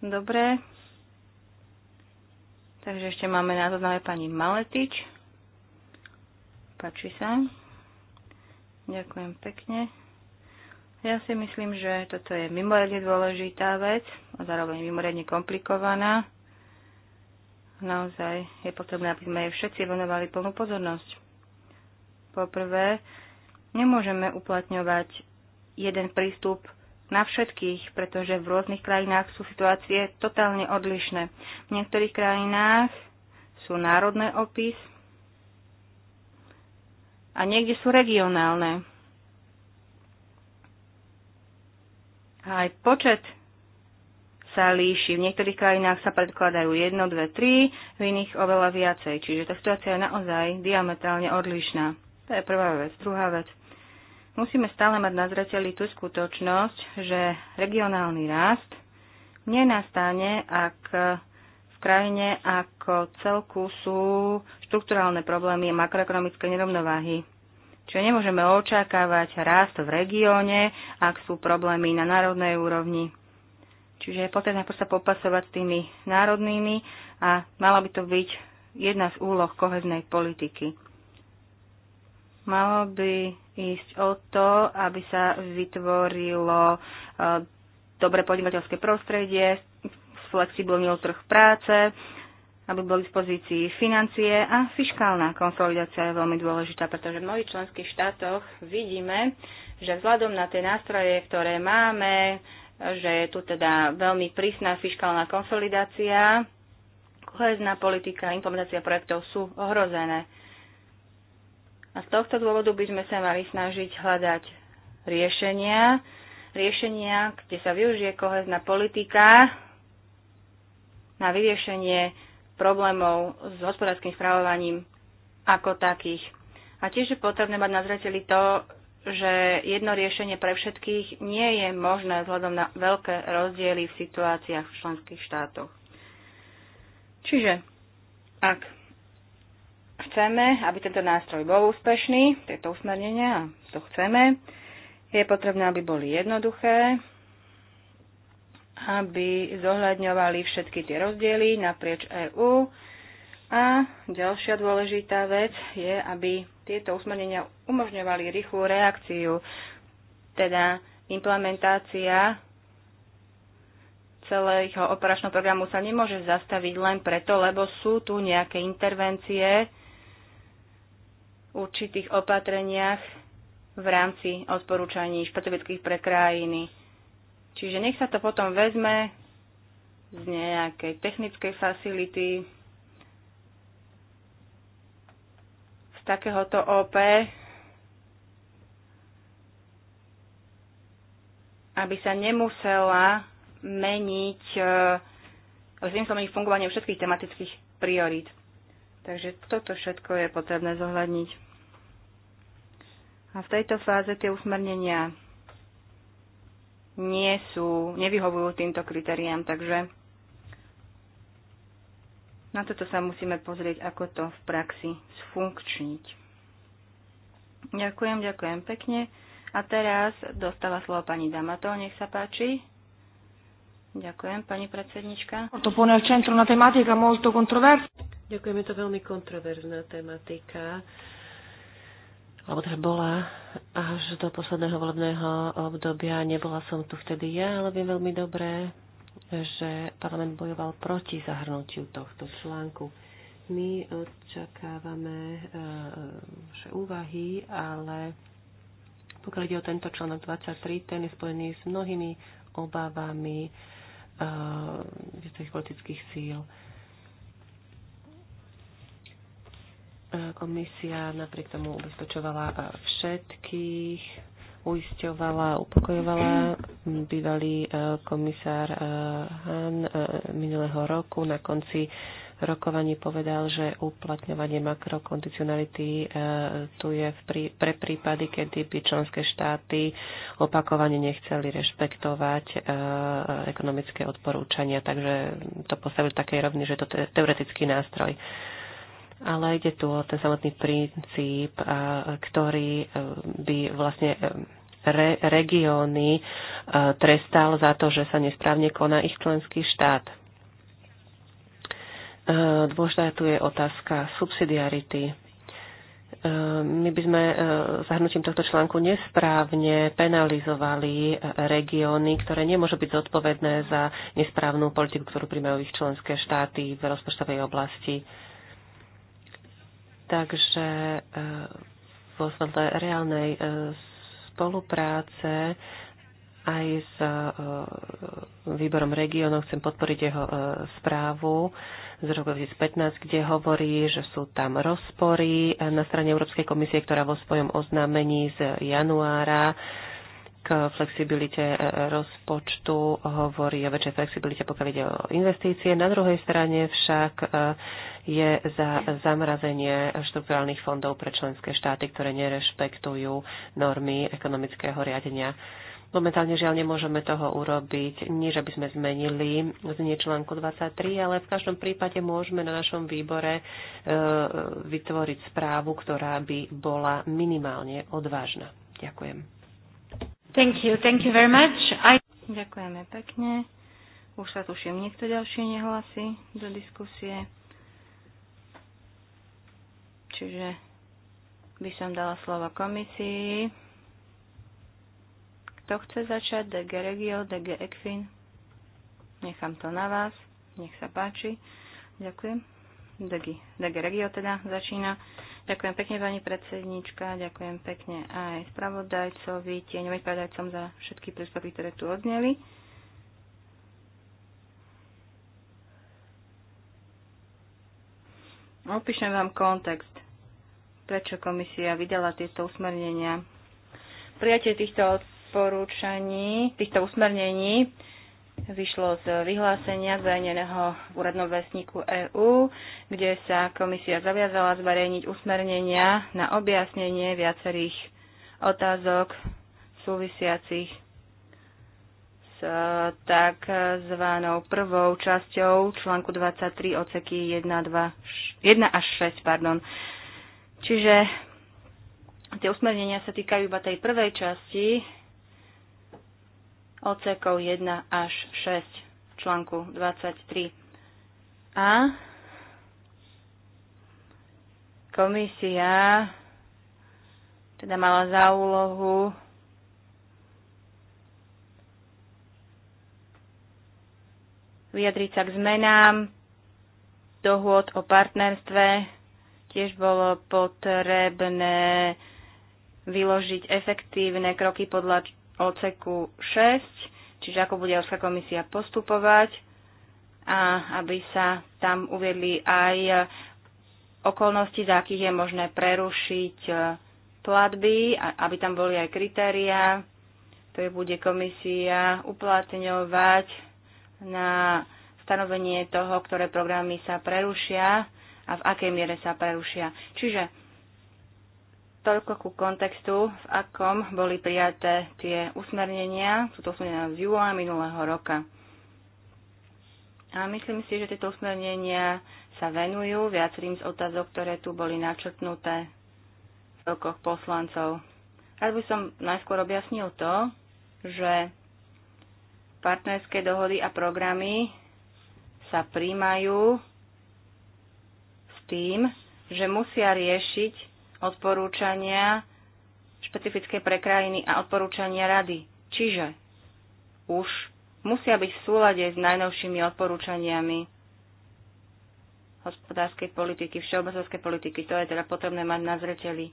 Dobre. Takže ešte máme na zozname pani Maletič. Páči sa. Ďakujem pekne. Ja si myslím, že toto je mimoriadne dôležitá vec a zároveň mimoriadne komplikovaná naozaj je potrebné, aby sme jej všetci venovali plnú pozornosť. Poprvé, nemôžeme uplatňovať jeden prístup na všetkých, pretože v rôznych krajinách sú situácie totálne odlišné. V niektorých krajinách sú národné opis a niekde sú regionálne. A aj počet sa líši. V niektorých krajinách sa predkladajú 1, 2, 3, v iných oveľa viacej. Čiže tá situácia je naozaj diametrálne odlišná. To je prvá vec. Druhá vec. Musíme stále mať na zreteli tú skutočnosť, že regionálny rast nenastane, ak v krajine ako celku sú štrukturálne problémy a makroekonomické nerovnováhy. Čiže nemôžeme očakávať rast v regióne, ak sú problémy na národnej úrovni. Čiže je potrebné sa popasovať s tými národnými a mala by to byť jedna z úloh koheznej politiky. Malo by ísť o to, aby sa vytvorilo e, dobre podnikateľské prostredie, flexibilnil trh práce, aby boli v dispozícii financie a fiskálna konsolidácia je veľmi dôležitá, pretože v mnohých členských štátoch vidíme, že vzhľadom na tie nástroje, ktoré máme, že je tu teda veľmi prísna fiskálna konsolidácia, kohezná politika a implementácia projektov sú ohrozené. A z tohto dôvodu by sme sa mali snažiť hľadať riešenia, riešenia, kde sa využije kohezná politika na vyriešenie problémov s hospodárskym správovaním ako takých. A tiež je potrebné mať na zreteli to, že jedno riešenie pre všetkých nie je možné vzhľadom na veľké rozdiely v situáciách v členských štátoch. Čiže ak chceme, aby tento nástroj bol úspešný, tieto usmernenia, to chceme, je potrebné, aby boli jednoduché, aby zohľadňovali všetky tie rozdiely naprieč EÚ. A ďalšia dôležitá vec je, aby tieto usmernenia umožňovali rýchlu reakciu, teda implementácia celého operačného programu sa nemôže zastaviť len preto, lebo sú tu nejaké intervencie v určitých opatreniach v rámci odporúčaní špecifických pre krajiny. Čiže nech sa to potom vezme z nejakej technickej facility, takéhoto OP, aby sa nemusela meniť, aby sa meniť fungovanie všetkých tematických priorít. Takže toto všetko je potrebné zohľadniť. A v tejto fáze tie usmernenia nie sú, nevyhovujú týmto kritériám, takže na toto sa musíme pozrieť, ako to v praxi sfunkčniť. Ďakujem, ďakujem pekne. A teraz dostáva slovo pani Damato, nech sa páči. Ďakujem, pani predsednička. To pone centrum na tematika, molto controversa. Ďakujem, je to veľmi kontroverzná tematika alebo teda bola až do posledného volebného obdobia. Nebola som tu vtedy ja, ale viem veľmi dobre, že parlament bojoval proti zahrnutiu tohto článku. My očakávame e, vaše úvahy, ale pokiaľ ide o tento článok 23, ten je spojený s mnohými obávami viacerých politických síl. E, komisia napriek tomu ubezpečovala e, všetkých uisťovala, upokojovala bývalý e, komisár e, Han e, minulého roku. Na konci rokovaní povedal, že uplatňovanie makrokondicionality tu je pre prípady, kedy by členské štáty opakovane nechceli rešpektovať ekonomické odporúčania. Takže to postavili také rovný, že je to teoretický nástroj ale ide tu o ten samotný princíp, ktorý e, by vlastne e, re, regióny e, trestal za to, že sa nesprávne koná ich členský štát. Dôležitá tu je otázka subsidiarity. My by sme zahrnutím tohto článku nesprávne penalizovali regióny, ktoré nemôžu byť zodpovedné za nesprávnu politiku, ktorú príjmajú ich členské štáty v rozpočtovej oblasti Takže eh, vo svetle reálnej eh, spolupráce aj s eh, výborom regiónov chcem podporiť jeho správu z roku 2015, kde hovorí, že sú tam rozpory na strane Európskej komisie, ktorá vo svojom oznámení z januára k flexibilite e, rozpočtu, hovorí o väčšej flexibilite, pokiaľ ide o investície. Na druhej strane však e, je za zamrazenie štrukturálnych fondov pre členské štáty, ktoré nerešpektujú normy ekonomického riadenia. Momentálne žiaľ nemôžeme toho urobiť, nič aby sme zmenili znie článku 23, ale v každom prípade môžeme na našom výbore e, vytvoriť správu, ktorá by bola minimálne odvážna. Ďakujem. Thank you, thank you very much. I... Ďakujeme pekne. Už sa tuším, niekto ďalší nehlasí do diskusie. Čiže by som dala slovo komisii. Kto chce začať? DG Regio, DG Ekfin. Nechám to na vás. Nech sa páči. Ďakujem. DG, DG Regio teda začína. Ďakujem pekne, pani predsednička, ďakujem pekne aj spravodajcovi, tieňovým spravodajcom za všetky príspevky, ktoré tu odneli. Opíšem vám kontext, prečo komisia vydala tieto usmernenia. Prijatie týchto odporúčaní, týchto usmernení vyšlo z vyhlásenia zverejneného v úradnom vesníku EÚ, kde sa komisia zaviazala zverejniť usmernenia na objasnenie viacerých otázok súvisiacich s takzvanou prvou časťou článku 23 oceky 1, 2, 1 až 6. Pardon. Čiže tie usmernenia sa týkajú iba tej prvej časti odsekov 1 až 6 v článku 23. A komisia teda mala za úlohu vyjadriť sa k zmenám dohôd o partnerstve. Tiež bolo potrebné vyložiť efektívne kroky podľa odseku 6, čiže ako bude Európska komisia postupovať a aby sa tam uviedli aj okolnosti, za akých je možné prerušiť e, platby, aby tam boli aj kritériá, ktoré bude komisia uplatňovať na stanovenie toho, ktoré programy sa prerušia a v akej miere sa prerušia. Čiže Toľko ku kontextu, v akom boli prijaté tie usmernenia. Sú to usmernenia z júla minulého roka. A myslím si, že tieto usmernenia sa venujú viacerým z otázok, ktoré tu boli načrtnuté v rokoch poslancov. Rád by som najskôr objasnil to, že partnerské dohody a programy sa príjmajú s tým, že musia riešiť odporúčania špecifické pre krajiny a odporúčania rady. Čiže už musia byť v súlade s najnovšími odporúčaniami hospodárskej politiky, všeobecovskej politiky. To je teda potrebné mať na zreteli.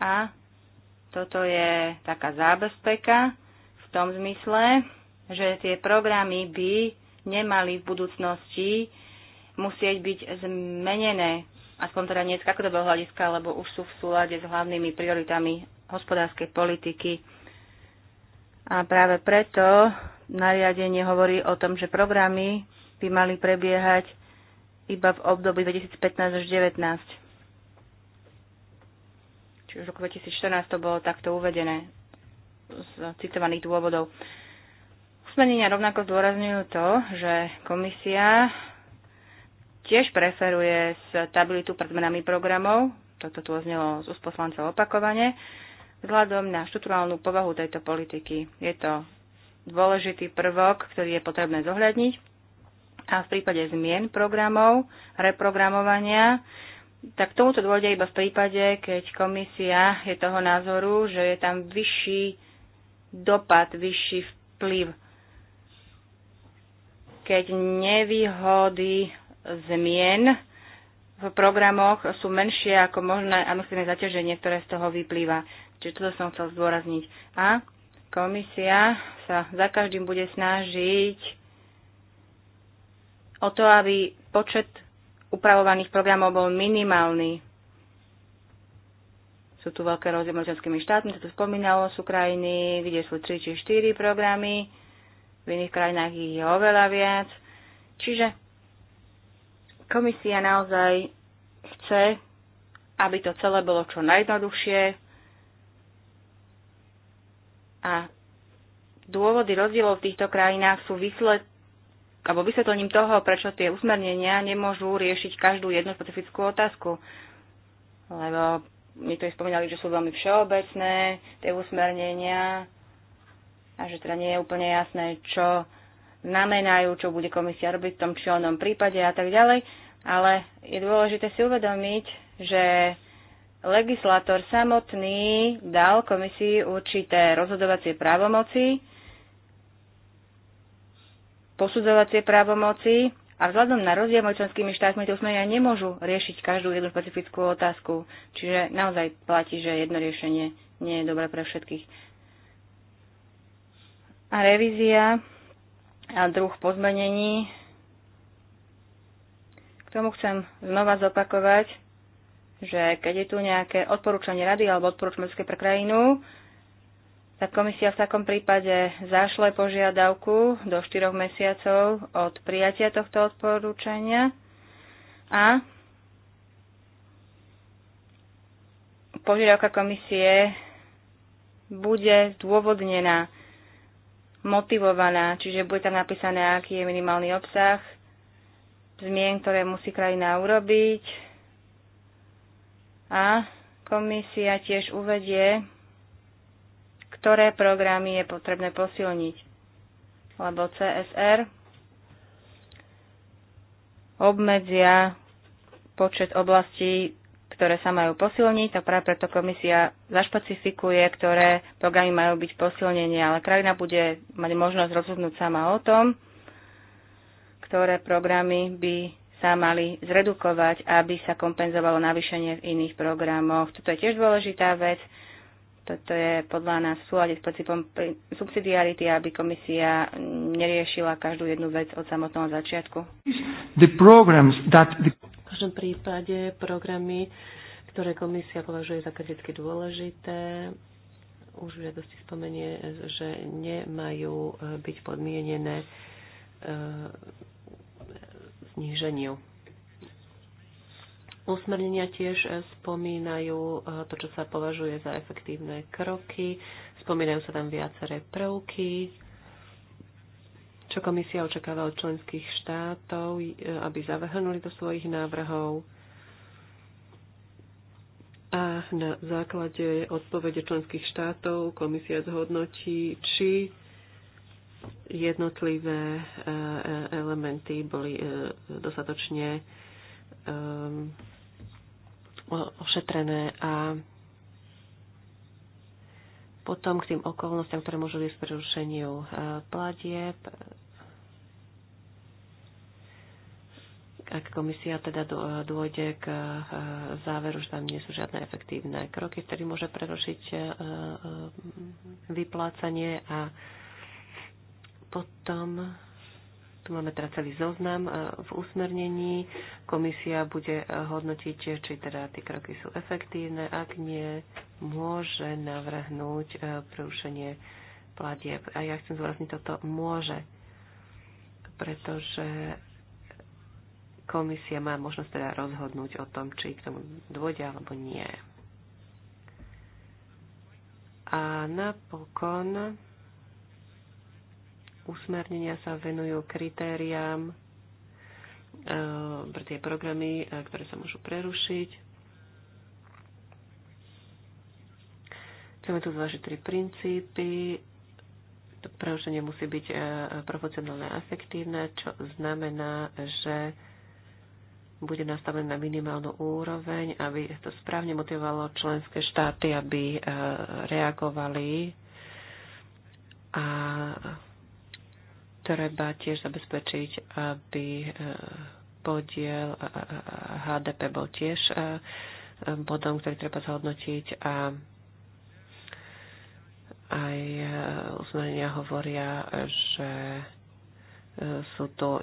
A toto je taká zábezpeka v tom zmysle, že tie programy by nemali v budúcnosti musieť byť zmenené aspoň teda nie z krátkodobého hľadiska, lebo už sú v súlade s hlavnými prioritami hospodárskej politiky. A práve preto nariadenie hovorí o tom, že programy by mali prebiehať iba v období 2015 až 2019. Čiže v roku 2014 to bolo takto uvedené z citovaných dôvodov. Usmenenia rovnako zdôrazňujú to, že komisia tiež preferuje stabilitu pred menami programov, toto tu oznelo z úst poslancov opakovane, vzhľadom na štruktúrálnu povahu tejto politiky. Je to dôležitý prvok, ktorý je potrebné zohľadniť a v prípade zmien programov, reprogramovania, tak tomuto dôjde iba v prípade, keď komisia je toho názoru, že je tam vyšší dopad, vyšší vplyv. Keď nevýhody zmien v programoch sú menšie ako možné administratívne zaťaženie, ktoré z toho vyplýva. Čiže toto som chcel zdôrazniť. A komisia sa za každým bude snažiť o to, aby počet upravovaných programov bol minimálny. Sú tu veľké rozdiely medzi členskými štátmi, to tu spomínalo, sú krajiny, kde sú 3 či 4 programy, v iných krajinách ich je oveľa viac. Čiže Komisia naozaj chce, aby to celé bolo čo najjednoduchšie a dôvody rozdielov v týchto krajinách sú výsled, alebo vysvetlením toho, prečo tie usmernenia nemôžu riešiť každú jednu specifickú otázku. Lebo niektorí spomínali, že sú veľmi všeobecné tie usmernenia a že teda nie je úplne jasné, čo namenajú, čo bude komisia robiť v tom či onom prípade a tak ďalej. Ale je dôležité si uvedomiť, že legislátor samotný dal komisii určité rozhodovacie právomoci, posudzovacie právomoci a vzhľadom na rozdiel medzi členskými štátmi to usmerenia nemôžu riešiť každú jednu špecifickú otázku. Čiže naozaj platí, že jedno riešenie nie je dobré pre všetkých. A revízia a druh pozmenení. K tomu chcem znova zopakovať, že keď je tu nejaké odporúčanie rady alebo odporúčanie pre krajinu, tak komisia v takom prípade zašle požiadavku do 4 mesiacov od prijatia tohto odporúčania a požiadavka komisie bude zdôvodnená motivovaná, čiže bude tam napísané, aký je minimálny obsah zmien, ktoré musí krajina urobiť. A komisia tiež uvedie, ktoré programy je potrebné posilniť. Lebo CSR obmedzia počet oblastí, ktoré sa majú posilniť a práve preto komisia zašpecifikuje, ktoré programy majú byť posilnenie, ale krajina bude mať možnosť rozhodnúť sama o tom, ktoré programy by sa mali zredukovať, aby sa kompenzovalo navýšenie v iných programoch. Toto je tiež dôležitá vec. Toto je podľa nás v s princípom subsidiarity, aby komisia neriešila každú jednu vec od samotného začiatku. The programs that the každom prípade programy, ktoré komisia považuje za kriticky dôležité, už v žiadosti spomenie, že nemajú e, byť podmienené e, zniženiu. Usmernenia tiež e, spomínajú to, čo sa považuje za efektívne kroky, spomínajú sa tam viaceré prvky, čo komisia očakáva od členských štátov, e, aby zavrhnuli do svojich návrhov a na základe odpovede členských štátov komisia zhodnotí, či jednotlivé e, e, elementy boli dostatočne ošetrené a potom k tým okolnostiam, ktoré môžu viesť prerušeniu platieb, Ak komisia teda dôjde k e, záveru, že tam nie sú žiadne efektívne kroky, vtedy môže prerušiť e, e, vyplácanie a potom tu máme teda celý zoznam v usmernení. Komisia bude hodnotiť, či teda tie kroky sú efektívne. Ak nie, môže navrhnúť prerušenie platieb. A ja chcem zúrazniť toto môže, pretože komisia má možnosť teda rozhodnúť o tom, či k tomu dôjde alebo nie. A napokon usmernenia sa venujú kritériám e, pre tie programy, e, ktoré sa môžu prerušiť. Chceme tu zvážiť tri princípy. Prerušenie musí byť e, proporcionálne a efektívne, čo znamená, že bude nastavené na minimálnu úroveň, aby to správne motivovalo členské štáty, aby e, reagovali a treba tiež zabezpečiť, aby e, podiel HDP bol tiež e, bodom, ktorý treba zhodnotiť a aj uznania hovoria, že sú to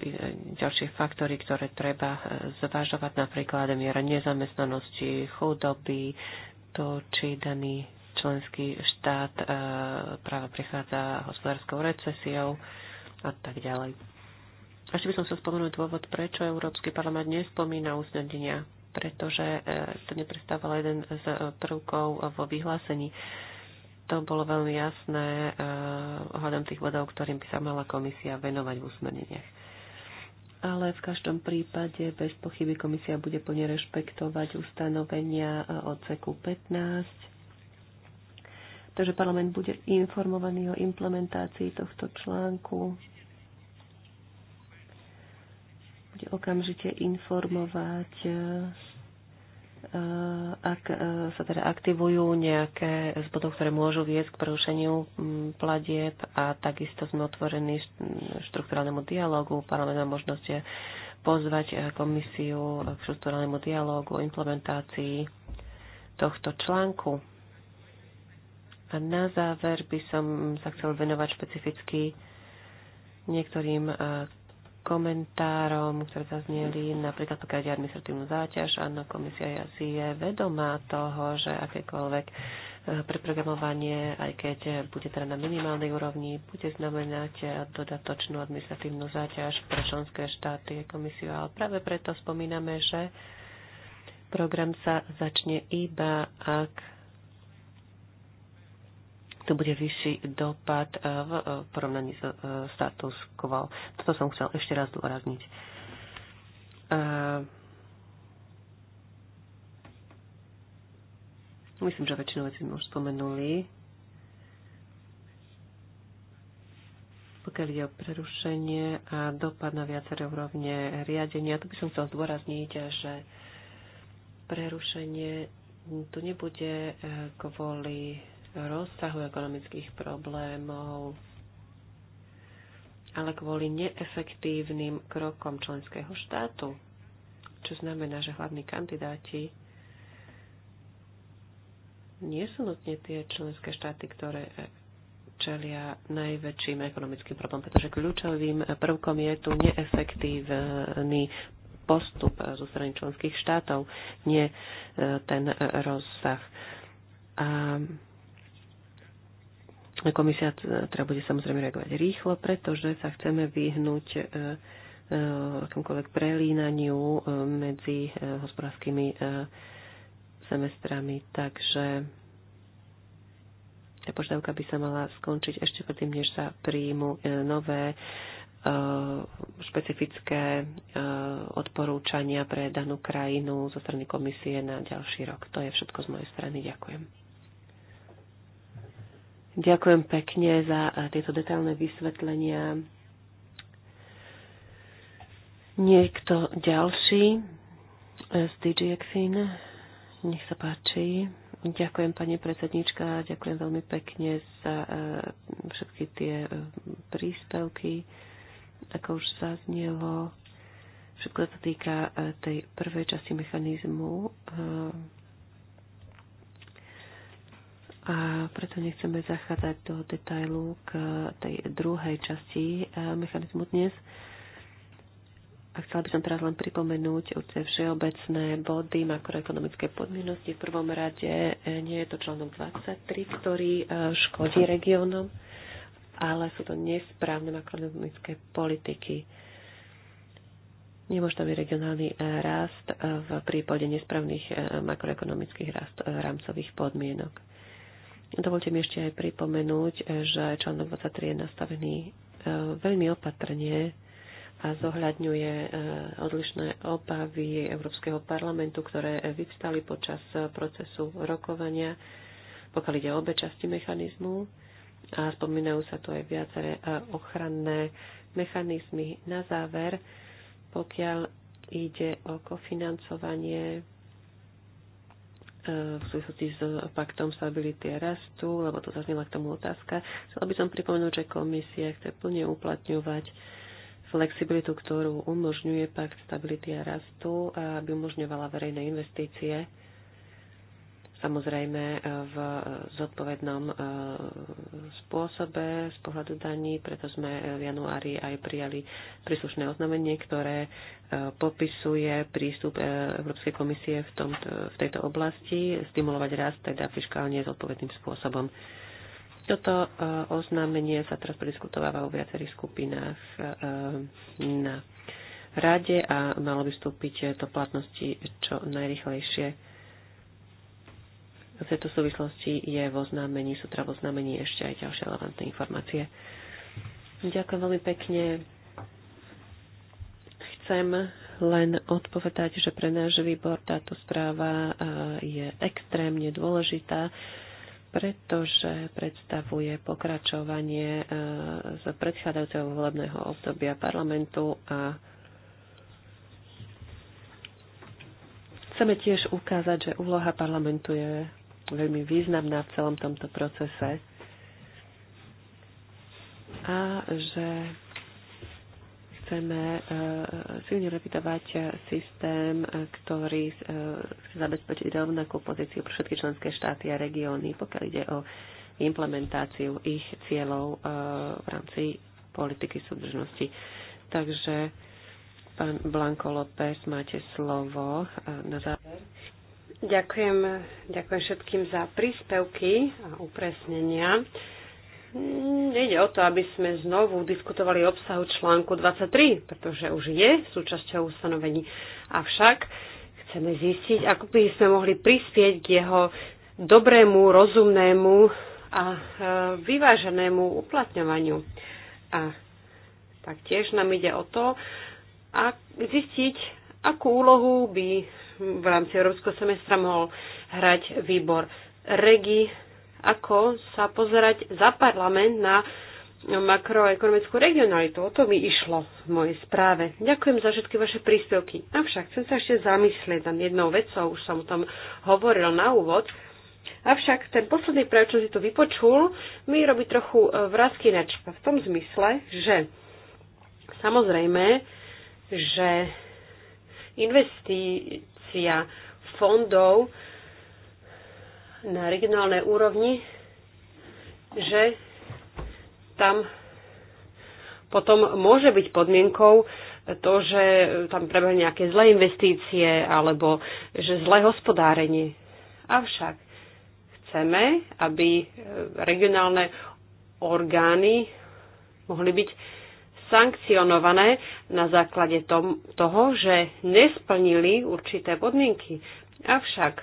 ďalšie faktory, ktoré treba e, zvažovať, napríklad miera nezamestnanosti, chudoby, to, či daný členský štát e, práve prichádza hospodárskou recesiou a tak ďalej. Ešte by som chcel spomenúť dôvod, prečo Európsky parlament nespomína usnadenia, pretože e, to neprestávalo jeden z prvkov vo vyhlásení to bolo veľmi jasné eh, ohľadom tých bodov, ktorým by sa mala komisia venovať v usmerneniach. Ale v každom prípade bez pochyby komisia bude plne rešpektovať ustanovenia eh, odseku 15. Takže parlament bude informovaný o implementácii tohto článku. Bude okamžite informovať eh, Eh, ak eh, sa teda aktivujú nejaké z bodov, ktoré môžu viesť k prerušeniu mm, pladieb a takisto sme otvorení štruktúrálnemu dialogu. Parlament má možnosť eh, pozvať komisiu k štruktúrálnemu dialogu o implementácii tohto článku. A na záver by som sa chcel venovať špecificky niektorým komentárom, ktoré znieli, napríklad pokiaľ je administratívnu záťaž. Áno, komisia asi je vedomá toho, že akékoľvek eh, preprogramovanie, aj keď bude teda na minimálnej úrovni, bude znamenať dodatočnú administratívnu záťaž pre členské štáty a komisiu. Ale práve preto spomíname, že program sa začne iba, ak to bude vyšší dopad e, e, v porovnaní s e, status quo. Toto som chcel ešte raz dôrazniť. Myslím, že väčšinu vecí sme už spomenuli. Pokiaľ ide o prerušenie a dopad na viaceré úrovne riadenia, tu by som chcel zdôrazniť, že prerušenie tu nebude kvôli rozsahu ekonomických problémov, ale kvôli neefektívnym krokom členského štátu, čo znamená, že hlavní kandidáti nie sú nutne tie členské štáty, ktoré e, čelia najväčším ekonomickým problémom, pretože kľúčovým prvkom je tu neefektívny postup zo strany členských štátov, nie e, ten e, rozsah. A Komisia teda bude samozrejme reagovať rýchlo, pretože sa chceme vyhnúť e, e, akýmkoľvek prelínaniu e, medzi hospodárskymi semestrami. Takže tá požiadavka by sa mala skončiť ešte predtým, než sa príjmu nové špecifické odporúčania pre danú krajinu zo strany komisie na ďalší rok. To je všetko z mojej strany. Ďakujem. Ďakujem pekne za eh, tieto detailné vysvetlenia. Niekto ďalší eh, z DJ Exin? Nech sa páči. Ďakujem, pani predsednička, ďakujem veľmi pekne za eh, všetky tie príspevky. Ako už zaznelo, všetko sa týka tej prvej časti mechanizmu a preto nechceme zachádzať do detailu k tej druhej časti e, mechanizmu dnes. A chcela by som teraz len pripomenúť určite všeobecné body makroekonomické podmienosti. V prvom rade e, nie je to článok 23, ktorý e, škodí regiónom, ale sú to nesprávne makroekonomické politiky. Nemôže byť regionálny rast v prípade nesprávnych makroekonomických rast rámcových podmienok Dovolte mi ešte aj pripomenúť, e, že článok 23 je nastavený e, veľmi opatrne a zohľadňuje e, odlišné obavy Európskeho parlamentu, ktoré vyvstali počas procesu rokovania, pokiaľ ide o obe časti mechanizmu. A spomínajú sa tu aj viaceré ochranné mechanizmy. Na záver, pokiaľ ide o kofinancovanie E, v súvislosti s paktom stability a rastu, lebo to zaznela k tomu otázka. Chcela by som pripomenúť, že komisia chce plne uplatňovať flexibilitu, ktorú umožňuje pakt stability a rastu, a aby umožňovala verejné investície samozrejme e, v zodpovednom e, spôsobe z pohľadu daní, preto sme v januári aj prijali príslušné oznámenie, ktoré e, popisuje prístup Európskej komisie v, tomto, v tejto oblasti, stimulovať rast teda fiskálne zodpovedným spôsobom. Toto oznámenie sa teraz prediskutováva vo viacerých skupinách na rade a malo by vstúpiť do platnosti čo najrychlejšie. V tejto súvislosti je vo oznámení, sú teda vo oznámení ešte aj ďalšie relevantné informácie. Ďakujem veľmi pekne. Chcem len odpovedať, že pre náš výbor táto správa e, je extrémne dôležitá, pretože predstavuje pokračovanie e, z predchádzajúceho volebného obdobia parlamentu a chceme tiež ukázať, že úloha parlamentu je veľmi významná v celom tomto procese a že chceme e, silne revidovať systém, ktorý e, chce zabezpečiť rovnakú pozíciu pre všetky členské štáty a regióny, pokiaľ ide o implementáciu ich cieľov e, v rámci politiky súdržnosti. Takže pán Blanko López, máte slovo na záver. Ďakujem, ďakujem všetkým za príspevky a upresnenia. Nejde o to, aby sme znovu diskutovali obsahu článku 23, pretože už je súčasťou ustanovení. Avšak chceme zistiť, ako by sme mohli prispieť k jeho dobrému, rozumnému a e, vyváženému uplatňovaniu. A taktiež nám ide o to, a zistiť, Akú úlohu by v rámci Európskeho semestra mohol hrať výbor REGI? Ako sa pozerať za parlament na makroekonomickú regionalitu? O to mi išlo v mojej správe. Ďakujem za všetky vaše príspevky. Avšak chcem sa ešte zamyslieť nad jednou vecou, už som o tom hovoril na úvod. Avšak ten posledný prejav, čo si tu vypočul, mi robí trochu e, vrázky načka. V tom zmysle, že samozrejme, že investícia fondov na regionálnej úrovni, že tam potom môže byť podmienkou to, že tam prebehli nejaké zlé investície alebo že zlé hospodárenie. Avšak chceme, aby regionálne orgány mohli byť sankcionované na základe tom, toho, že nesplnili určité podmienky. Avšak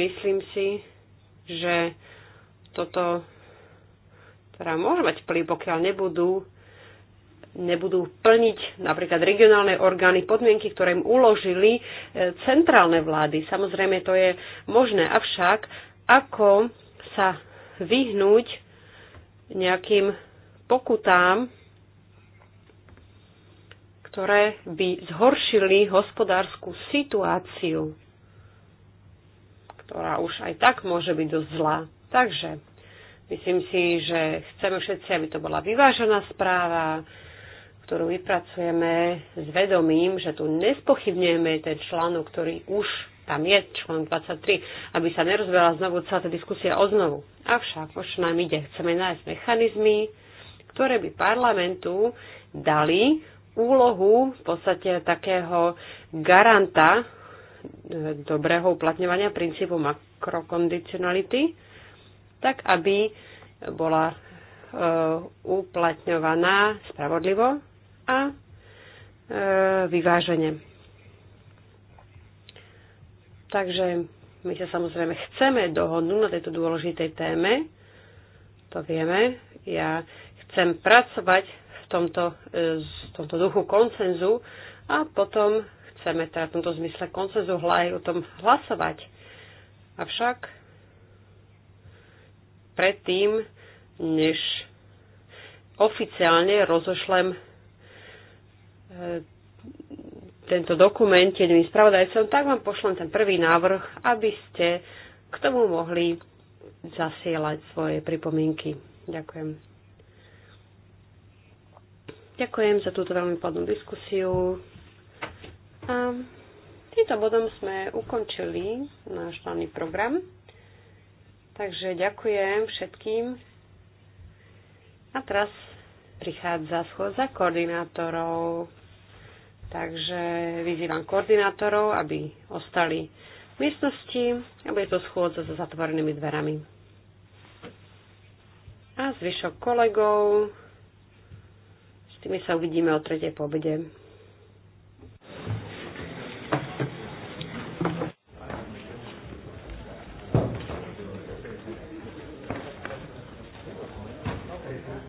myslím si, že toto teda môže mať vplyv, pokiaľ nebudú, nebudú plniť napríklad regionálne orgány podmienky, ktoré im uložili e, centrálne vlády. Samozrejme, to je možné. Avšak, ako sa vyhnúť nejakým pokutám, ktoré by zhoršili hospodárskú situáciu, ktorá už aj tak môže byť dosť zlá. Takže myslím si, že chceme všetci, aby to bola vyvážená správa, ktorú vypracujeme s vedomím, že tu nespochybňujeme ten článok, ktorý už tam je člen 23, aby sa nerozbehla znovu celá tá diskusia o znovu. Avšak, o čo nám ide, chceme nájsť mechanizmy, ktoré by parlamentu dali úlohu v podstate takého garanta e, dobrého uplatňovania princípu makrokondicionality, tak aby bola e, uplatňovaná spravodlivo a e, vyvážene. Takže my sa samozrejme chceme dohodnúť na tejto dôležitej téme. To vieme. Ja chcem pracovať v tomto, e, v tomto duchu koncenzu a potom chceme teda v tomto zmysle koncenzu aj o tom hlasovať. Avšak predtým, než oficiálne rozošlem e, tento dokument jedným spravodajcom, tak vám pošlem ten prvý návrh, aby ste k tomu mohli zasielať svoje pripomienky. Ďakujem. Ďakujem za túto veľmi plodnú diskusiu. A týmto bodom sme ukončili náš daný program. Takže ďakujem všetkým. A teraz prichádza schôdza koordinátorov. Takže vyzývam koordinátorov, aby ostali v miestnosti a bude to schôdza so zatvorenými dverami. A zvyšok kolegov, s tými sa uvidíme o tretej po